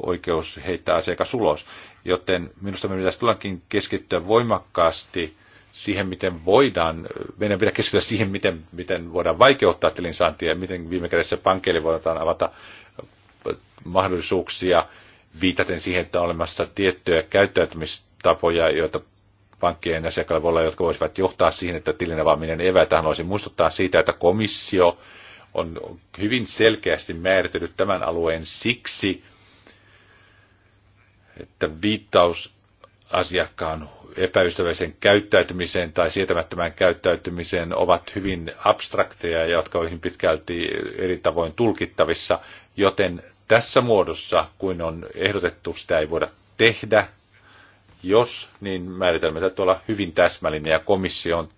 oikeus heittää asiakas ulos. Joten minusta me pitäisi tullakin keskittyä voimakkaasti siihen, miten voidaan, meidän pitää keskittyä siihen, miten, miten voidaan vaikeuttaa tilinsaantia ja miten viime kädessä pankeille voidaan avata äh, mahdollisuuksia viitaten siihen, että on olemassa tiettyjä käyttäytymistapoja, joita pankkien asiakkailla voi olla, jotka voisivat johtaa siihen, että tilin avaaminen evätään. Haluaisin muistuttaa siitä, että komissio on hyvin selkeästi määritellyt tämän alueen siksi, että viittaus asiakkaan epäystäväiseen käyttäytymiseen tai sietämättömään käyttäytymiseen ovat hyvin abstrakteja, jotka ovat pitkälti eri tavoin tulkittavissa, joten tässä muodossa, kuin on ehdotettu, sitä ei voida tehdä. Jos, niin määritelmä täytyy olla hyvin täsmällinen ja komissio on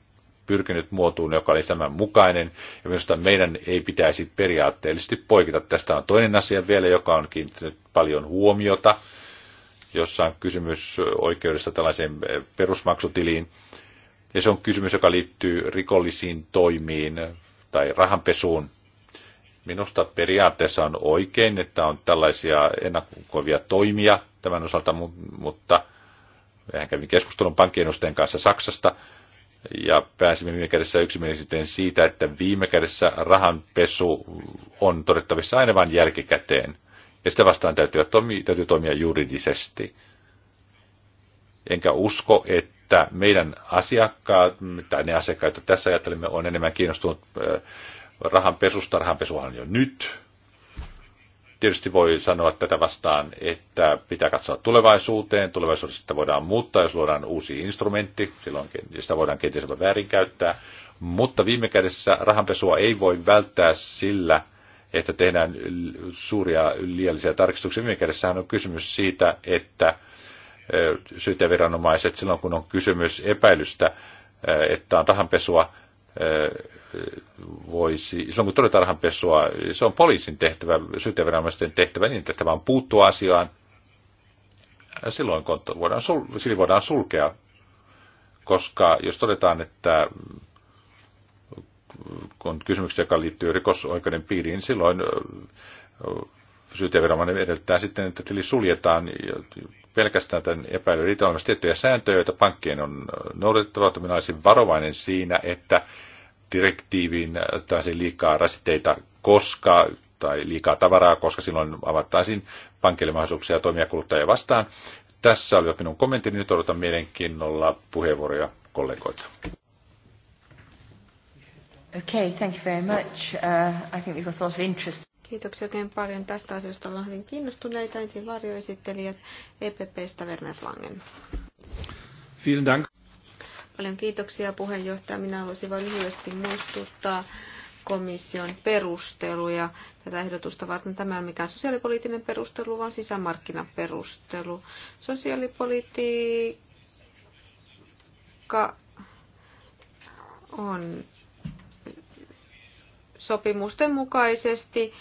pyrkinyt muotoon, joka oli tämän mukainen, ja minusta meidän ei pitäisi periaatteellisesti poiketa. Tästä on toinen asia vielä, joka on kiinnittänyt paljon huomiota, jossa on kysymys oikeudessa tällaiseen perusmaksutiliin. Ja se on kysymys, joka liittyy rikollisiin toimiin tai rahanpesuun. Minusta periaatteessa on oikein, että on tällaisia ennakkovia toimia tämän osalta, mutta vähän kävin keskustelun pankkien kanssa Saksasta, ja pääsimme viime kädessä yksimielisyyteen siitä, että viime kädessä rahanpesu on todettavissa aina vain jälkikäteen. Ja sitä vastaan täytyy, toimia, täytyy toimia juridisesti. Enkä usko, että meidän asiakkaat, tai ne asiakkaat, joita tässä ajattelemme, on enemmän kiinnostunut rahanpesusta. Rahanpesuhan on jo nyt. Tietysti voi sanoa tätä vastaan, että pitää katsoa tulevaisuuteen. Tulevaisuudesta voidaan muuttaa, jos luodaan uusi instrumentti. Silloin sitä voidaan kenties olla väärinkäyttää. Mutta viime kädessä rahanpesua ei voi välttää sillä, että tehdään suuria liiallisia tarkistuksia. Viime kädessähän on kysymys siitä, että syyteviranomaiset silloin, kun on kysymys epäilystä, että on rahanpesua, voisi, silloin kun todetaan rahanpesua, se on poliisin tehtävä, syyteviranomaisten tehtävä, niin tehtävä on puuttua asiaan. Silloin voidaan, sul, voidaan sulkea, koska jos todetaan, että on kysymyksiä, joka liittyy rikosoikeuden piiriin, niin silloin syyteviranomainen edellyttää sitten, että tili suljetaan pelkästään tämän epäilyn. Niitä on myös tiettyjä sääntöjä, joita pankkien on noudatettava, että minä olisin varovainen siinä, että direktiiviin taisi liikaa rasiteita koska tai liikaa tavaraa, koska silloin avattaisiin pankille mahdollisuuksia toimia kuluttajia vastaan. Tässä olivat minun kommentti, Nyt odotan mielenkiinnolla puheenvuoroja kollegoita. Okay, thank you very much. Uh, I think we've got a lot of interest. Kiitoksia oikein paljon tästä asiasta. Ollaan hyvin kiinnostuneita. Ensin varjoesittelijät EPPstä Werner Langen. Vielen Dank. Paljon kiitoksia puheenjohtaja. Minä haluaisin vain lyhyesti muistuttaa komission perusteluja tätä ehdotusta varten. Tämä ei ole mikään sosiaalipoliittinen perustelu, vaan sisämarkkinaperustelu. Sosiaalipolitiikka on sopimusten mukaisesti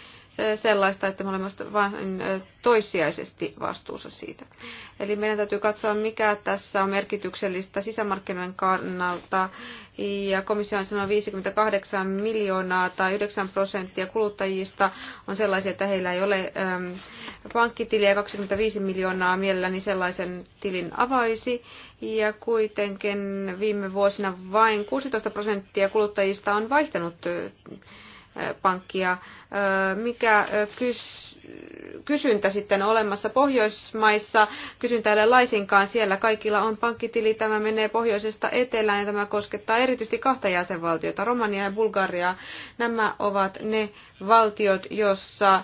sellaista, että me olemme vain toissijaisesti vastuussa siitä. Eli meidän täytyy katsoa, mikä tässä on merkityksellistä sisämarkkinoiden kannalta. Ja komissio on sanonut 58 miljoonaa tai 9 prosenttia kuluttajista on sellaisia, että heillä ei ole äm, pankkitiliä 25 miljoonaa mielelläni sellaisen tilin avaisi. Ja kuitenkin viime vuosina vain 16 prosenttia kuluttajista on vaihtanut pankkia. Mikä kysyntä sitten olemassa Pohjoismaissa? Kysyntä ei ole laisinkaan. Siellä kaikilla on pankkitili. Tämä menee pohjoisesta etelään ja tämä koskettaa erityisesti kahta jäsenvaltiota, Romania ja Bulgaria. Nämä ovat ne valtiot, joissa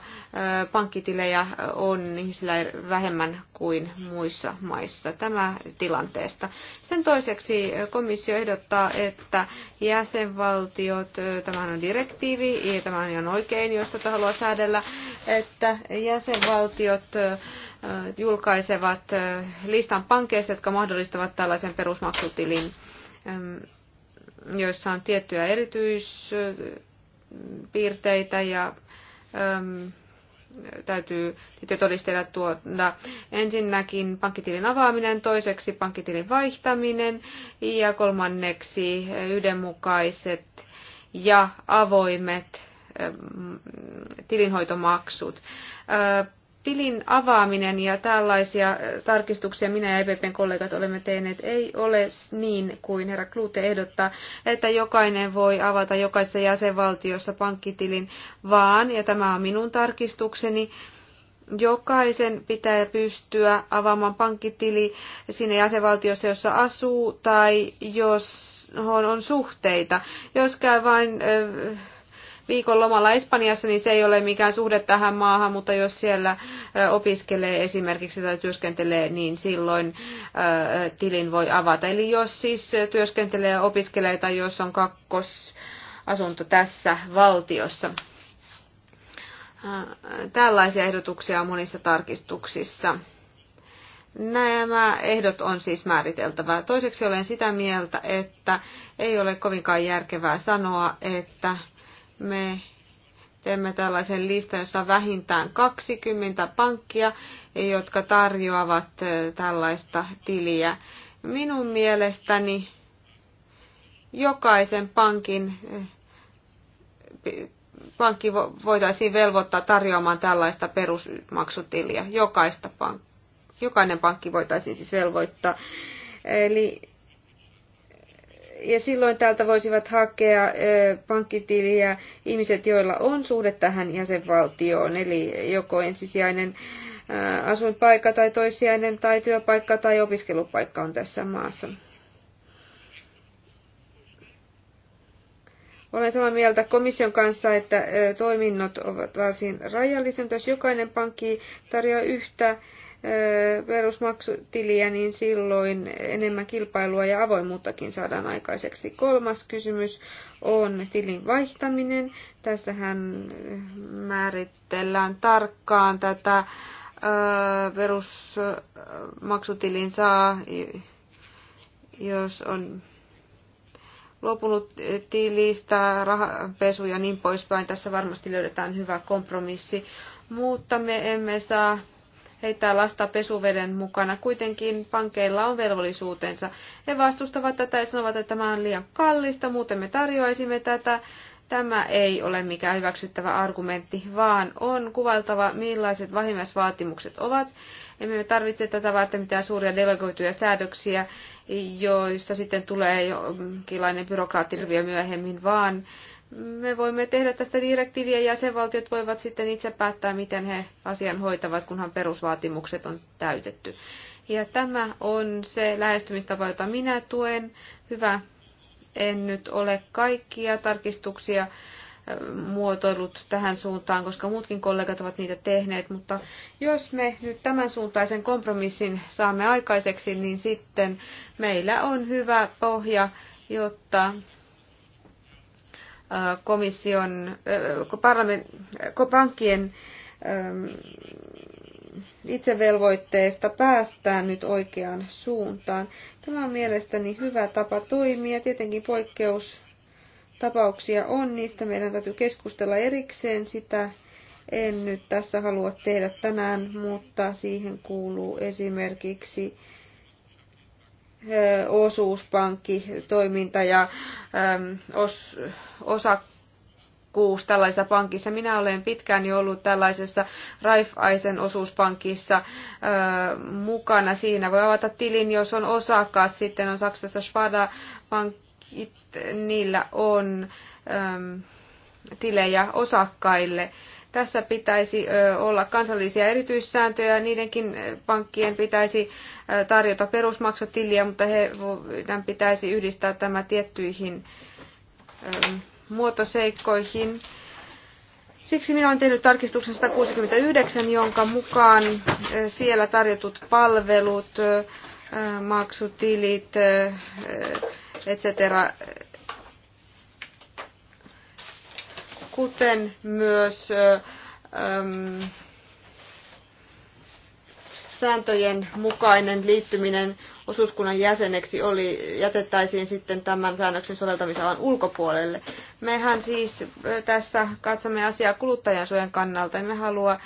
pankkitilejä on ihmisillä vähemmän kuin muissa maissa. Tämä tilanteesta. Sen toiseksi komissio ehdottaa, että jäsenvaltiot, tämä on direktiivi, ja tämä on ihan oikein, jos tätä haluaa säädellä, että jäsenvaltiot julkaisevat listan pankeista, jotka mahdollistavat tällaisen perusmaksutilin, joissa on tiettyjä erityispiirteitä ja täytyy todistella tuoda ensinnäkin pankkitilin avaaminen, toiseksi pankkitilin vaihtaminen ja kolmanneksi yhdenmukaiset ja avoimet ähm, tilinhoitomaksut. Äh, tilin avaaminen ja tällaisia äh, tarkistuksia minä ja EPPn kollegat olemme tehneet ei ole niin kuin herra Klute ehdottaa, että jokainen voi avata jokaisessa jäsenvaltiossa pankkitilin, vaan, ja tämä on minun tarkistukseni, jokaisen pitää pystyä avaamaan pankkitili siinä jäsenvaltiossa, jossa asuu, tai jos on suhteita. Jos käy vain viikon lomalla Espanjassa, niin se ei ole mikään suhde tähän maahan, mutta jos siellä opiskelee esimerkiksi tai työskentelee, niin silloin tilin voi avata. Eli jos siis työskentelee ja opiskelee tai jos on kakkosasunto tässä valtiossa. Tällaisia ehdotuksia on monissa tarkistuksissa. Nämä ehdot on siis määriteltävä. Toiseksi olen sitä mieltä, että ei ole kovinkaan järkevää sanoa, että me teemme tällaisen listan, jossa on vähintään 20 pankkia, jotka tarjoavat tällaista tiliä. Minun mielestäni jokaisen pankin pankki voitaisiin velvoittaa tarjoamaan tällaista perusmaksutiliä, jokaista pankkia jokainen pankki voitaisiin siis velvoittaa. Eli ja silloin täältä voisivat hakea pankkitiliä ihmiset, joilla on suhde tähän jäsenvaltioon, eli joko ensisijainen asuinpaikka tai toissijainen tai työpaikka tai opiskelupaikka on tässä maassa. Olen samaa mieltä komission kanssa, että toiminnot ovat varsin rajallisen, jos jokainen pankki tarjoaa yhtä perusmaksutiliä, niin silloin enemmän kilpailua ja avoimuuttakin saadaan aikaiseksi. Kolmas kysymys on tilin vaihtaminen. Tässähän määritellään tarkkaan tätä perusmaksutilin saa, jos on luopunut tilistä, rahanpesu ja niin poispäin. Tässä varmasti löydetään hyvä kompromissi, mutta me emme saa heittää lasta pesuveden mukana. Kuitenkin pankeilla on velvollisuutensa. He vastustavat tätä ja sanovat, että tämä on liian kallista, muuten me tarjoaisimme tätä. Tämä ei ole mikään hyväksyttävä argumentti, vaan on kuvaltava, millaiset vähimmäisvaatimukset ovat. Emme tarvitse tätä varten mitään suuria delegoituja säädöksiä, joista sitten tulee jonkinlainen byrokraattirviö myöhemmin, vaan me voimme tehdä tästä direktiiviä ja jäsenvaltiot voivat sitten itse päättää, miten he asian hoitavat, kunhan perusvaatimukset on täytetty. Ja tämä on se lähestymistapa, jota minä tuen. Hyvä, en nyt ole kaikkia tarkistuksia muotoillut tähän suuntaan, koska muutkin kollegat ovat niitä tehneet, mutta jos me nyt tämän suuntaisen kompromissin saamme aikaiseksi, niin sitten meillä on hyvä pohja, jotta komission, pankkien itsevelvoitteesta päästään nyt oikeaan suuntaan. Tämä on mielestäni hyvä tapa toimia. Tietenkin poikkeustapauksia on, niistä meidän täytyy keskustella erikseen. Sitä en nyt tässä halua tehdä tänään, mutta siihen kuuluu esimerkiksi osuuspankki, toiminta ja os, osakkuus tällaisessa pankissa. Minä olen pitkään jo ollut tällaisessa Raiffeisen osuuspankissa mukana. Siinä voi avata tilin, jos on osakas. Sitten on Saksassa Schwada pankit niillä on tilejä osakkaille tässä pitäisi olla kansallisia erityissääntöjä. Niidenkin pankkien pitäisi tarjota perusmaksutiliä, mutta heidän pitäisi yhdistää tämä tiettyihin muotoseikkoihin. Siksi minä olen tehnyt tarkistuksen 169, jonka mukaan siellä tarjotut palvelut, maksutilit, etc. kuten myös sääntöjen mukainen liittyminen osuuskunnan jäseneksi oli, jätettäisiin sitten tämän säännöksen soveltamisalan ulkopuolelle. Mehän siis tässä katsomme asiaa kuluttajansuojan kannalta. me haluamme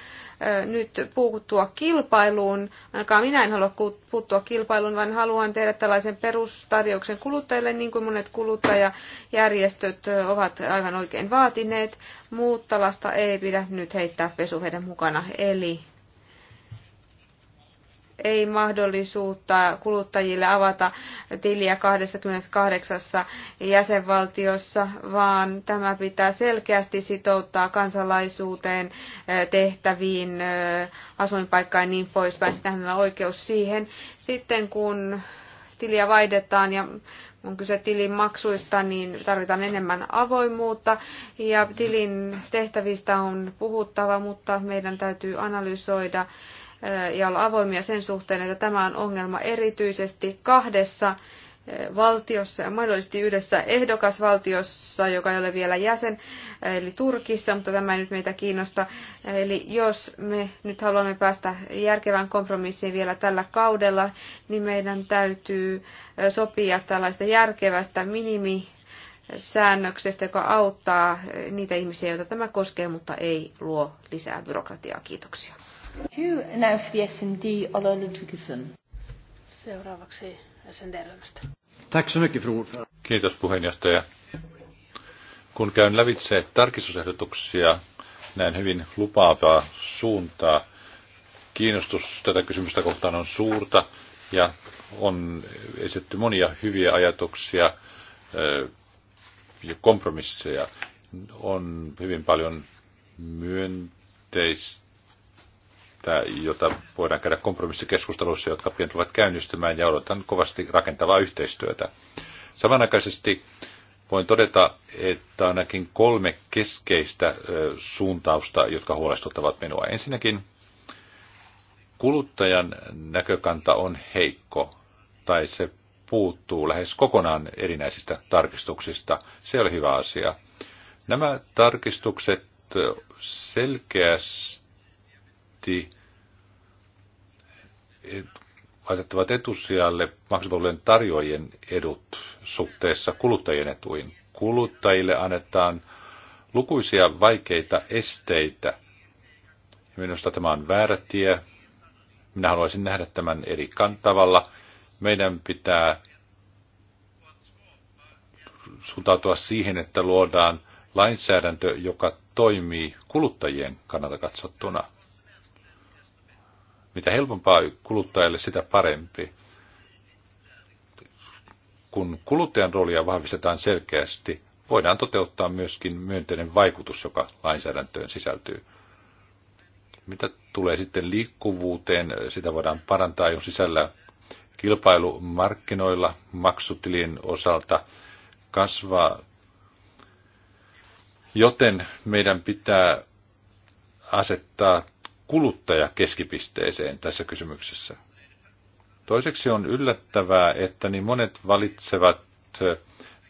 nyt puuttua kilpailuun. Ainakaan minä en halua puuttua kilpailuun, vaan haluan tehdä tällaisen perustarjouksen kuluttajille, niin kuin monet kuluttajajärjestöt ovat aivan oikein vaatineet. Mutta ei pidä nyt heittää pesuveden mukana. Eli ei mahdollisuutta kuluttajille avata tiliä 28 jäsenvaltiossa, vaan tämä pitää selkeästi sitouttaa kansalaisuuteen, eh, tehtäviin, eh, asuinpaikkaan niin poispäin. Sitähän on oikeus siihen. Sitten kun tiliä vaihdetaan ja on kyse tilin maksuista, niin tarvitaan enemmän avoimuutta ja tilin tehtävistä on puhuttava, mutta meidän täytyy analysoida ja olla avoimia sen suhteen, että tämä on ongelma erityisesti kahdessa valtiossa ja mahdollisesti yhdessä ehdokasvaltiossa, joka ei ole vielä jäsen, eli Turkissa, mutta tämä ei nyt meitä kiinnosta. Eli jos me nyt haluamme päästä järkevään kompromissiin vielä tällä kaudella, niin meidän täytyy sopia tällaista järkevästä minimi säännöksestä, joka auttaa niitä ihmisiä, joita tämä koskee, mutta ei luo lisää byrokratiaa. Kiitoksia. You now for Ola Ludvigsson. Seuraavaksi SND-ryhmästä. Tack så mycket, fru Kiitos puheenjohtaja. Kun käyn lävitse tarkistusehdotuksia, näen hyvin lupaavaa suuntaa. Kiinnostus tätä kysymystä kohtaan on suurta ja on esitetty monia hyviä ajatuksia ja kompromisseja. On hyvin paljon myönteistä että, jota voidaan käydä kompromissikeskusteluissa, jotka pian tulevat käynnistymään, ja odotan kovasti rakentavaa yhteistyötä. Samanaikaisesti voin todeta, että ainakin kolme keskeistä suuntausta, jotka huolestuttavat minua. Ensinnäkin kuluttajan näkökanta on heikko, tai se puuttuu lähes kokonaan erinäisistä tarkistuksista. Se ole hyvä asia. Nämä tarkistukset selkeästi parlamentti asettavat etusijalle maksupalvelujen tarjoajien edut suhteessa kuluttajien etuihin. Kuluttajille annetaan lukuisia vaikeita esteitä. Minusta tämä on väärä tie. Minä haluaisin nähdä tämän eri kantavalla. Meidän pitää suuntautua siihen, että luodaan lainsäädäntö, joka toimii kuluttajien kannalta katsottuna. Mitä helpompaa kuluttajalle, sitä parempi. Kun kuluttajan roolia vahvistetaan selkeästi, voidaan toteuttaa myöskin myönteinen vaikutus, joka lainsäädäntöön sisältyy. Mitä tulee sitten liikkuvuuteen, sitä voidaan parantaa jo sisällä kilpailumarkkinoilla maksutilien osalta kasvaa. Joten meidän pitää asettaa kuluttaja keskipisteeseen tässä kysymyksessä. Toiseksi on yllättävää, että niin monet valitsevat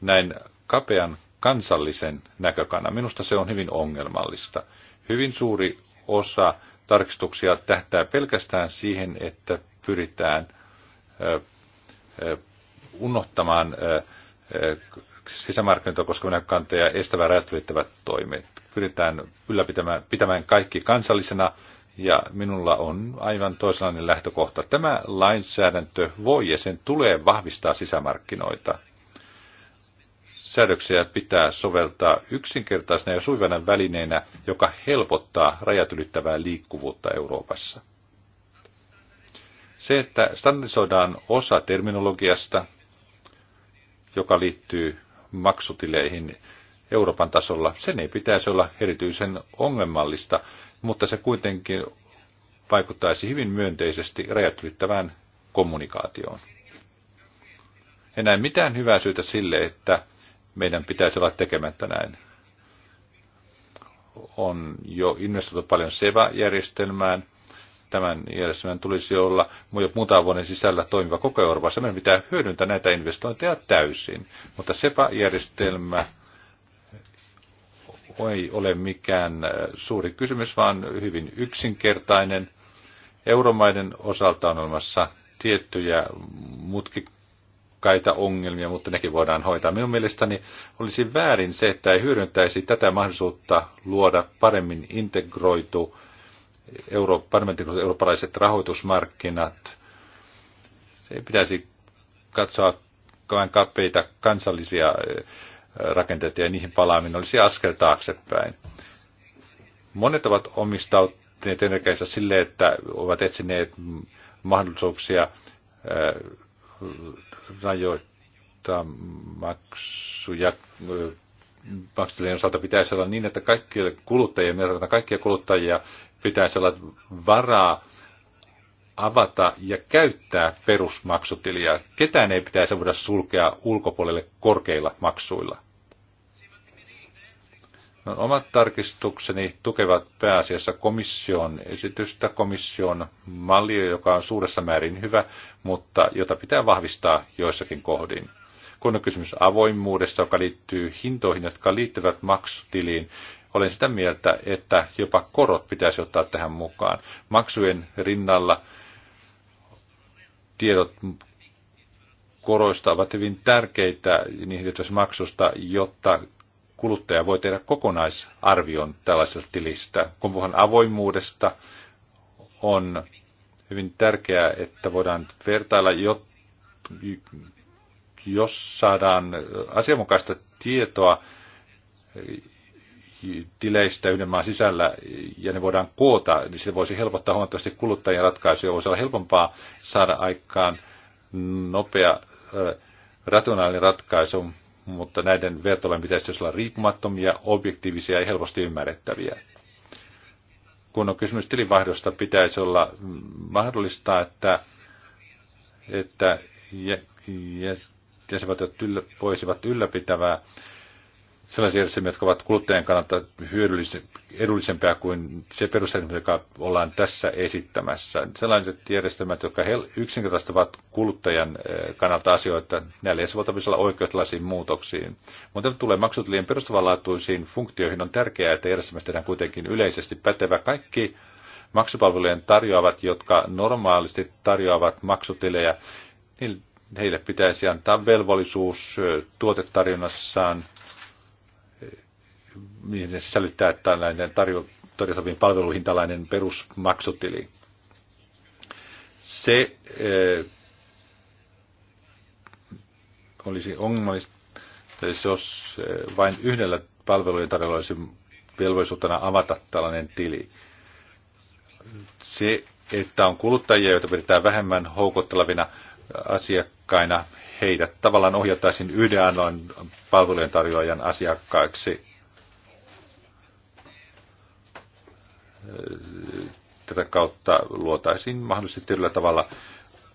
näin kapean kansallisen näkökannan. Minusta se on hyvin ongelmallista. Hyvin suuri osa tarkistuksia tähtää pelkästään siihen, että pyritään unohtamaan sisämarkkinoita koskevia kanteja estävää rajat ylittävät toimet. Pyritään ylläpitämään pitämään kaikki kansallisena ja minulla on aivan toisenlainen lähtökohta. Tämä lainsäädäntö voi ja sen tulee vahvistaa sisämarkkinoita. Säädöksiä pitää soveltaa yksinkertaisena ja suivana välineenä, joka helpottaa rajat ylittävää liikkuvuutta Euroopassa. Se, että standardisoidaan osa terminologiasta, joka liittyy maksutileihin, Euroopan tasolla. Sen ei pitäisi olla erityisen ongelmallista, mutta se kuitenkin vaikuttaisi hyvin myönteisesti rajat ylittävään kommunikaatioon. En näe mitään hyvää syytä sille, että meidän pitäisi olla tekemättä näin. On jo investoitu paljon SEVA-järjestelmään. Tämän järjestelmän tulisi olla muutaman vuoden sisällä toimiva koko Euroopassa. Meidän pitää hyödyntää näitä investointeja täysin. Mutta SEPA-järjestelmä ei ole mikään äh, suuri kysymys, vaan hyvin yksinkertainen. Euromaiden osalta on olemassa tiettyjä mutkikaita ongelmia, mutta nekin voidaan hoitaa. Minun mielestäni olisi väärin se, että ei hyödyntäisi tätä mahdollisuutta luoda paremmin integroitu euro, parlamentin eurooppalaiset rahoitusmarkkinat. Se ei pitäisi katsoa vain kapeita kansallisia rakenteet ja niihin palaaminen olisi askel taaksepäin. Monet ovat omistautuneet energiansa sille, että ovat etsineet mahdollisuuksia rajoittaa maksuja maksutilien osalta pitäisi olla niin, että kaikkia kuluttajia, kaikkia kuluttajia pitäisi olla varaa avata ja käyttää perusmaksutiliä. Ketään ei pitäisi voida sulkea ulkopuolelle korkeilla maksuilla. No, omat tarkistukseni tukevat pääasiassa komission esitystä, komission mallia, joka on suuressa määrin hyvä, mutta jota pitää vahvistaa joissakin kohdin. Kun on kysymys avoimuudesta, joka liittyy hintoihin, jotka liittyvät maksutiliin, olen sitä mieltä, että jopa korot pitäisi ottaa tähän mukaan. Maksujen rinnalla tiedot koroista ovat hyvin tärkeitä niihin maksusta, jotta kuluttaja voi tehdä kokonaisarvion tällaisesta tilistä. Kun puhutaan avoimuudesta, on hyvin tärkeää, että voidaan vertailla, jos saadaan asianmukaista tietoa, tileistä yhden maan sisällä ja ne voidaan koota, niin se voisi helpottaa huomattavasti kuluttajien ratkaisuja. Voisi olla helpompaa saada aikaan nopea, rationaalinen ratkaisu, mutta näiden vertailujen pitäisi olla riippumattomia, objektiivisia ja helposti ymmärrettäviä. Kun on kysymys tilinvaihdosta, pitäisi olla mahdollista, että, että jäsenvaltiot voisivat ylläpitävää sellaisia järjestelmiä, jotka ovat kuluttajien kannalta edullisempia kuin se perusjärjestelmä, joka ollaan tässä esittämässä. Sellaiset järjestelmät, jotka yksinkertaistavat kuluttajan eh, kannalta asioita, näillä esimerkiksi olla oikeus muutoksiin. Mutta tulee maksut liian perustavanlaatuisiin funktioihin, on tärkeää, että järjestelmästä tehdään kuitenkin yleisesti pätevä kaikki maksupalvelujen tarjoavat, jotka normaalisti tarjoavat maksutilejä, niin heille pitäisi antaa velvollisuus eh, tuotetarjonnassaan mihin se sisällyttää tällainen tarjo, tarjottaviin palveluihin tällainen perusmaksutili. Se eh, olisi ongelmallista, jos eh, vain yhdellä palvelujen tarjolla olisi velvollisuutena avata tällainen tili. Se, että on kuluttajia, joita pidetään vähemmän houkuttelevina asiakkaina, heidät tavallaan ohjattaisiin yhden ainoan palvelujen tarjoajan asiakkaiksi. tätä kautta luotaisiin mahdollisesti tietyllä tavalla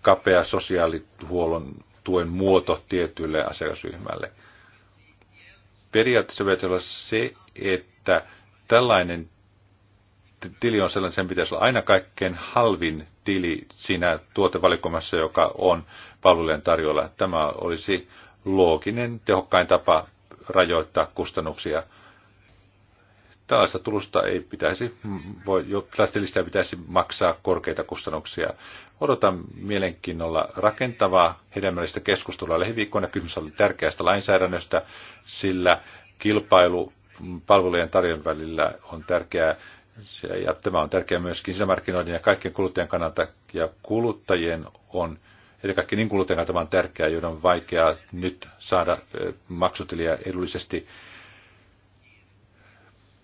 kapea sosiaalihuollon tuen muoto tietylle asiakasryhmälle. Periaatteessa pitäisi olla se, että tällainen tili on sellainen, sen pitäisi olla aina kaikkein halvin tili siinä tuotevalikoimassa, joka on palvelujen tarjolla. Tämä olisi looginen, tehokkain tapa rajoittaa kustannuksia – Tällaista tulosta ei pitäisi, voi, jo, tällaista pitäisi maksaa korkeita kustannuksia. Odotan mielenkiinnolla rakentavaa hedelmällistä keskustelua lähiviikkoina. Kysymys oli tärkeästä lainsäädännöstä, sillä kilpailu palvelujen tarjon välillä on tärkeää. Ja tämä on tärkeää myöskin sisämarkkinoiden ja kaikkien kuluttajien kannalta. Ja kuluttajien on, eli kaikki niin kuluttajien kannalta on tärkeää, joiden on vaikeaa nyt saada maksutilia edullisesti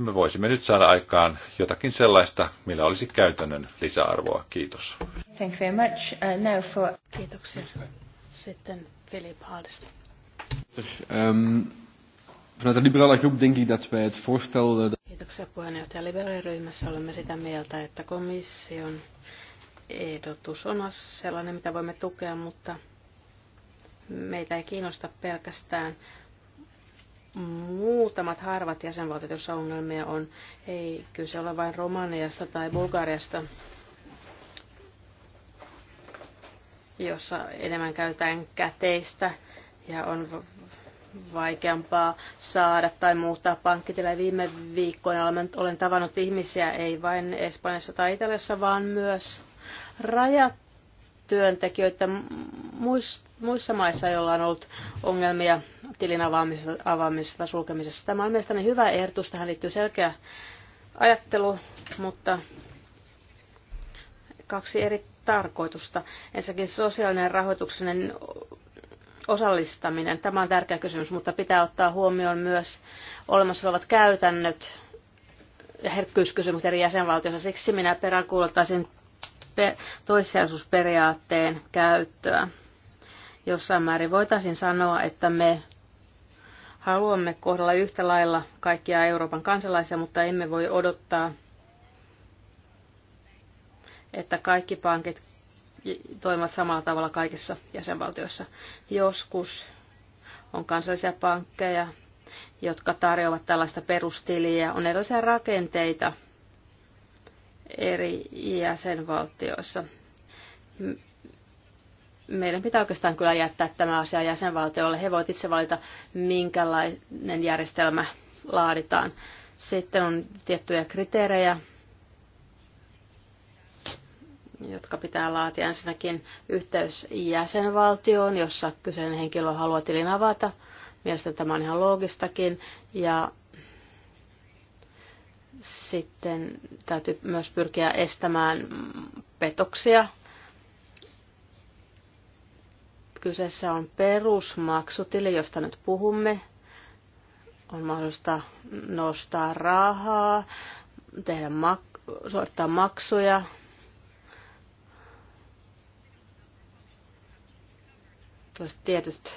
me voisimme nyt saada aikaan jotakin sellaista, millä olisi käytännön lisäarvoa. Kiitos. Thank you very much. Uh, now for... Kiitoksia. Sitten Philip Hardest. Um, ehm, vanuit de liberale groep denk ik dat wij het voorstel... Kiitoksia puheenjohtaja. Liberaaliryhmässä olemme sitä mieltä, että komission ehdotus on sellainen, mitä voimme tukea, mutta meitä ei kiinnosta pelkästään muutamat harvat jäsenvaltiot, joissa ongelmia on. Ei kyse ole vain Romaniasta tai Bulgariasta, jossa enemmän käytetään käteistä ja on vaikeampaa saada tai muuttaa pankkitilä. Viime viikkoina olen tavannut ihmisiä ei vain Espanjassa tai Italiassa, vaan myös rajat työntekijöitä muissa maissa, joilla on ollut ongelmia tilin avaamisesta, avaamisesta sulkemisesta. Tämä on mielestäni hyvä ehdotus. Tähän liittyy selkeä ajattelu, mutta kaksi eri tarkoitusta. Ensinnäkin sosiaalinen rahoituksinen osallistaminen. Tämä on tärkeä kysymys, mutta pitää ottaa huomioon myös olemassa olevat käytännöt ja herkkyyskysymykset eri jäsenvaltioissa. Siksi minä peräänkuuluttaisin toissijaisuusperiaatteen käyttöä. Jossain määrin voitaisiin sanoa, että me haluamme kohdella yhtä lailla kaikkia Euroopan kansalaisia, mutta emme voi odottaa, että kaikki pankit toimivat samalla tavalla kaikissa jäsenvaltioissa. Joskus on kansallisia pankkeja, jotka tarjoavat tällaista perustiliä. On erilaisia rakenteita eri jäsenvaltioissa. Meidän pitää oikeastaan kyllä jättää tämä asia jäsenvaltiolle. He voivat itse valita, minkälainen järjestelmä laaditaan. Sitten on tiettyjä kriteerejä, jotka pitää laatia ensinnäkin yhteys jäsenvaltioon, jossa kyseinen henkilö haluaa tilin avata. Mielestäni tämä on ihan loogistakin. Ja sitten täytyy myös pyrkiä estämään petoksia. Kyseessä on perusmaksutili, josta nyt puhumme. On mahdollista nostaa rahaa, tehdä mak- suorittaa maksuja, tällaiset tietyt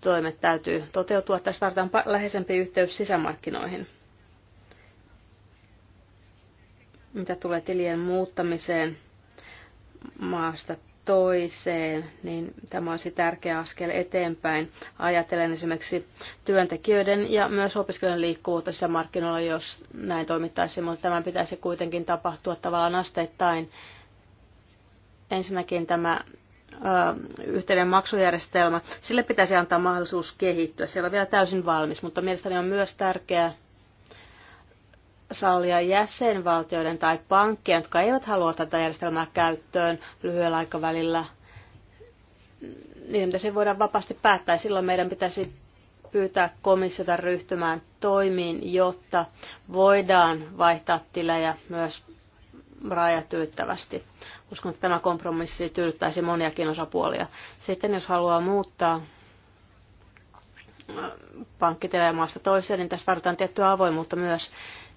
toimet täytyy toteutua. Tässä tarvitaan läheisempi yhteys sisämarkkinoihin. Mitä tulee tilien muuttamiseen maasta toiseen, niin tämä olisi tärkeä askel eteenpäin. Ajatellen esimerkiksi työntekijöiden ja myös opiskelijoiden liikkuvuutta markkinoilla, jos näin toimittaisiin, mutta tämän pitäisi kuitenkin tapahtua tavallaan asteittain. Ensinnäkin tämä ö, yhteinen maksujärjestelmä, sille pitäisi antaa mahdollisuus kehittyä. Se on vielä täysin valmis, mutta mielestäni on myös tärkeää, sallia jäsenvaltioiden tai pankkien, jotka eivät halua tätä järjestelmää käyttöön lyhyellä aikavälillä, niin se voidaan vapaasti päättää. Silloin meidän pitäisi pyytää komissiota ryhtymään toimiin, jotta voidaan vaihtaa tilejä myös rajatyyttävästi. Uskon, että tämä kompromissi tyydyttäisi moniakin osapuolia. Sitten jos haluaa muuttaa pankkitilejä maasta toiseen, niin tässä tarvitaan tiettyä avoimuutta myös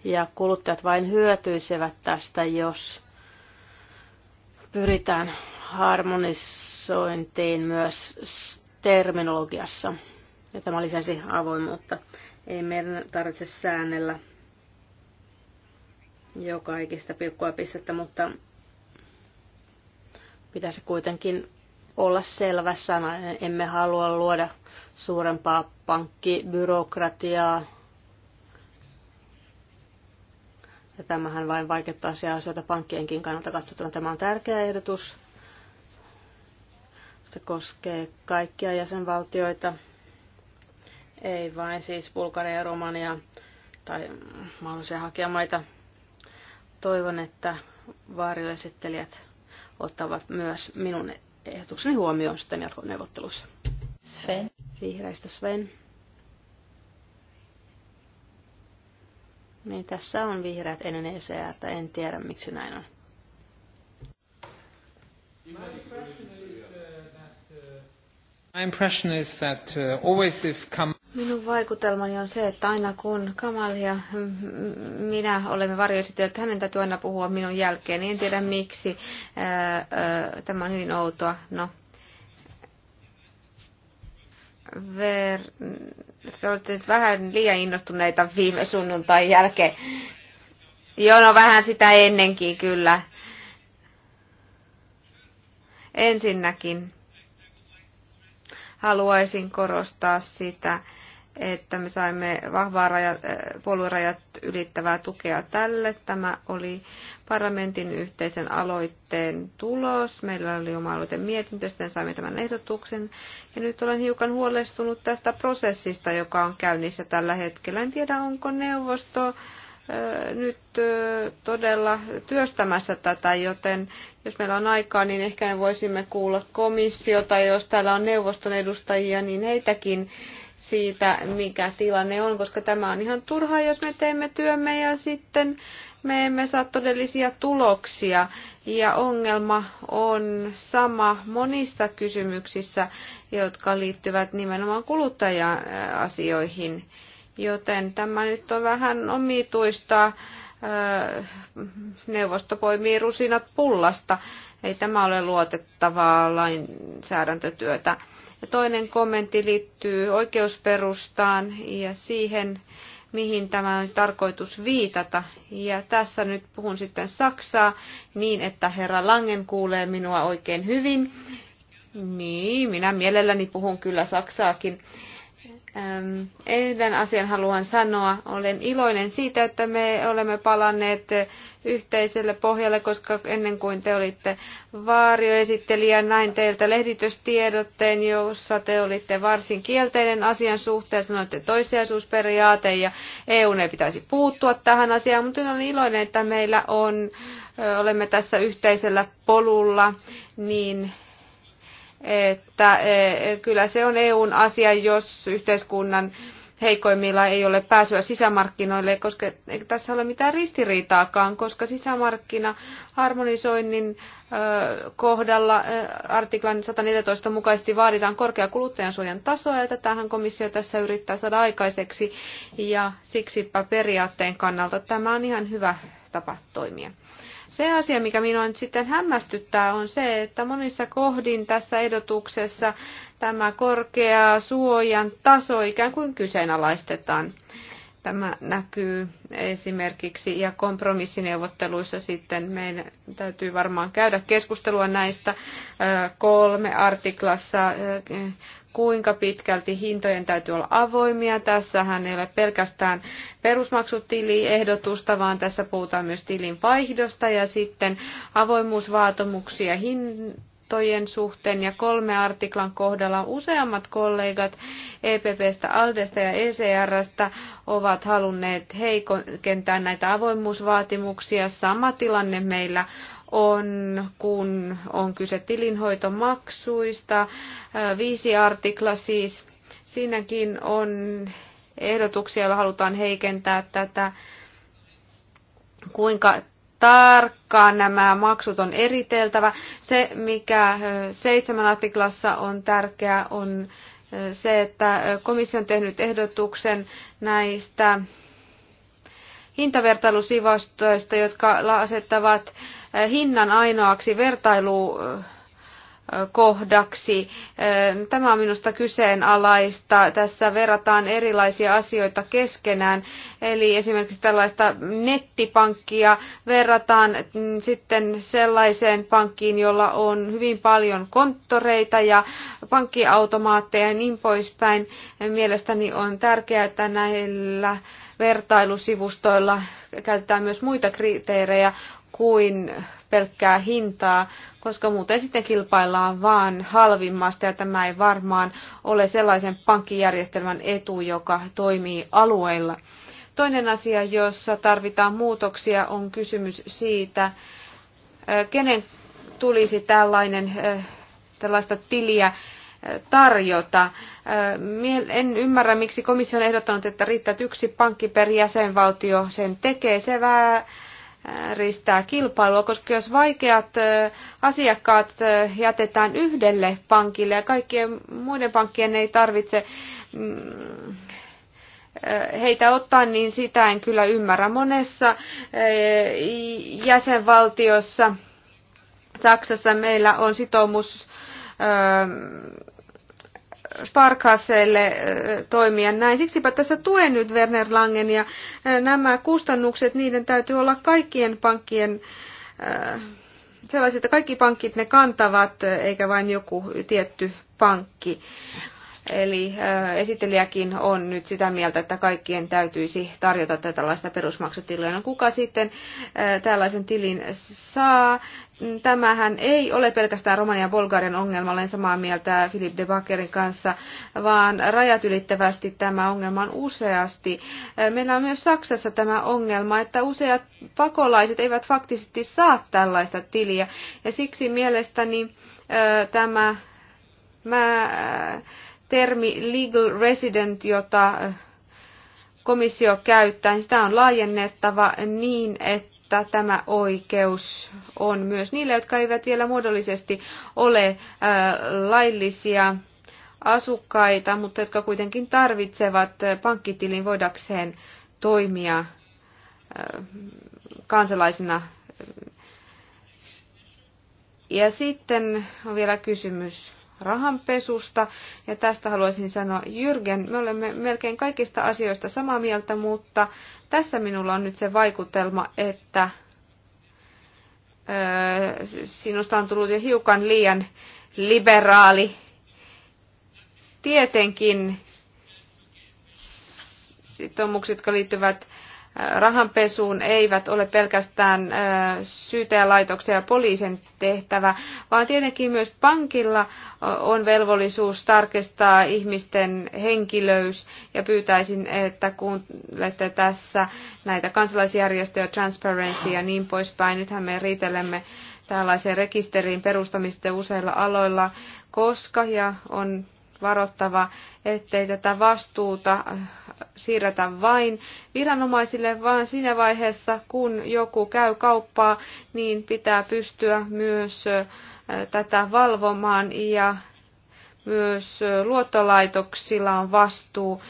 ja kuluttajat vain hyötyisivät tästä, jos pyritään harmonisointiin myös terminologiassa. Ja tämä lisäsi avoimuutta. Ei meidän tarvitse säännellä joka ikistä pilkkua pistettä, mutta pitäisi kuitenkin olla selvä sana. Emme halua luoda suurempaa pankkibyrokratiaa Ja tämähän vain vaikeuttaa asiaa asioita pankkienkin kannalta katsottuna. Tämä on tärkeä ehdotus. Se koskee kaikkia jäsenvaltioita, ei vain siis Bulgaria ja Romania tai mahdollisia hakijamaita. Toivon, että vaarioesittelijät ottavat myös minun ehdotukseni huomioon sitten jatkoneuvottelussa. Sven. Vihreistä Sven. Niin tässä on vihreät ennen ECR, en tiedä miksi näin on. Uh, minun vaikutelmani on se, että aina kun Kamal ja minä olemme varjoesittäjät, hänen täytyy aina puhua minun jälkeen. Niin en tiedä miksi. Tämä on hyvin outoa. No, ver... Te olette nyt vähän liian innostuneita viime sunnuntain jälkeen. Joo, no vähän sitä ennenkin kyllä. Ensinnäkin haluaisin korostaa sitä, että me saimme vahvaa rajat, puoluerajat ylittävää tukea tälle. Tämä oli parlamentin yhteisen aloitteen tulos. Meillä oli oma aloite mietintö, sitten saimme tämän ehdotuksen. Ja nyt olen hiukan huolestunut tästä prosessista, joka on käynnissä tällä hetkellä. En tiedä, onko neuvosto nyt todella työstämässä tätä, joten jos meillä on aikaa, niin ehkä me voisimme kuulla komissiota, jos täällä on neuvoston edustajia, niin heitäkin siitä, mikä tilanne on, koska tämä on ihan turhaa, jos me teemme työmme ja sitten me emme saa todellisia tuloksia ja ongelma on sama monista kysymyksissä, jotka liittyvät nimenomaan kuluttaja-asioihin. Joten tämä nyt on vähän omituista. Neuvosto poimii rusinat pullasta. Ei tämä ole luotettavaa lainsäädäntötyötä. Ja toinen kommentti liittyy oikeusperustaan ja siihen, mihin tämä on tarkoitus viitata. Ja tässä nyt puhun sitten Saksaa niin, että herra Langen kuulee minua oikein hyvin. Niin, minä mielelläni puhun kyllä Saksaakin. Yhden asian haluan sanoa. Olen iloinen siitä, että me olemme palanneet yhteiselle pohjalle, koska ennen kuin te olitte vaarioesittelijä, näin teiltä lehditystiedotteen, jossa te olitte varsin kielteinen asian suhteen, sanoitte toissijaisuusperiaate ja EU ei pitäisi puuttua tähän asiaan, mutta olen iloinen, että meillä on, olemme tässä yhteisellä polulla, niin että eh, kyllä se on EUn asia, jos yhteiskunnan heikoimmilla ei ole pääsyä sisämarkkinoille, koska ei tässä ole mitään ristiriitaakaan, koska sisämarkkina harmonisoinnin eh, kohdalla eh, artiklan 114 mukaisesti vaaditaan korkea kuluttajansuojan tasoa, ja tätähän komissio tässä yrittää saada aikaiseksi, ja siksipä periaatteen kannalta tämä on ihan hyvä tapa toimia. Se asia, mikä minua nyt sitten hämmästyttää, on se, että monissa kohdin tässä edotuksessa tämä korkea suojan taso ikään kuin kyseenalaistetaan. Tämä näkyy esimerkiksi ja kompromissineuvotteluissa sitten meidän täytyy varmaan käydä keskustelua näistä kolme artiklassa kuinka pitkälti hintojen täytyy olla avoimia. Tässähän ei ole pelkästään perusmaksutiliehdotusta, vaan tässä puhutaan myös tilin vaihdosta ja sitten avoimuusvaatimuksia hintojen suhteen. Ja kolme artiklan kohdalla useammat kollegat EPPstä, Aldesta ja ECRstä ovat halunneet heikentää näitä avoimuusvaatimuksia. Sama tilanne meillä on, kun on kyse tilinhoitomaksuista. Äh, viisi artikla siis. Siinäkin on ehdotuksia, joilla halutaan heikentää tätä, kuinka tarkkaan nämä maksut on eriteltävä. Se, mikä äh, seitsemän artiklassa on tärkeää, on äh, se, että komissio on tehnyt ehdotuksen näistä hintavertailusivustoista, jotka asettavat eh, hinnan ainoaksi vertailu kohdaksi. Eh, tämä on minusta kyseenalaista. Tässä verrataan erilaisia asioita keskenään. Eli esimerkiksi tällaista nettipankkia verrataan mm, sitten sellaiseen pankkiin, jolla on hyvin paljon konttoreita ja pankkiautomaatteja ja niin poispäin. Mielestäni on tärkeää, että näillä vertailusivustoilla käytetään myös muita kriteerejä kuin pelkkää hintaa, koska muuten sitten kilpaillaan vaan halvimmasta ja tämä ei varmaan ole sellaisen pankkijärjestelmän etu, joka toimii alueilla. Toinen asia, jossa tarvitaan muutoksia, on kysymys siitä, kenen tulisi tällainen, tällaista tiliä tarjota. En ymmärrä, miksi komissio on ehdottanut, että riittää, että yksi pankki per jäsenvaltio sen tekee. Se vääristää kilpailua, koska jos vaikeat asiakkaat jätetään yhdelle pankille ja kaikkien muiden pankkien ei tarvitse mm, heitä ottaa, niin sitä en kyllä ymmärrä. Monessa jäsenvaltiossa Saksassa meillä on sitoumus Ähm, Sparkaselle äh, toimia näin. Siksipä tässä tuen nyt Werner Langen ja äh, nämä kustannukset, niiden täytyy olla kaikkien pankkien äh, sellaiset, että kaikki pankit ne kantavat, eikä vain joku tietty pankki. Eli esittelijäkin on nyt sitä mieltä, että kaikkien täytyisi tarjota tällaista perusmaksutilia. No kuka sitten tällaisen tilin saa? tämähän ei ole pelkästään Romania ja Bulgarian ongelma, olen samaa mieltä Philip de Bakkerin kanssa, vaan rajat ylittävästi tämä ongelma on useasti. Meillä on myös Saksassa tämä ongelma, että useat pakolaiset eivät faktisesti saa tällaista tiliä, ja siksi mielestäni tämä mä, termi legal resident, jota komissio käyttää, niin sitä on laajennettava niin, että mutta tämä oikeus on myös niille, jotka eivät vielä muodollisesti ole äh, laillisia asukkaita, mutta jotka kuitenkin tarvitsevat äh, pankkitilin voidakseen toimia äh, kansalaisina. Ja sitten on vielä kysymys rahanpesusta. Ja tästä haluaisin sanoa, Jürgen, me olemme melkein kaikista asioista samaa mieltä, mutta tässä minulla on nyt se vaikutelma, että sinusta on tullut jo hiukan liian liberaali. Tietenkin sitoumukset, jotka liittyvät rahanpesuun eivät ole pelkästään syyttäjälaitoksen ja poliisin tehtävä, vaan tietenkin myös pankilla on velvollisuus tarkistaa ihmisten henkilöys ja pyytäisin, että kuuntelette tässä näitä kansalaisjärjestöjä, transparency ja niin poispäin. Nythän me riitelemme tällaiseen rekisteriin perustamista useilla aloilla, koska ja on varottava, ettei tätä vastuuta äh, siirretä vain viranomaisille, vaan siinä vaiheessa, kun joku käy kauppaa, niin pitää pystyä myös äh, tätä valvomaan ja myös äh, luottolaitoksilla on vastuu.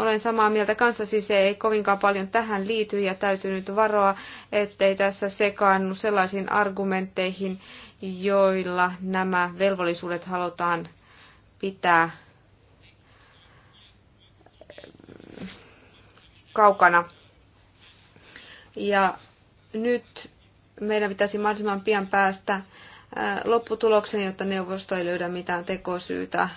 Olen samaa mieltä kanssa, se siis ei kovinkaan paljon tähän liity ja täytyy nyt varoa, ettei tässä sekaannu sellaisiin argumentteihin, joilla nämä velvollisuudet halutaan pitää kaukana. Ja nyt meidän pitäisi mahdollisimman pian päästä lopputulokseen, jotta neuvosto ei löydä mitään tekosyytä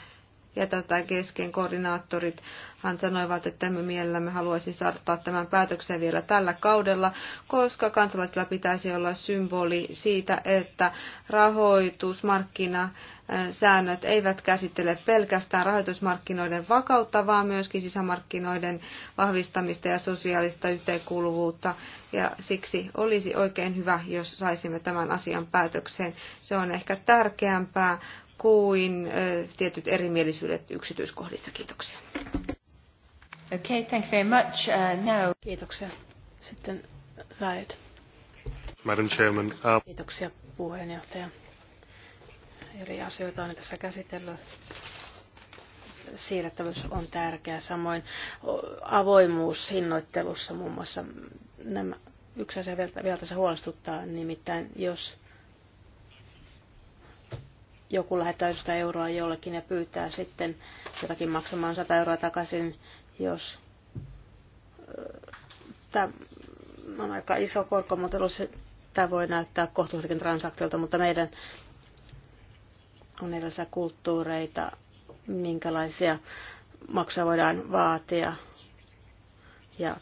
ja tätä kesken koordinaattorit hän sanoivat, että me mielellämme haluaisin saattaa tämän päätöksen vielä tällä kaudella, koska kansalaisilla pitäisi olla symboli siitä, että rahoitusmarkkina äh, säännöt eivät käsittele pelkästään rahoitusmarkkinoiden vakautta, vaan myöskin sisämarkkinoiden vahvistamista ja sosiaalista yhteenkuuluvuutta. Ja siksi olisi oikein hyvä, jos saisimme tämän asian päätökseen. Se on ehkä tärkeämpää kuin tietyt erimielisyydet yksityiskohdissa. Kiitoksia. Okay, thank you very much. Uh, now... Kiitoksia. Sitten Zaid. Madam Chairman. Uh... Kiitoksia puheenjohtaja. Eri asioita on tässä käsitellyt siirrettävyys on tärkeä, samoin avoimuus hinnoittelussa muun muassa. Nämä, yksi asia vielä, vielä tässä huolestuttaa, nimittäin jos joku lähettää 100 euroa jollekin ja pyytää sitten jotakin maksamaan 100 euroa takaisin, jos tämä on aika iso korkomotelu, se, tämä voi näyttää kohtuullisekin transaktiolta, mutta meidän on erilaisia kulttuureita, minkälaisia maksuja voidaan vaatia ja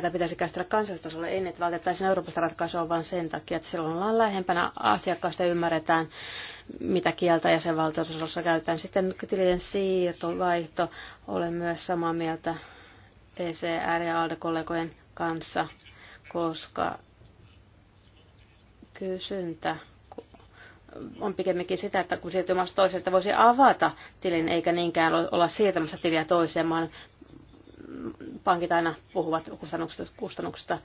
tätä pitäisi käsitellä kansallistasolla, ennen, niin, että vältettäisiin Euroopasta ratkaisua, vaan sen takia, että silloin ollaan lähempänä asiakkaista ja ymmärretään, mitä kieltä jäsenvaltiotasolla käytetään. Sitten tilien siirto, vaihto, olen myös samaa mieltä ECR ja ALDE-kollegojen kanssa, koska kysyntä on pikemminkin sitä, että kun siirtymässä toiseen, että voisi avata tilin eikä niinkään olla siirtämässä tiliä toiseen, vaan pankit aina puhuvat kustannuksista, kustannuksista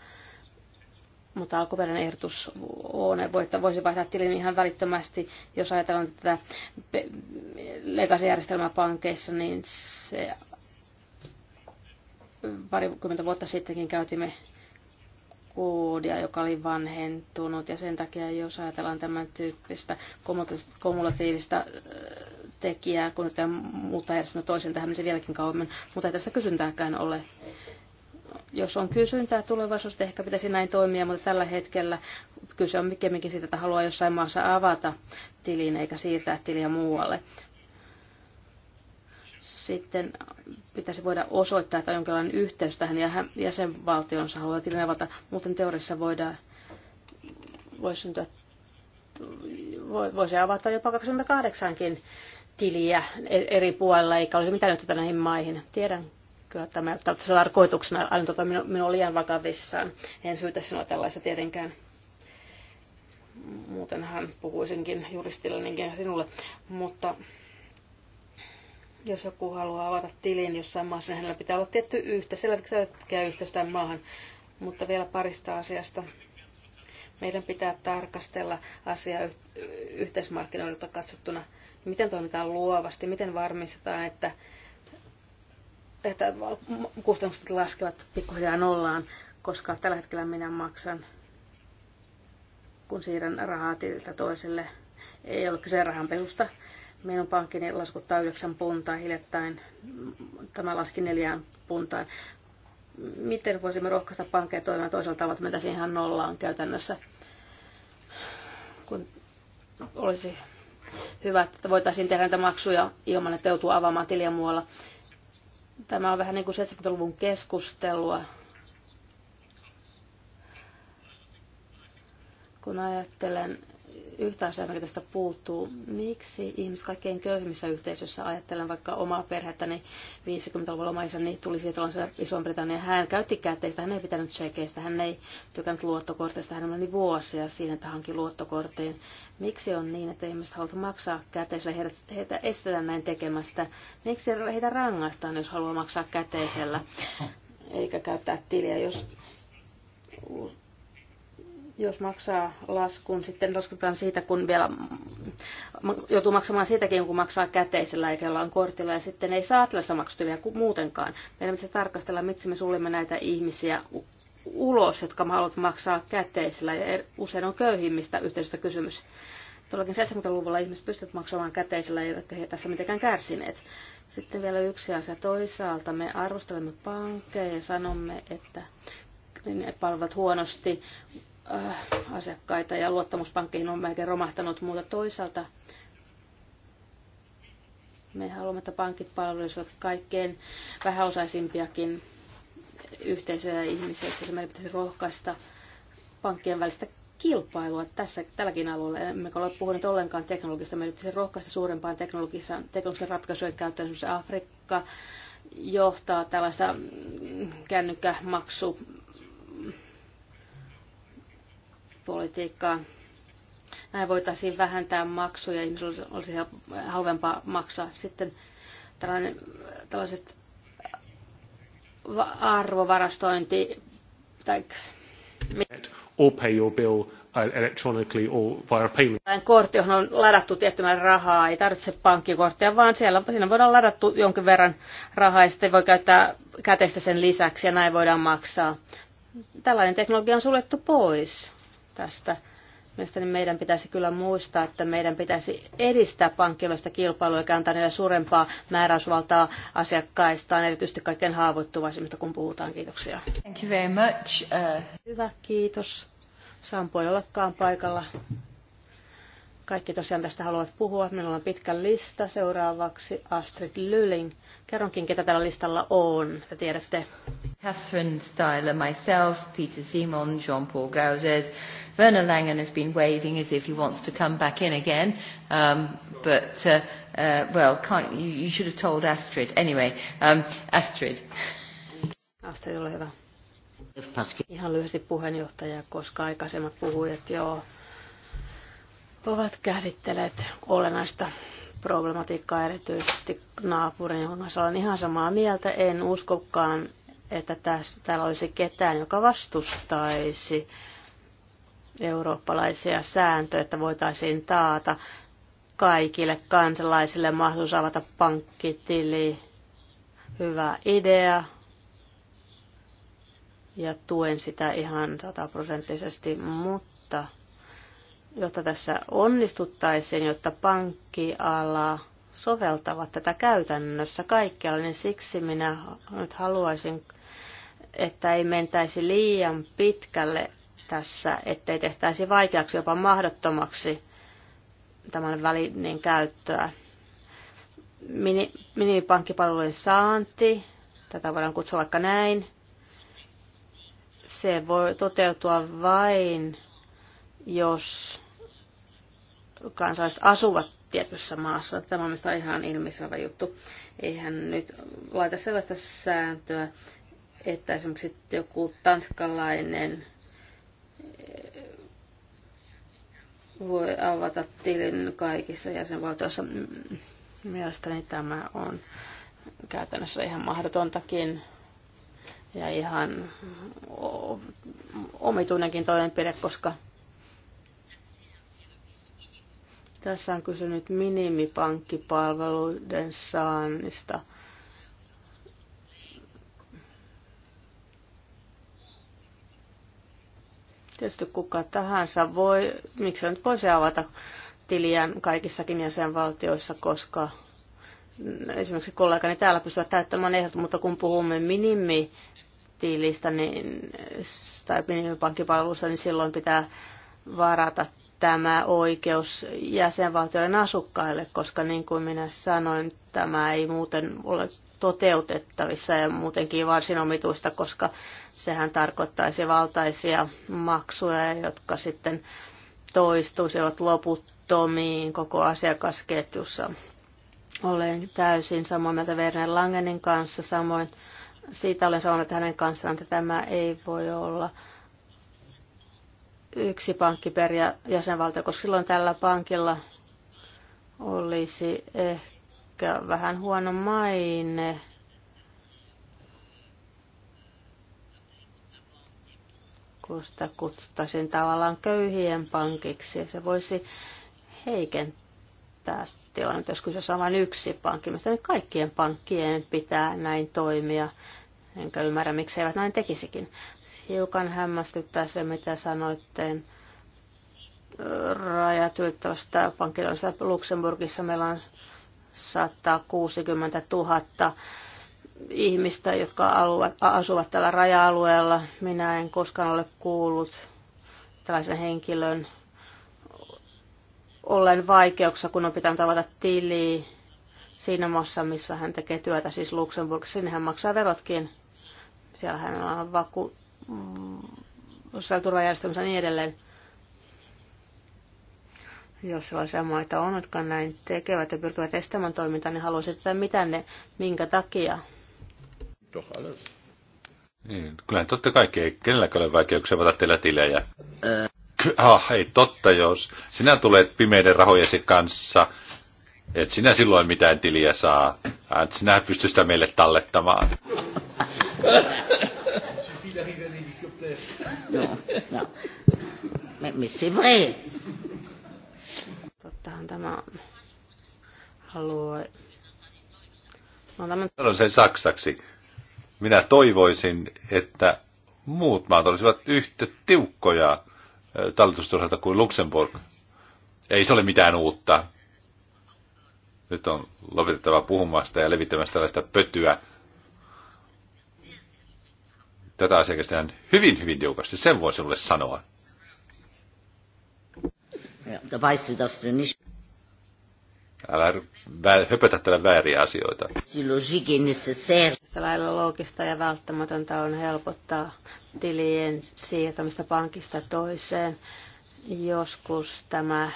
mutta alkuperäinen ehdotus on, että voisi vaihtaa tilin ihan välittömästi, jos ajatellaan tätä legacy-järjestelmää pankeissa, niin se parikymmentä vuotta sittenkin käytimme koodia, joka oli vanhentunut, ja sen takia jos ajatellaan tämän tyyppistä kumulatiivista tekijää, kun tämä muuttaa järjestelmä toisen tähän se vieläkin kauemmin, mutta ei tässä kysyntääkään ole. Jos on kysyntää tulevaisuudessa, ehkä pitäisi näin toimia, mutta tällä hetkellä kyse on mikemminkin siitä, että haluaa jossain maassa avata tilin eikä siirtää tiliä muualle sitten pitäisi voida osoittaa, että on jonkinlainen yhteys tähän ja jäsenvaltionsa haluaa avata Muuten teoriassa voidaan, voisi syntyä, voisi avata jopa 28kin tiliä e- eri puolilla, eikä olisi mitään yhteyttä näihin maihin. Tiedän kyllä tämä, että se tarkoituksena aina minu minua, minua liian vakavissaan. En syytä sinua tällaista tietenkään. Muutenhan puhuisinkin juristillinenkin sinulle. Mutta jos joku haluaa avata tilin jossain maassa, niin hänellä pitää olla tietty yhtä, selkeä yhteistä maahan. Mutta vielä parista asiasta. Meidän pitää tarkastella asiaa yhteismarkkinoilta katsottuna miten toimitaan luovasti, miten varmistetaan, että, että kustannukset laskevat pikkuhiljaa nollaan, koska tällä hetkellä minä maksan, kun siirrän rahaa tililtä toiselle. Ei ole kyse rahanpesusta. Minun pankkini laskuttaa 9 puntaa hiljattain. Tämä laski neljään puntaan. Miten voisimme rohkaista pankkeja toimimaan toisella tavalla, että mentäisiin ihan nollaan käytännössä, kun olisi hyvä, että voitaisiin tehdä näitä maksuja ilman, että joutuu avaamaan tiliä muualla. Tämä on vähän niin kuin 70-luvun keskustelua. Kun ajattelen yhtä asiaa, mikä tästä puuttuu. Miksi ihmiset kaikkein köyhimmissä yhteisöissä, ajattelen vaikka omaa perhettäni 50-luvulla maissa, niin tuli siitä iso britannia Hän käytti käteistä, hän ei pitänyt sekeistä, hän ei tykännyt luottokorteista, hän meni vuosia siinä, että hankin luottokortin. Miksi on niin, että ihmiset halutaan maksaa käteisellä, heitä, heitä estetään näin tekemästä? Miksi heitä rangaistaan, jos haluaa maksaa käteisellä, eikä käyttää tiliä, jos jos maksaa laskun, sitten laskutaan siitä, kun vielä joutuu maksamaan siitäkin, kun maksaa käteisellä eikä jollain kortilla, ja sitten ei saa tällaista maksutiliä muutenkaan. Meidän pitäisi tarkastella, miksi me suljemme näitä ihmisiä ulos, jotka haluavat maksaa käteisellä, ja er- usein on köyhimmistä yhteisöstä kysymys. Todellakin 70-luvulla ihmiset pystyvät maksamaan käteisellä, eivätkä he tässä mitenkään kärsineet. Sitten vielä yksi asia. Toisaalta me arvostelemme pankkeja ja sanomme, että ne palvelut huonosti Äh, asiakkaita ja luottamuspankkeihin on melkein romahtanut, mutta toisaalta me haluamme, että pankit palvelisivat kaikkein vähäosaisimpiakin yhteisöjä ja ihmisiä, että meidän pitäisi rohkaista pankkien välistä kilpailua tässä, tälläkin alueella. Emmekä ole puhuneet ollenkaan teknologista. Meidän pitäisi rohkaista suurempaan teknologisen, teknologisen ratkaisujen käyttöön. Esimerkiksi Afrikka johtaa tällaista kännykkämaksu politiikkaa. Näin voitaisiin vähentää maksuja, ihmisillä olisi halvempaa maksaa. Sitten tällainen, tällaiset äh, arvovarastointi tai or pay your bill uh, electronically or via payment. Tämä kortti, johon on ladattu tietty määrä rahaa, ei tarvitse pankkikorttia, vaan siellä, siinä voidaan ladattu jonkin verran rahaa ja sitten voi käyttää käteistä sen lisäksi ja näin voidaan maksaa. Tällainen teknologia on suljettu pois tästä. Mielestäni meidän pitäisi kyllä muistaa, että meidän pitäisi edistää pankkiloista kilpailua ja antaa niille suurempaa määräysvaltaa asiakkaistaan, erityisesti kaikkein haavoittuvaisimmista, kun puhutaan. Kiitoksia. Thank you very much. Uh... Hyvä, kiitos. Sampo ei olekaan paikalla. Kaikki tosiaan tästä haluavat puhua. Minulla on pitkä lista. Seuraavaksi Astrid Lyling. Kerronkin, ketä tällä listalla on, te tiedätte. Catherine Styler, myself, Peter Simon, Jean-Paul Gauzes, Werner Langen has been waving as if he wants to come back in again. Um, but, uh, uh, well, can't, you, you should have told Astrid. Anyway, um, Astrid. Astrid, ole hyvä. Ihan lyhyesti puheenjohtaja, koska aikaisemmat puhujat jo ovat käsitteleet olennaista problematiikkaa erityisesti naapurin hommassa. Olen ihan samaa mieltä. En uskokaan, että tässä, täällä olisi ketään, joka vastustaisi eurooppalaisia sääntöjä, että voitaisiin taata kaikille kansalaisille mahdollisuus avata pankkitili. Hyvä idea. Ja tuen sitä ihan sataprosenttisesti, mutta jotta tässä onnistuttaisiin, jotta pankkiala soveltavat tätä käytännössä kaikkialla, niin siksi minä nyt haluaisin, että ei mentäisi liian pitkälle tässä, ettei tehtäisi vaikeaksi jopa mahdottomaksi tämän välineen käyttöä. Mini, minipankkipalvelujen saanti, tätä voidaan kutsua vaikka näin, se voi toteutua vain, jos kansalaiset asuvat tietyssä maassa. Tämä on mielestäni ihan ilmiselvä juttu. Eihän nyt laita sellaista sääntöä, että esimerkiksi joku tanskalainen voi avata tilin kaikissa jäsenvaltioissa. Mielestäni tämä on käytännössä ihan mahdotontakin ja ihan omituinenkin toimenpide, koska tässä on kyse nyt minimipankkipalveluiden saannista – Tietysti kuka tahansa voi, miksi nyt voisi avata tiliään kaikissakin jäsenvaltioissa, koska esimerkiksi kollegani täällä pystyvät täyttämään ehdot, mutta kun puhumme minimi tilistä niin, tai minimipankkipalvelusta, niin silloin pitää varata tämä oikeus jäsenvaltioiden asukkaille, koska niin kuin minä sanoin, tämä ei muuten ole toteutettavissa ja muutenkin varsin omituista, koska sehän tarkoittaisi valtaisia maksuja, jotka sitten toistuisivat loputtomiin koko asiakasketjussa. Olen täysin samaa mieltä Werner Langenin kanssa, samoin siitä olen sanonut että hänen kanssaan, että tämä ei voi olla yksi pankki per jäsenvaltio, koska silloin tällä pankilla olisi ehkä ehkä vähän huono maine. kun sitä kutsuttaisiin tavallaan köyhien pankiksi, ja se voisi heikentää tilannetta, jos kyseessä on vain yksi pankki. mistä nyt kaikkien pankkien pitää näin toimia, enkä ymmärrä, miksi eivät näin tekisikin. Hiukan hämmästyttää se, mitä sanoitte äh, rajat ylittävästä pankkitoimista Luxemburgissa. Meillä on 160 000 ihmistä, jotka asuvat tällä raja-alueella. Minä en koskaan ole kuullut tällaisen henkilön ollen vaikeuksia, kun on pitänyt avata tiliä siinä maassa, missä hän tekee työtä, siis Luxemburgissa. Sinne hän maksaa verotkin. Siellä hän on vaku, sosiaaliturvajärjestelmänsä ja niin edelleen jos sellaisia maita on, jotka näin tekevät ja pyrkivät estämään toimintaa, niin haluaisit tietää, mitä ne, minkä takia. Doch alles. Niin, kyllähän totta kai ei kenelläkään ole vaikeuksia vata teillä tilejä. Äh. Ah, ei totta, jos sinä tulet pimeiden rahojesi kanssa, et sinä silloin mitään tiliä saa. Ah, et sinä pysty sitä meille tallettamaan. Joo, joo. mais c'est vrai oikeastaan tämä alue... No, tämän... Sanon sen saksaksi. Minä toivoisin, että muut maat olisivat yhtä tiukkoja talletusturhalta kuin Luxemburg. Ei se ole mitään uutta. Nyt on lopetettava puhumasta ja levittämästä tällaista pötyä. Tätä asiaa hyvin, hyvin tiukasti. Sen voi sinulle sanoa. Ja, weißt du, dass du nicht... Älä vä- höpötä tällä vääriä asioita. Yhtä lailla loogista ja välttämätöntä on helpottaa tilien siirtämistä pankista toiseen. Joskus tämä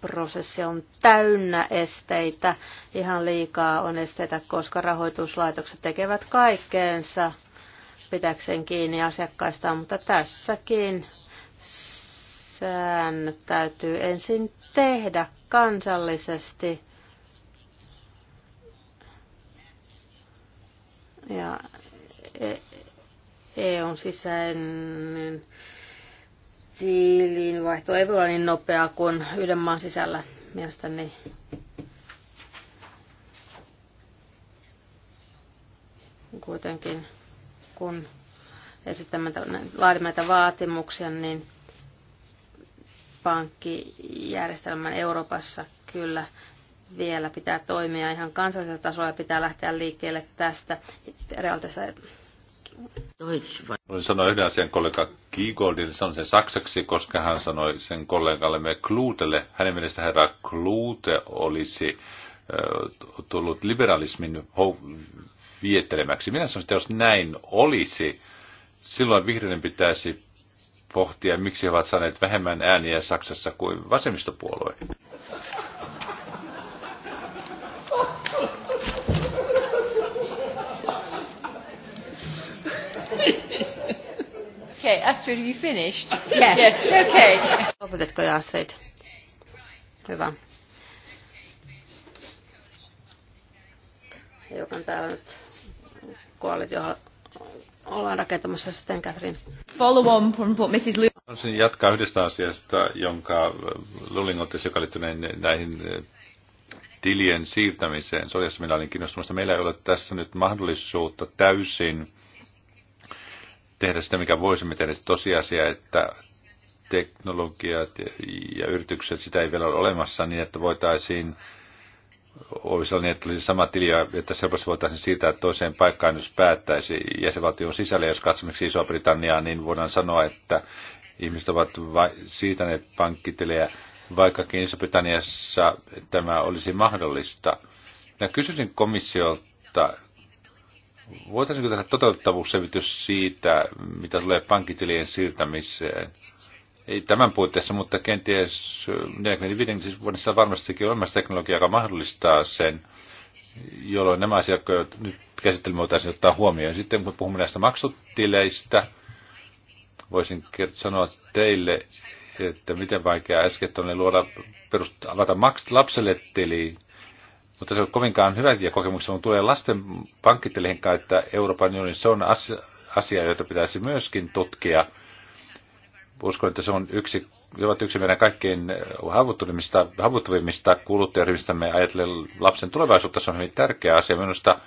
prosessi on täynnä esteitä. Ihan liikaa on esteitä, koska rahoituslaitokset tekevät kaikkeensa pitäkseen kiinni asiakkaistaan, mutta tässäkin säännöt täytyy ensin tehdä kansallisesti. Ja e- EUn sisäinen tiilinvaihto ei voi olla niin nopeaa kuin yhden maan sisällä mielestäni. Kuitenkin kun esittämme, laadimme näitä vaatimuksia, niin pankkijärjestelmän Euroopassa kyllä vielä pitää toimia ihan kansallisella tasolla ja pitää lähteä liikkeelle tästä realtista. Voin sanoa yhden asian kollega Kiigoldin, sanon sen saksaksi, koska hän sanoi sen kollegalle, me Kluutelle. Hänen mielestä herra Kluute olisi tullut liberalismin viettelemäksi. Minä sanoisin, että jos näin olisi, silloin vihreiden pitäisi pohtia, miksi he ovat saaneet vähemmän ääniä Saksassa kuin vasemmistopuolue. Okay, Astrid, have you finished? Yes. yes. Okay. Lopetatko Astrid? Hyvä. Joka on täällä nyt koalitiolla ollaan rakentamassa sitten, Catherine. Follow on from what Mrs. Lu- Haluaisin jatkaa yhdestä asiasta, jonka äh, Luling otti, joka liittyy näihin äh, tilien siirtämiseen. Soljassa minä olin kiinnostunut. Meillä ei ole tässä nyt mahdollisuutta täysin tehdä sitä, mikä voisimme tehdä. Se tosiasia, että teknologiat ja yritykset, sitä ei vielä ole olemassa niin, että voitaisiin olisi sellainen, että olisi sama tili, että Serbiassa voitaisiin siirtää toiseen paikkaan, jos päättäisi jäsenvaltion sisällä. Jos katsomme Iso-Britanniaa, niin voidaan sanoa, että ihmiset ovat va- siirtäneet pankkitilejä, vaikkakin Iso-Britanniassa tämä olisi mahdollista. Minä kysyisin komissiolta, voitaisiinko tehdä toteuttavuusselvitys siitä, mitä tulee pankkitilien siirtämiseen – ei tämän puitteissa, mutta kenties 45 siis vuodessa varmastikin on olemassa teknologia, joka mahdollistaa sen, jolloin nämä asiat, jotka nyt käsittelemme, voitaisiin ottaa huomioon. Sitten kun puhumme näistä maksutileistä, voisin sanoa teille, että miten vaikea äsken on luoda perust, avata maks, lapselle tili, mutta se on kovinkaan ja kokemuksia, kun tulee lasten pankkitileihin kautta Euroopan unionin, se on asia, asia, jota pitäisi myöskin tutkia – uskon, että se on yksi, ovat yksi meidän kaikkein havuttuvimmista, havuttuvimmista me ajatellen lapsen tulevaisuutta. Se on hyvin tärkeä asia. Minusta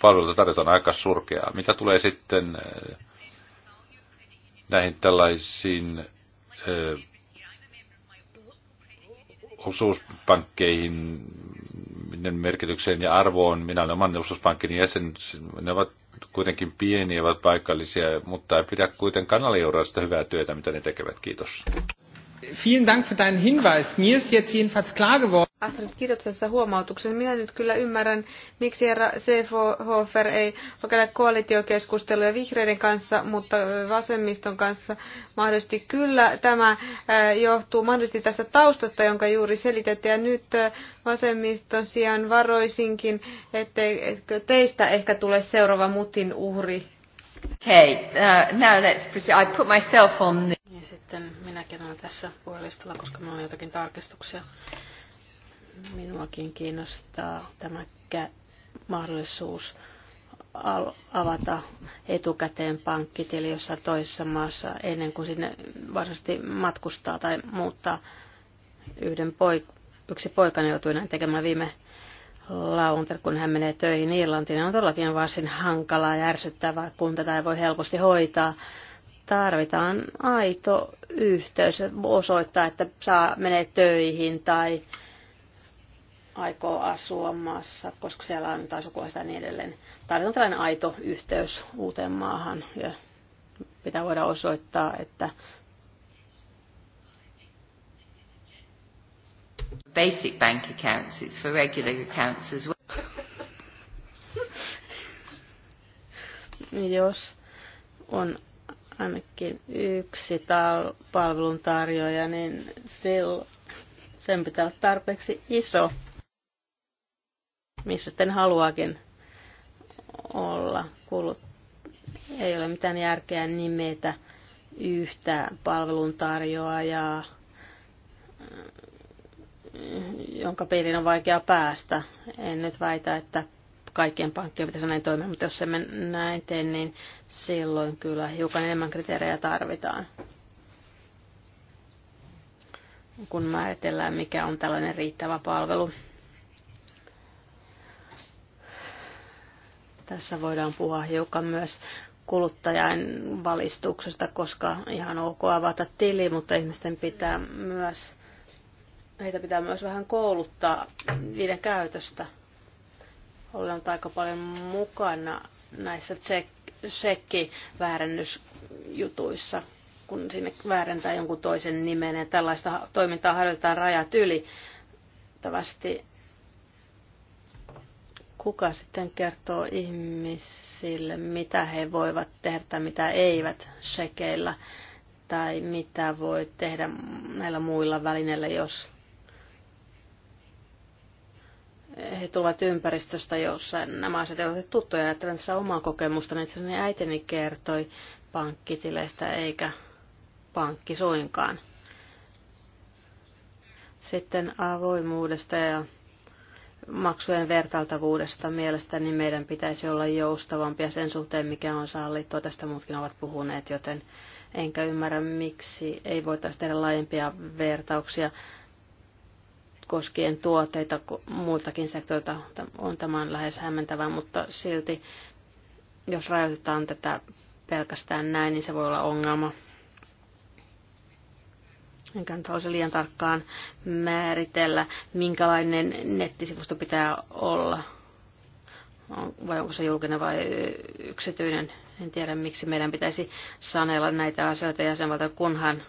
palveluita tarjotaan aika surkeaa. Mitä tulee sitten eh, näihin tällaisiin eh, osuuspankkeihin merkitykseen ja arvoon. Minä olen oman osuuspankkini jäsen. Ne ovat kuitenkin pieniä, ovat paikallisia, mutta ei pidä kuitenkaan alijuuraa sitä hyvää työtä, mitä ne tekevät. Kiitos. Vielen Dank für deinen Hinweis. Mir ist jetzt jedenfalls klar geworden. Astrid, kiitoksensa huomautuksen. Minä nyt kyllä ymmärrän, miksi herra Seehofer ei käydä koalitiokeskusteluja vihreiden kanssa, mutta vasemmiston kanssa mahdollisesti kyllä. Tämä johtuu mahdollisesti tästä taustasta, jonka juuri selitettiin. Ja nyt vasemmiston sijaan varoisinkin, etteikö teistä ehkä tule seuraava mutin uhri. Okay, uh, now let's proceed. I put myself on the niin sitten minäkin olen tässä puhelistalla, koska minulla on jotakin tarkistuksia. Minuakin kiinnostaa tämä mahdollisuus avata etukäteen pankkitili jossain toisessa maassa ennen kuin sinne varsinaisesti matkustaa tai muuttaa. Yhden poik- yksi poikani joutui näin tekemään viime lauantaina, kun hän menee töihin Irlantiin. On todellakin varsin hankalaa ja ärsyttävää, kun tätä ei voi helposti hoitaa tarvitaan aito yhteys osoittaa, että saa menee töihin tai aikoo asua maassa, koska siellä on sukulaista ja niin edelleen. Tarvitaan tällainen aito yhteys uuteen maahan ja pitää voida osoittaa, että basic bank accounts, it's for regular accounts as well. Jos on ainakin yksi palveluntarjoaja, niin sen pitää olla tarpeeksi iso, missä sitten haluakin olla. Kulut. Ei ole mitään järkeä nimetä yhtä palveluntarjoajaa, jonka peilin on vaikea päästä. En nyt väitä, että kaikkien pankkien pitäisi näin toimia, mutta jos emme näin tee, niin silloin kyllä hiukan enemmän kriteerejä tarvitaan, kun määritellään, mikä on tällainen riittävä palvelu. Tässä voidaan puhua hiukan myös kuluttajan valistuksesta, koska ihan ok avata tili, mutta ihmisten pitää myös, heitä pitää myös vähän kouluttaa niiden käytöstä ollut aika paljon mukana näissä tsekki-väärennysjutuissa, kun sinne väärentää jonkun toisen nimen ja tällaista toimintaa harjoitetaan rajat yli. Tavasti kuka sitten kertoo ihmisille, mitä he voivat tehdä tai mitä eivät sekeillä, tai mitä voi tehdä näillä muilla välineillä, jos he tulevat ympäristöstä, jossa nämä asiat ovat tuttuja. Ajattelen tässä omaa kokemusta, että niin äitini kertoi pankkitileistä eikä pankki suinkaan. Sitten avoimuudesta ja maksujen vertailtavuudesta mielestäni niin meidän pitäisi olla joustavampia sen suhteen, mikä on sallittua. Tästä muutkin ovat puhuneet, joten enkä ymmärrä, miksi ei voitaisi tehdä laajempia vertauksia koskien tuotteita muiltakin sektoilta on tämän lähes hämmentävää, mutta silti jos rajoitetaan tätä pelkästään näin, niin se voi olla ongelma. Enkä nyt olisi liian tarkkaan määritellä, minkälainen nettisivusto pitää olla. Vai onko se julkinen vai yksityinen. En tiedä, miksi meidän pitäisi sanella näitä asioita jäsenvaltioon, kunhan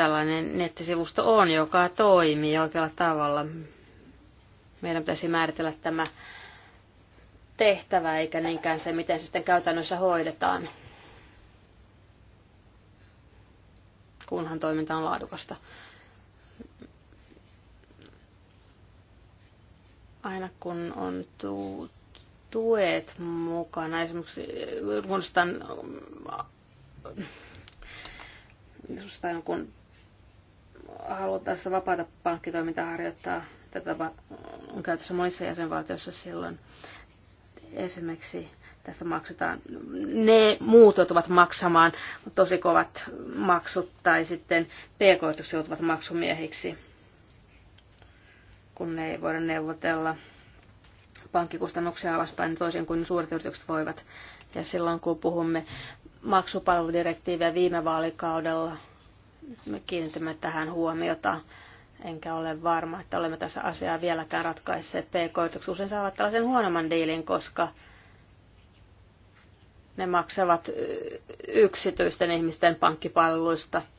tällainen nettisivusto on, joka toimii oikealla tavalla. Meidän pitäisi määritellä tämä tehtävä, eikä niinkään se, miten se sitten käytännössä hoidetaan, kunhan toiminta on laadukasta. Aina kun on tu- tuet mukana, esimerkiksi muistan muistan, kun halutaessa vapaata pankkitoimintaa harjoittaa. Tätä on käytössä monissa jäsenvaltioissa silloin. Esimerkiksi tästä maksetaan, ne muut joutuvat maksamaan tosi kovat maksut tai sitten pk joutuvat maksumiehiksi, kun ne ei voida neuvotella pankkikustannuksia alaspäin toisin kuin suuret yritykset voivat. Ja silloin kun puhumme maksupalveludirektiiviä viime vaalikaudella, me kiinnitämme tähän huomiota. Enkä ole varma, että olemme tässä asiaa vieläkään ratkaisseet. pk usein saavat tällaisen huonomman diilin, koska ne maksavat yksityisten ihmisten pankkipalveluista –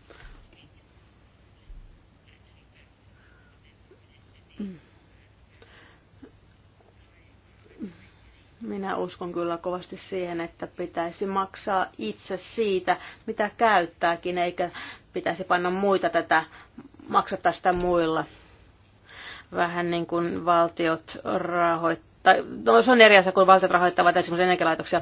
Minä uskon kyllä kovasti siihen, että pitäisi maksaa itse siitä, mitä käyttääkin, eikä pitäisi panna muita tätä, maksata sitä muilla. Vähän niin kuin valtiot rahoittavat, tai no, se on eri asia kuin valtiot rahoittavat esimerkiksi energialaitoksia,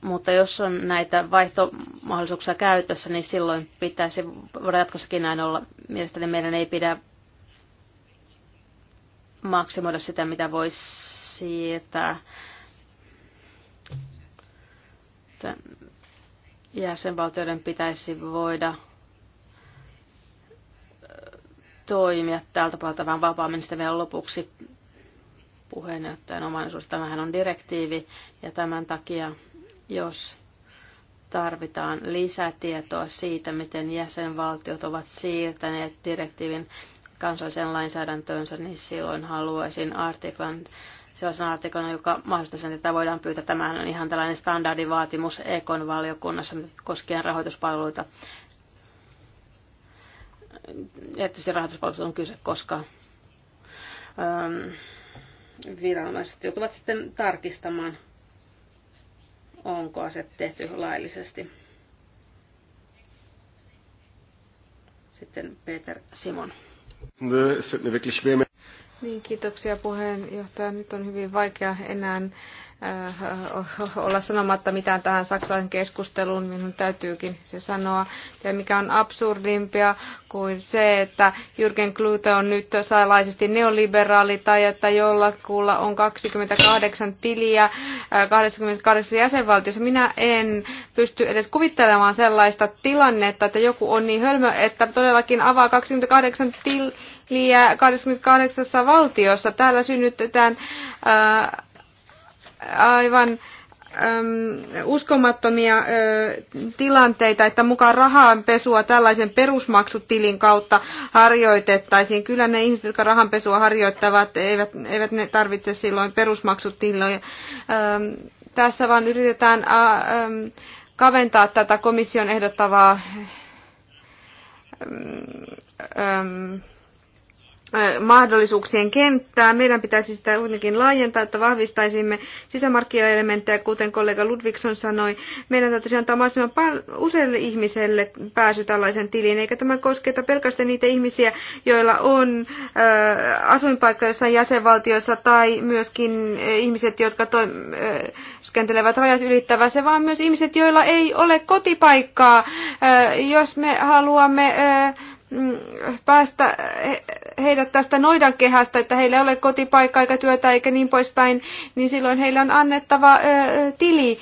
mutta jos on näitä vaihtomahdollisuuksia käytössä, niin silloin pitäisi voida jatkossakin näin olla. Mielestäni meidän ei pidä maksimoida sitä, mitä voisi siitä, että jäsenvaltioiden pitäisi voida toimia tältä puolelta vähän vapaammin. Sitten vielä lopuksi puheenjohtajan omaisuus. Tämähän on direktiivi ja tämän takia, jos tarvitaan lisätietoa siitä, miten jäsenvaltiot ovat siirtäneet direktiivin kansalliseen lainsäädäntöönsä, niin silloin haluaisin artiklan sellaisena artiklana, joka mahdollistaa sen, että voidaan pyytää. Tämähän on ihan tällainen standardivaatimus EKon valiokunnassa koskien rahoituspalveluita. Erityisesti rahoituspalveluista on kyse, koska ähm, viranomaiset joutuvat sitten tarkistamaan, onko aset tehty laillisesti. Sitten Peter Simon. Nö, se on wirklich niin, kiitoksia puheenjohtaja. Nyt on hyvin vaikea enää äh, olla sanomatta mitään tähän saksalaisen keskusteluun, minun täytyykin se sanoa. Ja mikä on absurdimpia kuin se, että Jürgen Klute on nyt salaisesti neoliberaali tai että jollakulla on 28 tiliä 28 äh, jäsenvaltiossa. Minä en pysty edes kuvittelemaan sellaista tilannetta, että joku on niin hölmö, että todellakin avaa 28 tiliä liian 28 valtiossa. Täällä synnytetään ää, äh, aivan äm, uskomattomia äh, tilanteita, että mukaan rahanpesua tällaisen perusmaksutilin kautta harjoitettaisiin. Kyllä ne ihmiset, jotka rahanpesua harjoittavat, eivät, eivät ne tarvitse silloin perusmaksutiloja. Äm, tässä vaan yritetään äm, kaventaa tätä komission ehdottavaa äm, äm, mahdollisuuksien kenttää. Meidän pitäisi sitä kuitenkin laajentaa, että vahvistaisimme sisämarkkinaelementtejä, kuten kollega Ludvigson sanoi. Meidän täytyisi antaa mahdollisimman useille ihmiselle pääsy tällaisen tiliin, eikä tämä kosketa pelkästään niitä ihmisiä, joilla on äh, asuinpaikka jossain jäsenvaltiossa tai myöskin ihmiset, jotka to, skentelevät rajat ylittävässä, vaan myös ihmiset, joilla ei ole kotipaikkaa. jos me haluamme päästä heidät tästä noidankehästä, että heillä ei ole kotipaikkaa eikä työtä eikä niin poispäin, niin silloin heillä on annettava tili.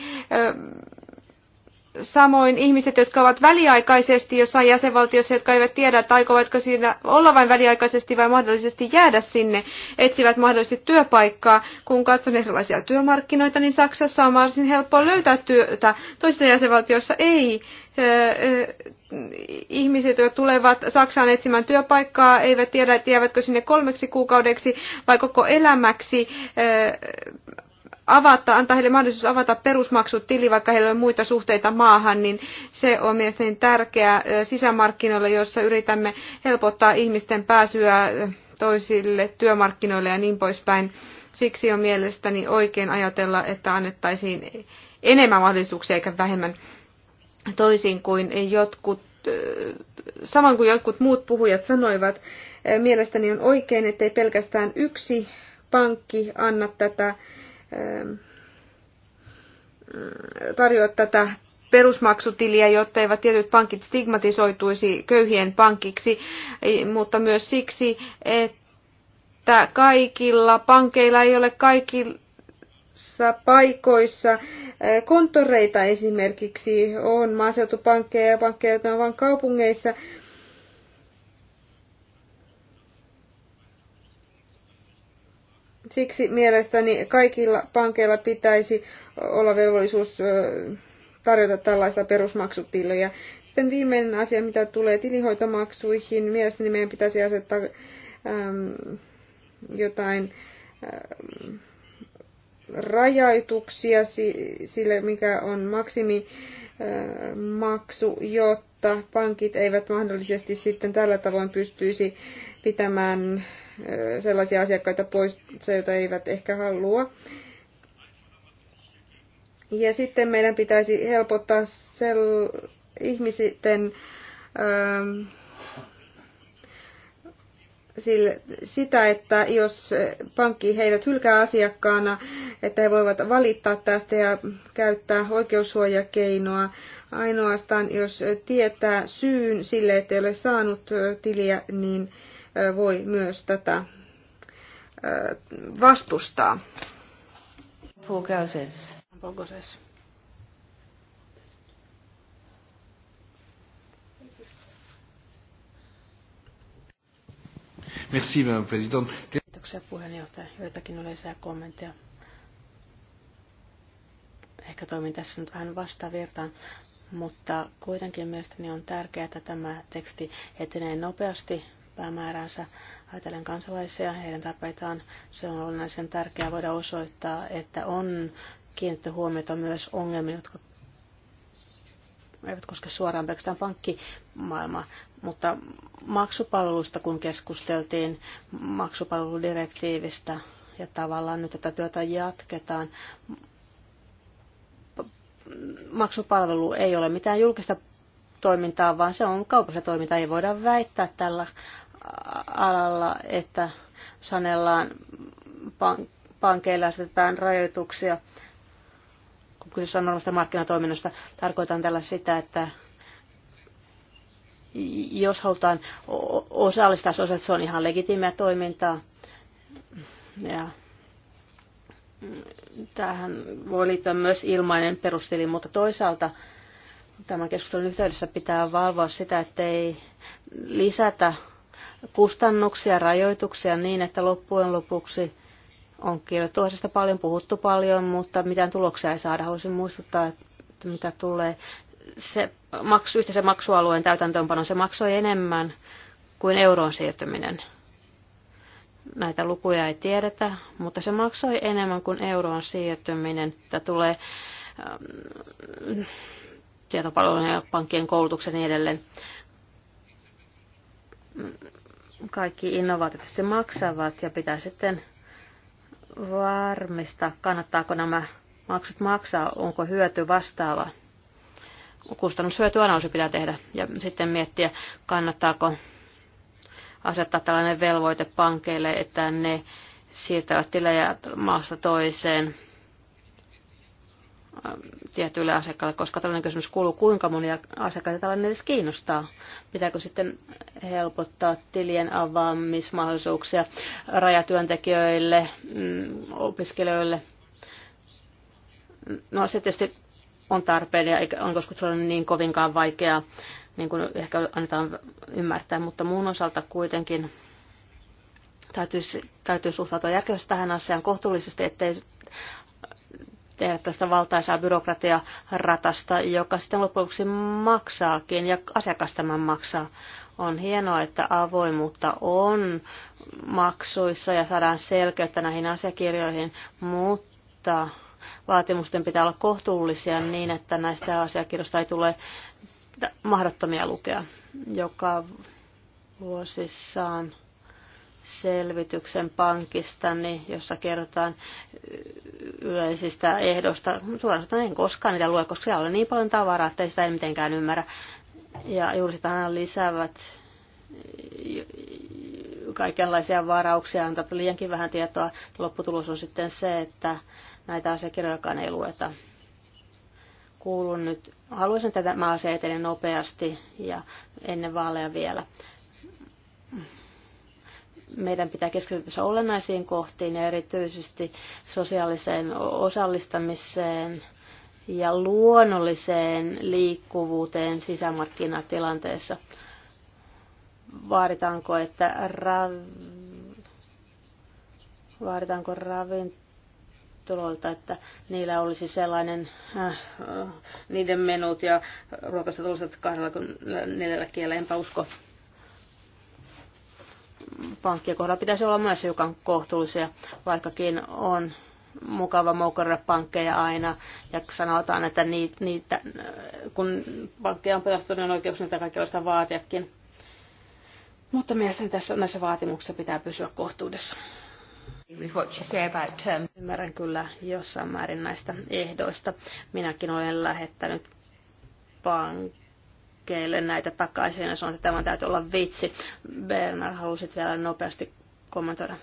Samoin ihmiset, jotka ovat väliaikaisesti jossain jäsenvaltiossa, jotka eivät tiedä, että aikovatko siinä olla vain väliaikaisesti vai mahdollisesti jäädä sinne, etsivät mahdollisesti työpaikkaa. Kun katson erilaisia työmarkkinoita, niin Saksassa on varsin helppo löytää työtä, toisissa jäsenvaltioissa ei ihmiset, jotka tulevat Saksaan etsimään työpaikkaa, eivät tiedä, että jäävätkö sinne kolmeksi kuukaudeksi vai koko elämäksi avata, antaa heille mahdollisuus avata perusmaksut tili, vaikka heillä on muita suhteita maahan, niin se on mielestäni tärkeää sisämarkkinoilla, jossa yritämme helpottaa ihmisten pääsyä toisille työmarkkinoille ja niin poispäin. Siksi on mielestäni oikein ajatella, että annettaisiin enemmän mahdollisuuksia eikä vähemmän toisin kuin jotkut, samoin kuin jotkut muut puhujat sanoivat, mielestäni on oikein, ettei pelkästään yksi pankki anna tätä, eh, tarjoa tätä perusmaksutiliä, jotta eivät tietyt pankit stigmatisoituisi köyhien pankiksi, mutta myös siksi, että kaikilla pankeilla ei ole kaikilla paikoissa eh, konttoreita esimerkiksi on maaseutupankkeja ja pankkeja, joita on vain kaupungeissa. Siksi mielestäni kaikilla pankeilla pitäisi olla velvollisuus eh, tarjota tällaista perusmaksutilejä. Sitten viimeinen asia, mitä tulee tilihoitomaksuihin, mielestäni meidän pitäisi asettaa äm, ehm, jotain äm, ehm, rajoituksia sille, mikä on maksimimaksu, äh, jotta pankit eivät mahdollisesti sitten tällä tavoin pystyisi pitämään äh, sellaisia asiakkaita pois, joita eivät ehkä halua. Ja sitten meidän pitäisi helpottaa sel- ihmisten ähm, sille, sitä, että jos pankki heidät hylkää asiakkaana, että he voivat valittaa tästä ja käyttää oikeussuojakeinoa ainoastaan, jos tietää syyn sille, että ei ole saanut tiliä, niin voi myös tätä vastustaa. Pogoses. Pogoses. Merci, Madame President. Kiitoksia puheenjohtaja. Joitakin yleisiä kommentteja. Ehkä toimin tässä nyt vähän vastavirtaan, mutta kuitenkin mielestäni on tärkeää, että tämä teksti etenee nopeasti päämääränsä ajatellen kansalaisia ja heidän tarpeitaan. Se on olennaisen tärkeää voida osoittaa, että on kiinnitetty huomiota myös ongelmiin, jotka eivät koske suoraan pelkästään pankkimaailmaa, mutta maksupalveluista kun keskusteltiin, maksupalveludirektiivistä ja tavallaan nyt tätä työtä jatketaan, maksupalvelu ei ole mitään julkista toimintaa, vaan se on kaupallista toimintaa. Ei voida väittää tällä alalla, että sanellaan pankeilla asetetaan rajoituksia kun kyseessä on normaalista markkinatoiminnasta, tarkoitan tällä sitä, että jos halutaan osallistaa että se on ihan legitiimiä toimintaa. Ja tähän voi liittyä myös ilmainen perustili, mutta toisaalta tämän keskustelun yhteydessä pitää valvoa sitä, ettei lisätä kustannuksia, rajoituksia niin, että loppujen lopuksi on kirjoitettu paljon, puhuttu paljon, mutta mitään tuloksia ei saada. Haluaisin muistuttaa, että mitä tulee se maksu, yhteisen maksualueen täytäntöönpano, se maksoi enemmän kuin euroon siirtyminen. Näitä lukuja ei tiedetä, mutta se maksoi enemmän kuin euroon siirtyminen. Tämä tulee ähm, tietopalvelujen ja pankkien koulutuksen niin edelleen. Kaikki innovaatiot maksavat ja pitää sitten varmistaa, kannattaako nämä maksut maksaa, onko hyöty vastaava. Kustannushyötyanalyysi pitää tehdä ja sitten miettiä, kannattaako asettaa tällainen velvoite pankeille, että ne siirtävät tilejä maasta toiseen tietyille asiakkaille, koska tällainen kysymys kuuluu, kuinka monia asiakkaita tällainen edes kiinnostaa. Pitääkö sitten helpottaa tilien avaamismahdollisuuksia rajatyöntekijöille, mm, opiskelijoille? No se tietysti on tarpeen ja on joskus se niin kovinkaan vaikeaa, niin kuin ehkä annetaan ymmärtää, mutta muun osalta kuitenkin täytyy, täytyy suhtautua järkevästi tähän asiaan kohtuullisesti, ettei tehdä tästä valtaisaa byrokratiaratasta, joka sitten lopuksi maksaakin ja asiakas tämän maksaa. On hienoa, että avoimuutta on maksuissa ja saadaan selkeyttä näihin asiakirjoihin, mutta vaatimusten pitää olla kohtuullisia niin, että näistä asiakirjoista ei tule mahdottomia lukea joka vuosissaan selvityksen pankista, niin jossa kerrotaan yleisistä ehdoista. Suorastaan en koskaan niitä lue, koska siellä oli niin paljon tavaraa, että ei sitä ei mitenkään ymmärrä. Ja juuristahan lisäävät kaikenlaisia varauksia, antaa liiankin vähän tietoa. Lopputulos on sitten se, että näitä asiakirjojakaan ei lueta. Kuulun nyt, haluaisin tätä mä asia nopeasti ja ennen vaaleja vielä meidän pitää keskittyä olennaisiin kohtiin ja erityisesti sosiaaliseen osallistamiseen ja luonnolliseen liikkuvuuteen sisämarkkinatilanteessa. Vaaditaanko, että rav... vaaditaanko ravintoloilta, että niillä olisi sellainen äh, äh, niiden menut ja ruokasta tulisivat kahdella neljällä kielellä, enpä usko pankkien kohdalla pitäisi olla myös hiukan kohtuullisia, vaikkakin on mukava moukaroida pankkeja aina. Ja sanotaan, että niitä, niitä kun pankkeja on pelastunut, niin on oikeus niitä kaikenlaista vaatiakin. Mutta mielestäni tässä näissä vaatimuksissa pitää pysyä kohtuudessa. Um, Ymmärrän kyllä jossain määrin näistä ehdoista. Minäkin olen lähettänyt pankkeja liikkeelle näitä takaisin ja sanoi, että tämän täytyy olla vitsi. Bernard, halusit vielä nopeasti kommentoida.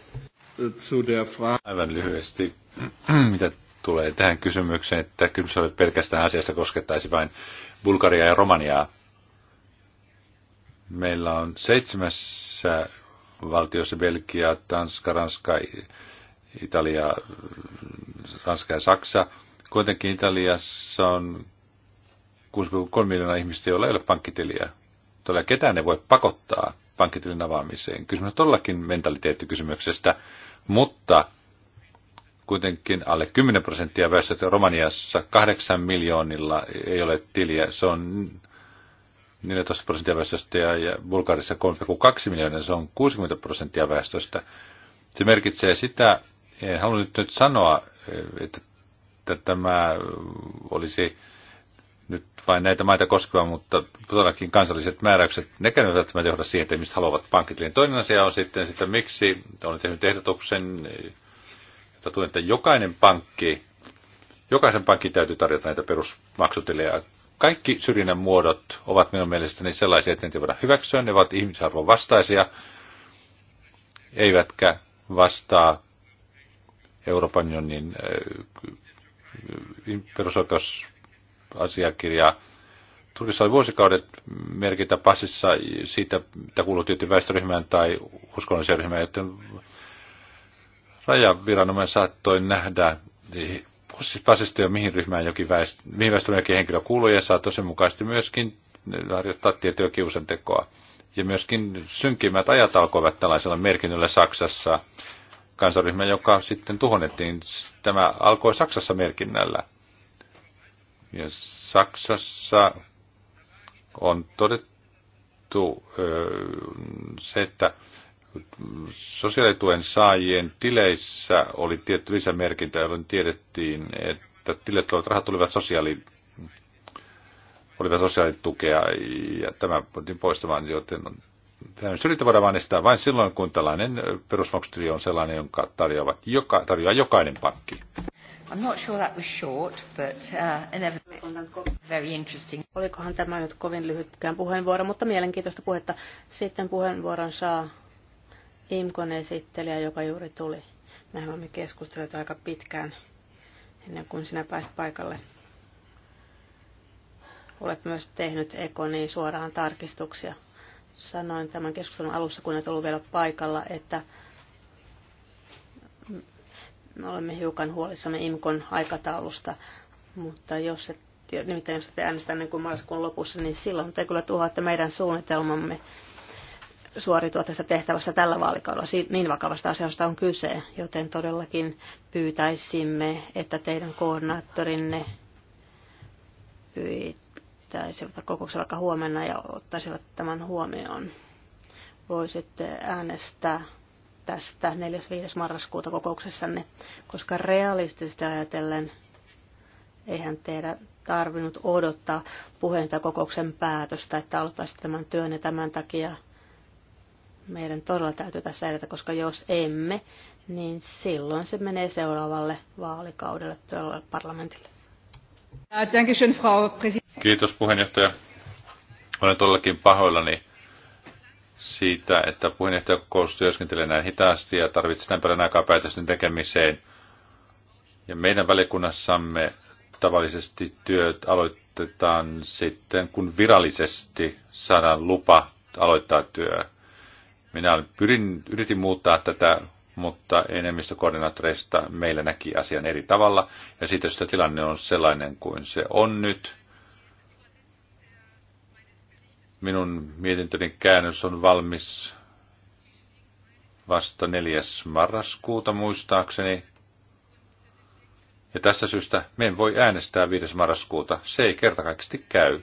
Aivan lyhyesti, mitä tulee tähän kysymykseen, että kyllä se pelkästään asiasta koskettaisi vain Bulgariaa ja Romaniaa. Meillä on seitsemässä valtiossa Belgia, Tanska, Ranska, Italia, Ranska ja Saksa. Kuitenkin Italiassa on 6,3 miljoonaa ihmistä, joilla ei ole pankkitiliä. Todella ketään ne voi pakottaa pankkitilin avaamiseen. Kysymys on todellakin mentaliteettikysymyksestä, mutta kuitenkin alle 10 prosenttia väestöstä Romaniassa 8 miljoonilla ei ole tiliä. Se on 14 prosenttia väestöstä ja Bulgarissa 3,2 miljoonaa, se on 60 prosenttia väestöstä. Se merkitsee sitä, en halua nyt, nyt sanoa, että tämä olisi nyt vain näitä maita koskeva, mutta todellakin kansalliset määräykset, ne käyvät välttämättä johda siihen, että ihmiset haluavat Eli Toinen asia on sitten että miksi olen tehnyt ehdotuksen, että, tuen, että jokainen pankki, jokaisen pankin täytyy tarjota näitä perusmaksutilejä. Kaikki syrjinnän muodot ovat minun mielestäni sellaisia, että ne voida hyväksyä, ne ovat ihmisarvon vastaisia, eivätkä vastaa Euroopan unionin äh, perusoikeus asiakirjaa. Turkissa oli vuosikaudet merkintä passissa siitä, että kuuluu tietty väestöryhmään tai uskonnolliseen ryhmään, joten rajaviranomainen saattoi nähdä passista jo mihin ryhmään jokin väestö, mihin väestöryhmään jokin henkilö kuuluu ja saattoi sen mukaisesti myöskin harjoittaa tiettyä kiusantekoa. Ja myöskin synkimmät ajat alkoivat tällaisella merkinnöllä Saksassa. Kansaryhmä, joka sitten tuhonnettiin, tämä alkoi Saksassa merkinnällä. Ja Saksassa on todettu se, että sosiaalituen saajien tileissä oli tietty lisämerkintä, jolloin tiedettiin, että tilet tulevat rahat tulivat sosiaali, olivat sosiaalitukea ja tämä voitiin poistamaan, joten on Syrjintä voidaan vain estää vain silloin, kun tällainen perusmaksutili on sellainen, jonka tarjoavat joka, tarjoaa jokainen pankki. I'm not sure that was short, but uh, very interesting. Olikohan tämä nyt kovin lyhytkään puheenvuoro, mutta mielenkiintoista puhetta. Sitten puheenvuoron saa Imkon esittelijä, joka juuri tuli. Mehän olemme keskustelleet aika pitkään ennen kuin sinä pääsit paikalle. Olet myös tehnyt Ekoniin suoraan tarkistuksia. Sanoin tämän keskustelun alussa, kun et ollut vielä paikalla, että me olemme hiukan huolissamme IMKON aikataulusta, mutta jos et, nimittäin jos te äänestä ennen kuin marraskuun lopussa, niin silloin te kyllä tuhoatte meidän suunnitelmamme suoritua tästä tehtävästä tällä vaalikaudella. Niin vakavasta asiasta on kyse, joten todellakin pyytäisimme, että teidän koordinaattorinne pyytäisivät kokouksella vaikka huomenna ja ottaisivat tämän huomioon. Voisitte äänestää tästä 4.5. marraskuuta kokouksessanne, koska realistisesti ajatellen eihän teidän tarvinnut odottaa kokouksen päätöstä, että aloittaisitte tämän työn ja tämän takia meidän todella täytyy tässä edetä, koska jos emme, niin silloin se menee seuraavalle vaalikaudelle parlamentille. Kiitos puheenjohtaja. Olen todellakin pahoillani siitä, että puheenjohtajakokous työskentelee näin hitaasti ja tarvitsee tämän paljon aikaa päätösten tekemiseen. Ja meidän valiokunnassamme tavallisesti työt aloitetaan sitten, kun virallisesti saadaan lupa aloittaa työ. Minä pyrin, yritin muuttaa tätä, mutta enemmistö koordinaattoreista meillä näki asian eri tavalla. Ja siitä, jos tilanne on sellainen kuin se on nyt, Minun mietintöni käännös on valmis vasta 4. marraskuuta muistaakseni. Ja tästä syystä me en voi äänestää 5. marraskuuta. Se ei kertakaikkisesti käy,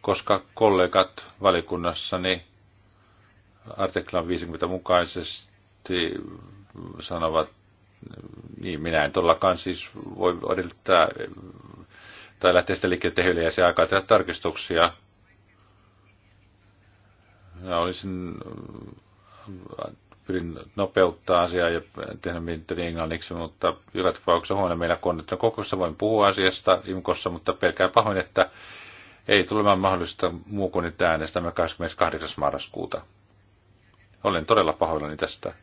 koska kollegat valiokunnassani artiklan 50 mukaisesti sanovat, niin minä en todellakaan siis voi edellyttää tai lähteä sitä liikkeelle tehylle ja se aikaa tehdä tarkistuksia. Minä olisin, äh, pyrin nopeuttaa asiaa ja tehdä mietintöni englanniksi, mutta hyvät tapauksessa huomenna meillä konnetta kokouksessa voin puhua asiasta IMKossa, mutta pelkään pahoin, että ei tulemaan mahdollista muu kuin nyt äänestämme 28. marraskuuta. Olen todella pahoillani tästä.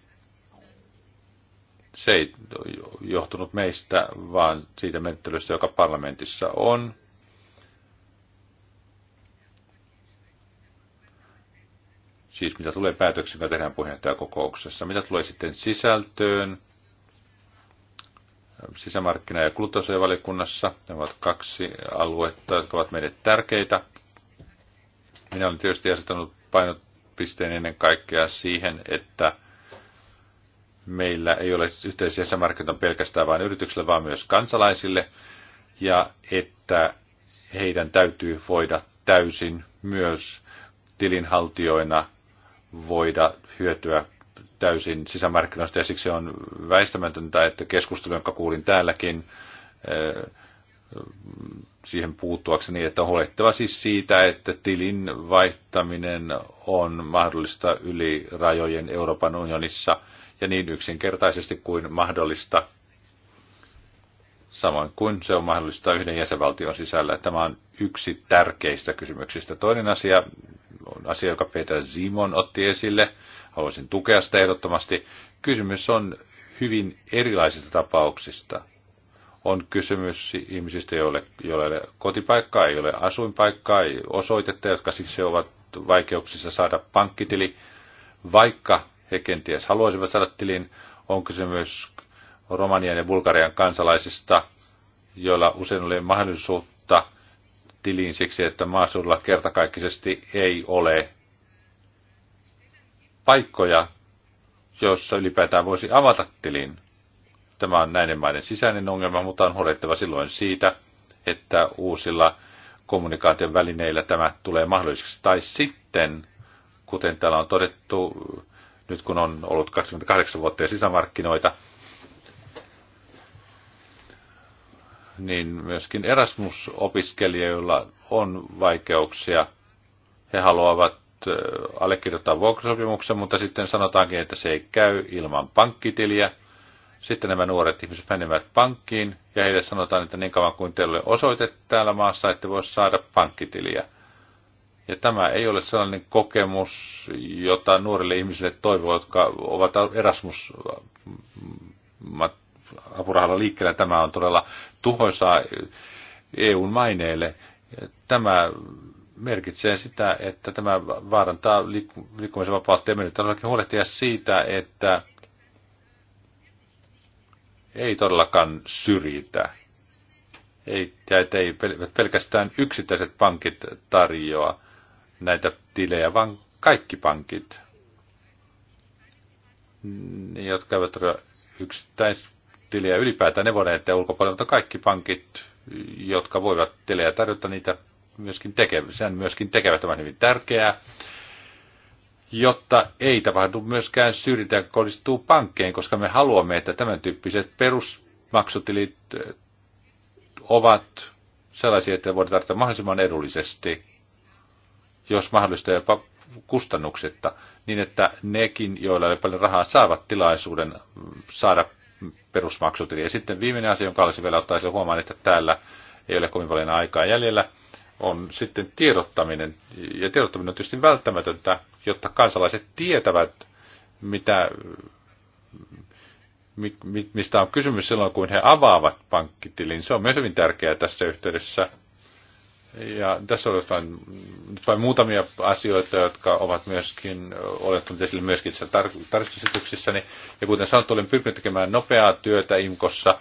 Se ei johtunut meistä, vaan siitä menettelystä, joka parlamentissa on. siis mitä tulee päätöksen, mitä tehdään puheenjohtajakokouksessa. Mitä tulee sitten sisältöön, sisämarkkina- ja kuluttajasuojavaliokunnassa, ne ovat kaksi aluetta, jotka ovat meille tärkeitä. Minä olen tietysti asettanut painopisteen ennen kaikkea siihen, että meillä ei ole yhteisiä sisämarkkinoita pelkästään vain yrityksille, vaan myös kansalaisille, ja että heidän täytyy voida täysin myös tilinhaltijoina voida hyötyä täysin sisämarkkinoista ja siksi on väistämätöntä, että keskustelu, jonka kuulin täälläkin, eh, siihen puuttuakseni, että on huolehtava siis siitä, että tilin vaihtaminen on mahdollista yli rajojen Euroopan unionissa ja niin yksinkertaisesti kuin mahdollista samoin kuin se on mahdollista yhden jäsenvaltion sisällä. Tämä on yksi tärkeistä kysymyksistä. Toinen asia on asia, joka Peter Simon otti esille. Haluaisin tukea sitä ehdottomasti. Kysymys on hyvin erilaisista tapauksista. On kysymys ihmisistä, joille, joille kotipaikkaa, ei ole asuinpaikkaa, ei osoitetta, jotka siksi ovat vaikeuksissa saada pankkitili, vaikka he kenties haluaisivat saada tilin. On kysymys Romanian ja Bulgarian kansalaisista, joilla usein oli mahdollisuutta tiliin siksi, että maaseudulla kertakaikkisesti ei ole paikkoja, joissa ylipäätään voisi avata tilin. Tämä on näiden maiden sisäinen ongelma, mutta on huolehtiva silloin siitä, että uusilla kommunikaation välineillä tämä tulee mahdolliseksi. Tai sitten, kuten täällä on todettu, nyt kun on ollut 28 vuotta ja sisämarkkinoita, niin myöskin Erasmus-opiskelijoilla on vaikeuksia. He haluavat allekirjoittaa vuokrasopimuksen, mutta sitten sanotaankin, että se ei käy ilman pankkitiliä. Sitten nämä nuoret ihmiset menevät pankkiin ja heille sanotaan, että niin kauan kuin teille osoite täällä maassa, ette voi saada pankkitiliä. Ja tämä ei ole sellainen kokemus, jota nuorille ihmisille toivoo, jotka ovat Erasmus apurahalla liikkeellä. Tämä on todella tuhoisaa EUn maineelle. Tämä merkitsee sitä, että tämä vaarantaa liikkumisen vapautta. Ja meidän todellakin huolehtia siitä, että ei todellakaan syrjitä. Ei, ja ei pelkästään yksittäiset pankit tarjoa näitä tilejä, vaan kaikki pankit, jotka eivät ole yksittäiset tilejä ylipäätään, ne voidaan tehdä ulkopuolella, mutta kaikki pankit, jotka voivat tilejä tarjota, niitä myöskin tekevät. Sen myöskin tekevät, tämän hyvin tärkeää, jotta ei tapahdu myöskään syrjintä, joka kohdistuu pankkeen, koska me haluamme, että tämän tyyppiset perusmaksutilit eh, ovat sellaisia, että voidaan tarjota mahdollisimman edullisesti, jos mahdollista jopa kustannuksetta, niin että nekin, joilla ei ole paljon rahaa, saavat tilaisuuden saada perusmaksutili. Ja sitten viimeinen asia, jonka olisin vielä ottaa huomaan, että täällä ei ole kovin paljon aikaa jäljellä, on sitten tiedottaminen. Ja tiedottaminen on tietysti välttämätöntä, jotta kansalaiset tietävät, mitä, mistä on kysymys silloin, kun he avaavat pankkitilin. Se on myös hyvin tärkeää tässä yhteydessä. Ja tässä on jotain, jotain muutamia asioita, jotka ovat myöskin olettuneet esille myöskin tar- niin Ja kuten sanottu, olen pyrkinyt tekemään nopeaa työtä IMKossa,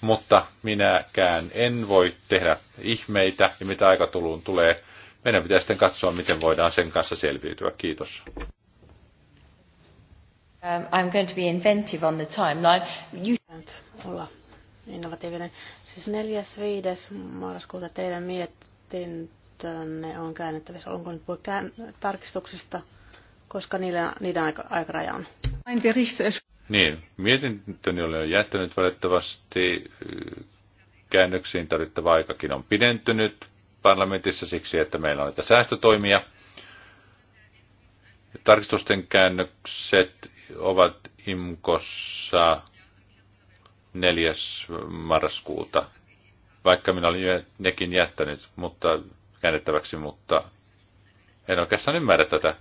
mutta minäkään en voi tehdä ihmeitä ja mitä aikatuluun tulee. Meidän pitää sitten katsoa, miten voidaan sen kanssa selviytyä. Kiitos. Um, I'm going to be inventive on the timeline. You... Olla innovatiivinen. Siis neljäs viides marraskuuta teidän miet tänne on käännettävissä. Onko nyt voi kään- tarkistuksista, koska niillä, niiden aika, aikaraja on? Niin, mietintöni oli jättänyt valitettavasti käännöksiin tarvittava aikakin on pidentynyt parlamentissa siksi, että meillä on näitä säästötoimia. Tarkistusten käännökset ovat IMKossa 4. marraskuuta vaikka minä olin nekin jättänyt mutta käännettäväksi, mutta en oikeastaan ymmärrä tätä.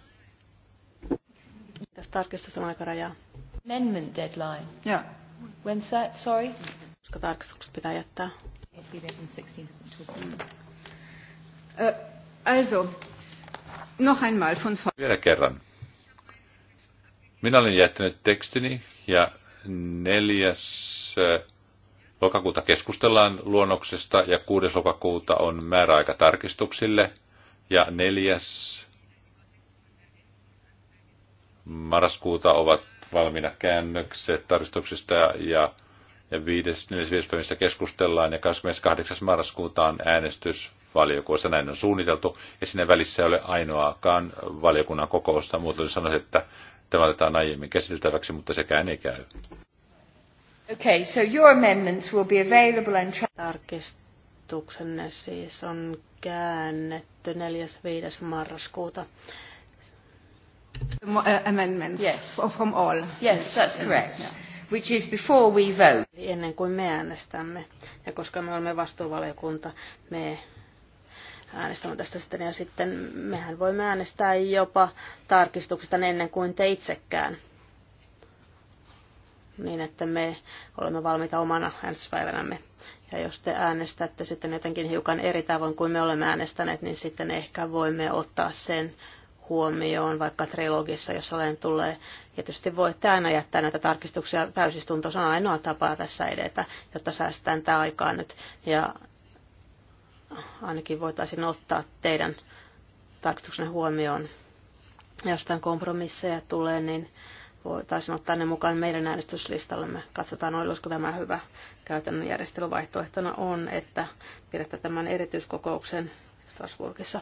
Tässä tarkistus on aikarajaa. Amendment deadline. Yeah. When that, sorry? Koska tarkistukset pitää jättää. Uh, also, noch einmal von... Vielä kerran. Minä olin jättänyt tekstini ja neljäs uh, Lokakuuta keskustellaan luonnoksesta ja 6. lokakuuta on määräaika tarkistuksille ja 4. marraskuuta ovat valmiina käännökset tarkistuksista ja, ja 5. päivissä keskustellaan ja 28. marraskuuta on äänestys valiokunnassa. Näin on suunniteltu ja sinne välissä ei ole ainoakaan valiokunnan kokousta. Muuten sanoisin, että tämä otetaan aiemmin käsiteltäväksi, mutta sekään ei käy. Okay, so your amendments will be available and... Tarkistuksenne siis on käännetty 4.5. marraskuuta. Eh, amendments yes. from all. Yes, that's correct. Yeah. Which is before we vote. Ennen kuin me äänestämme. Ja koska me olemme vastuuvaliokunta, me äänestämme tästä sitten. Ja sitten mehän voimme äänestää jopa tarkistuksesta ennen kuin te itsekään niin, että me olemme valmiita omana äänestyspäivänämme. Ja jos te äänestätte sitten jotenkin hiukan eri tavoin kuin me olemme äänestäneet, niin sitten ehkä voimme ottaa sen huomioon vaikka trilogissa, jos olen tulee. Ja tietysti voitte aina jättää näitä tarkistuksia täysistuntoon. Se on ainoa tapa tässä edetä, jotta säästään tämä aikaa nyt. Ja ainakin voitaisiin ottaa teidän tarkistuksenne huomioon. Ja jos tämän kompromisseja tulee, niin voitaisiin ottaa ne mukaan meidän äänestyslistallemme. Katsotaan, olisiko tämä hyvä käytännön järjestelyvaihtoehtona on, että pidetään tämän erityiskokouksen Strasbourgissa.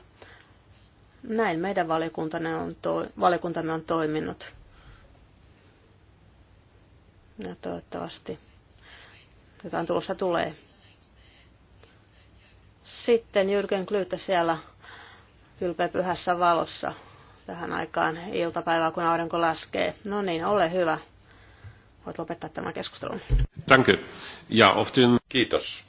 Näin meidän valiokuntamme on, to- valiokuntamme on toiminut. Ja toivottavasti jotain tulossa tulee. Sitten Jyrgen Klyytä siellä kylpeä pyhässä valossa tähän aikaan iltapäivää, kun aurinko laskee. No niin, ole hyvä. Voit lopettaa tämän keskustelun. Danke. Ja often... Kiitos.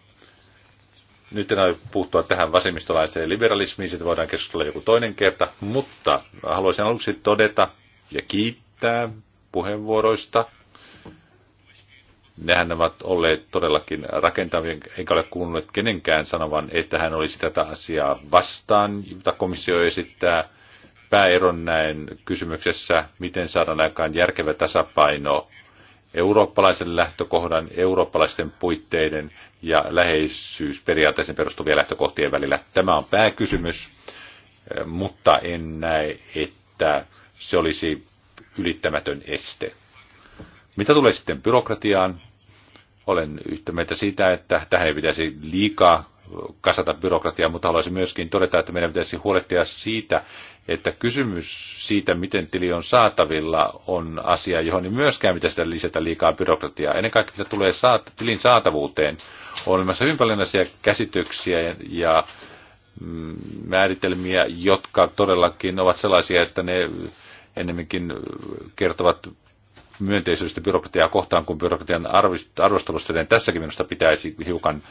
Nyt en aio puuttua tähän vasemmistolaiseen liberalismiin, siitä voidaan keskustella joku toinen kerta, mutta haluaisin aluksi todeta ja kiittää puheenvuoroista. Nehän ovat olleet todellakin rakentavia, eikä ole kuunnellut kenenkään sanovan, että hän olisi tätä asiaa vastaan, jota komissio esittää pääeron näen kysymyksessä, miten saadaan aikaan järkevä tasapaino eurooppalaisen lähtökohdan, eurooppalaisten puitteiden ja läheisyysperiaatteisen perustuvien lähtökohtien välillä. Tämä on pääkysymys, mutta en näe, että se olisi ylittämätön este. Mitä tulee sitten byrokratiaan? Olen yhtä mieltä siitä, että tähän ei pitäisi liikaa kasata byrokratiaa, mutta haluaisin myöskin todeta, että meidän pitäisi huolehtia siitä, että kysymys siitä, miten tili on saatavilla, on asia, johon ei myöskään pitäisi lisätä liikaa byrokratiaa. Ennen kaikkea, mitä tulee saat- tilin saatavuuteen, on olemassa hyvin paljon näisiä käsityksiä ja, mm, määritelmiä, jotka todellakin ovat sellaisia, että ne ennemminkin kertovat myönteisyydestä byrokratiaa kohtaan kuin byrokratian arvostelusta, joten tässäkin minusta pitäisi hiukan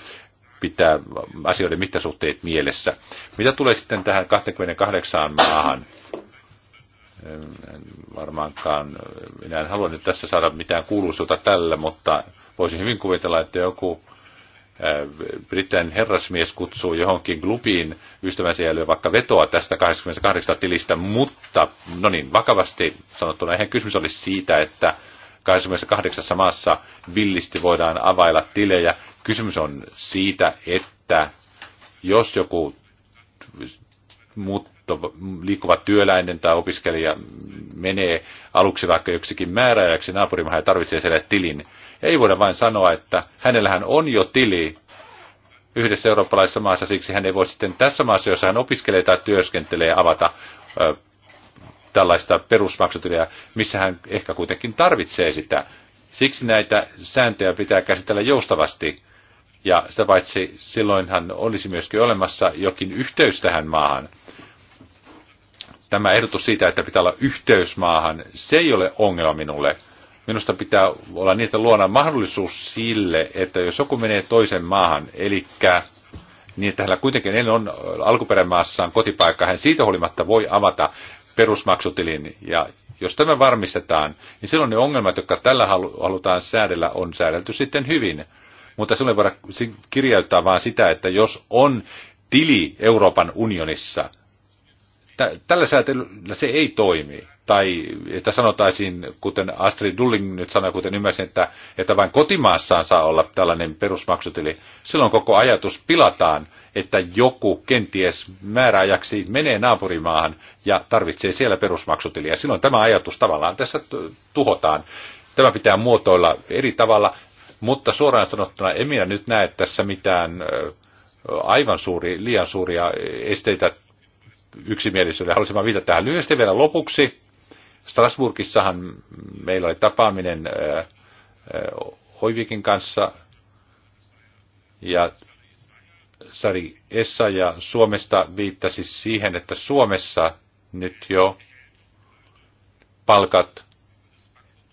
pitää asioiden mittasuhteet mielessä. Mitä tulee sitten tähän 28 maahan? En varmaankaan, minä en halua nyt tässä saada mitään kuuluisuutta tällä, mutta voisin hyvin kuvitella, että joku äh, Britannian herrasmies kutsuu johonkin klubiin ystävänsä ja vaikka vetoa tästä 28 tilistä, mutta no niin, vakavasti sanottuna, eihän kysymys olisi siitä, että 28 maassa villisti voidaan availla tilejä. Kysymys on siitä, että jos joku muutto, liikkuva työläinen tai opiskelija menee aluksi vaikka yksikin määräajaksi naapurimahan ja tarvitsee siellä tilin, ei voida vain sanoa, että hänellähän on jo tili yhdessä eurooppalaisessa maassa, siksi hän ei voi sitten tässä maassa, jossa hän opiskelee tai työskentelee, avata tällaista perusmaksutilia, missä hän ehkä kuitenkin tarvitsee sitä. Siksi näitä sääntöjä pitää käsitellä joustavasti. Ja sitä paitsi silloinhan olisi myöskin olemassa jokin yhteys tähän maahan. Tämä ehdotus siitä, että pitää olla yhteys maahan, se ei ole ongelma minulle. Minusta pitää olla niin, että luodaan mahdollisuus sille, että jos joku menee toisen maahan, eli niin että hänellä kuitenkin en on alkuperämaassaan kotipaikka, hän siitä huolimatta voi avata perusmaksutiliin. Ja jos tämä varmistetaan, niin silloin ne ongelmat, jotka tällä halutaan säädellä, on säädelty sitten hyvin. Mutta silloin voidaan kirjauttaa vain sitä, että jos on tili Euroopan unionissa, Tällä säätelyllä se ei toimi. Tai että sanotaisiin, kuten Astrid Dulling nyt sanoi, kuten ymmärsin, että, että vain kotimaassaan saa olla tällainen perusmaksutili. Silloin koko ajatus pilataan, että joku kenties määräajaksi menee naapurimaahan ja tarvitsee siellä perusmaksutiliä. Silloin tämä ajatus tavallaan tässä tuhotaan. Tämä pitää muotoilla eri tavalla, mutta suoraan sanottuna en minä nyt näe tässä mitään aivan suuri, liian suuria esteitä yksimielisyyden. Haluaisin vain viitata tähän lyhyesti vielä lopuksi. Strasburgissahan meillä oli tapaaminen äh, äh, Hoivikin kanssa ja Sari Essa ja Suomesta viittasi siihen, että Suomessa nyt jo palkat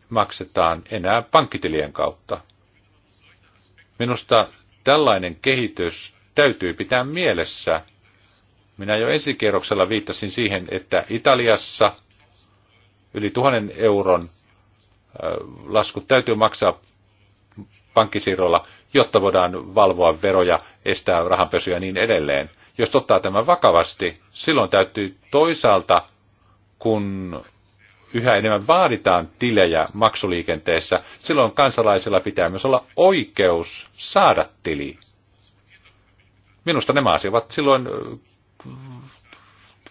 maksetaan enää pankkitilien kautta. Minusta tällainen kehitys täytyy pitää mielessä – minä jo ensikierroksella viittasin siihen, että Italiassa yli tuhannen euron laskut täytyy maksaa pankkisiirrolla, jotta voidaan valvoa veroja, estää rahanpesuja ja niin edelleen. Jos ottaa tämän vakavasti, silloin täytyy toisaalta, kun yhä enemmän vaaditaan tilejä maksuliikenteessä, silloin kansalaisilla pitää myös olla oikeus saada tili. Minusta nämä asiat ovat silloin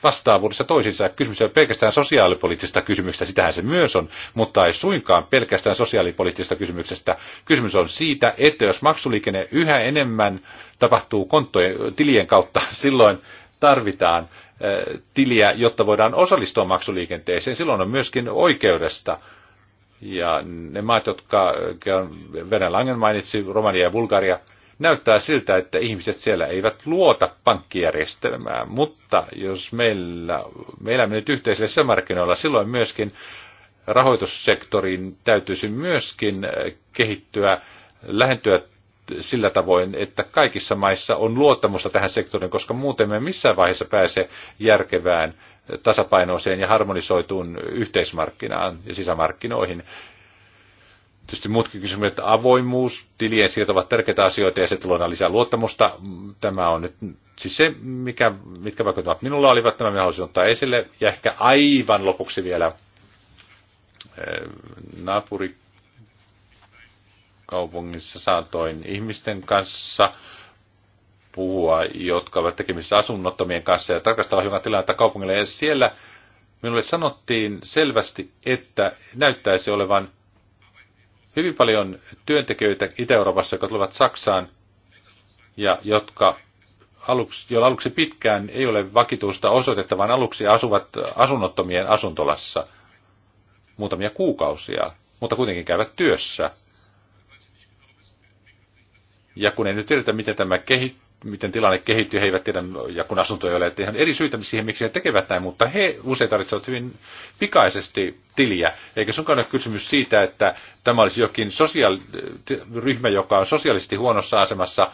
vastaavuudessa toisiinsa. Kysymys ei ole pelkästään sosiaalipoliittisesta kysymyksestä, sitähän se myös on, mutta ei suinkaan pelkästään sosiaalipoliittisesta kysymyksestä. Kysymys on siitä, että jos maksuliikenne yhä enemmän tapahtuu konttojen, tilien kautta, silloin tarvitaan eh, tiliä, jotta voidaan osallistua maksuliikenteeseen. Silloin on myöskin oikeudesta. Ja ne maat, jotka eh, Venäjän Langen mainitsi, Romania ja Bulgaria, näyttää siltä, että ihmiset siellä eivät luota pankkijärjestelmään, mutta jos meillä, meillä nyt yhteisillä sisämarkkinoilla, silloin myöskin rahoitussektorin täytyisi myöskin eh, kehittyä, lähentyä sillä tavoin, että kaikissa maissa on luottamusta tähän sektoriin, koska muuten me missään vaiheessa pääse järkevään tasapainoiseen ja harmonisoituun yhteismarkkinaan ja sisämarkkinoihin tietysti muutkin kysymykset, että avoimuus, tilien siirto ovat tärkeitä asioita ja se tulee lisää luottamusta. Tämä on nyt siis se, mikä, mitkä vaikuttavat minulla olivat, tämä minä haluaisin ottaa esille. Ja ehkä aivan lopuksi vielä eh, naapurikaupungissa saatoin ihmisten kanssa puhua, jotka ovat tekemisissä asunnottomien kanssa ja tarkastella hyvää tilannetta kaupungille. Ja siellä minulle sanottiin selvästi, että näyttäisi olevan hyvin paljon työntekijöitä Itä-Euroopassa, jotka tulevat Saksaan ja jotka aluksi, joilla aluksi pitkään ei ole vakituista osoitetta, vaan aluksi asuvat asunnottomien asuntolassa muutamia kuukausia, mutta kuitenkin käyvät työssä. Ja kun ei nyt tiedetä, miten tämä kehittyy, miten tilanne kehittyy, he eivät tiedä, ja kun asunto ei ole, että ihan eri syitä siihen, miksi he tekevät näin, mutta he usein tarvitsevat hyvin pikaisesti tiliä. Eikä sunkaan ole kysymys siitä, että tämä olisi jokin sosiaali- ryhmä, joka on sosiaalisesti huonossa asemassa,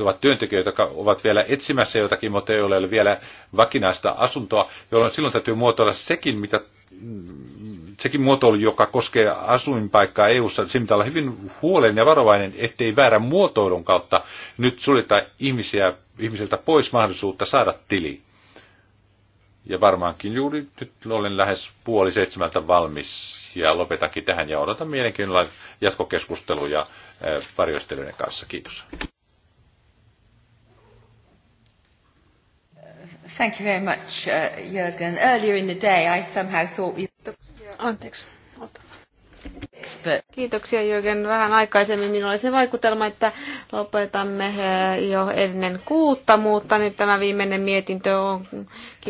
ovat työntekijöitä, jotka ovat vielä etsimässä jotakin, mutta ei ole vielä vakinaista asuntoa, jolloin silloin täytyy muotoilla sekin, mitä sekin muotoilu, joka koskee asuinpaikkaa EU-ssa, se pitää olla hyvin huolellinen ja varovainen, ettei väärän muotoilun kautta nyt suljeta ihmisiä, ihmiseltä pois mahdollisuutta saada tili. Ja varmaankin juuri nyt olen lähes puoli seitsemältä valmis ja lopetankin tähän ja odotan mielenkiinnolla jatkokeskusteluja eh, varjoistelijoiden kanssa. Kiitos. Thank you very much, uh, Jürgen. Earlier in the day I somehow thought we... Anteeksi. Kiitoksia Jürgen. Vähän aikaisemmin minulla oli se vaikutelma, että lopetamme uh, jo ennen kuutta, mutta nyt tämä viimeinen mietintö onkin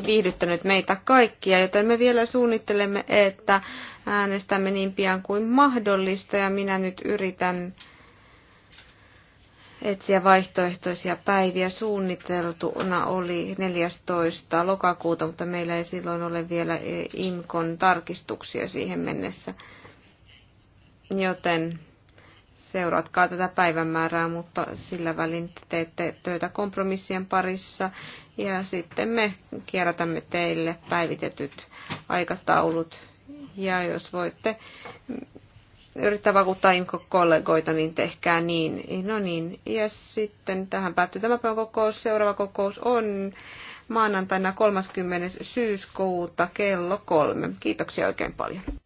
viihdyttänyt meitä kaikkia, joten me vielä suunnittelemme, että äänestämme niin pian kuin mahdollista ja minä nyt yritän etsiä vaihtoehtoisia päiviä. Suunniteltuna oli 14. lokakuuta, mutta meillä ei silloin ole vielä e, IMKON tarkistuksia siihen mennessä. Joten seuratkaa tätä päivämäärää, mutta sillä välin teette töitä kompromissien parissa ja sitten me kierrätämme teille päivitetyt aikataulut. Ja jos voitte yrittää vakuuttaa IMCO-kollegoita, niin tehkää niin. No niin, ja sitten tähän päättyy tämä päivän kokous. Seuraava kokous on maanantaina 30. syyskuuta kello kolme. Kiitoksia oikein paljon.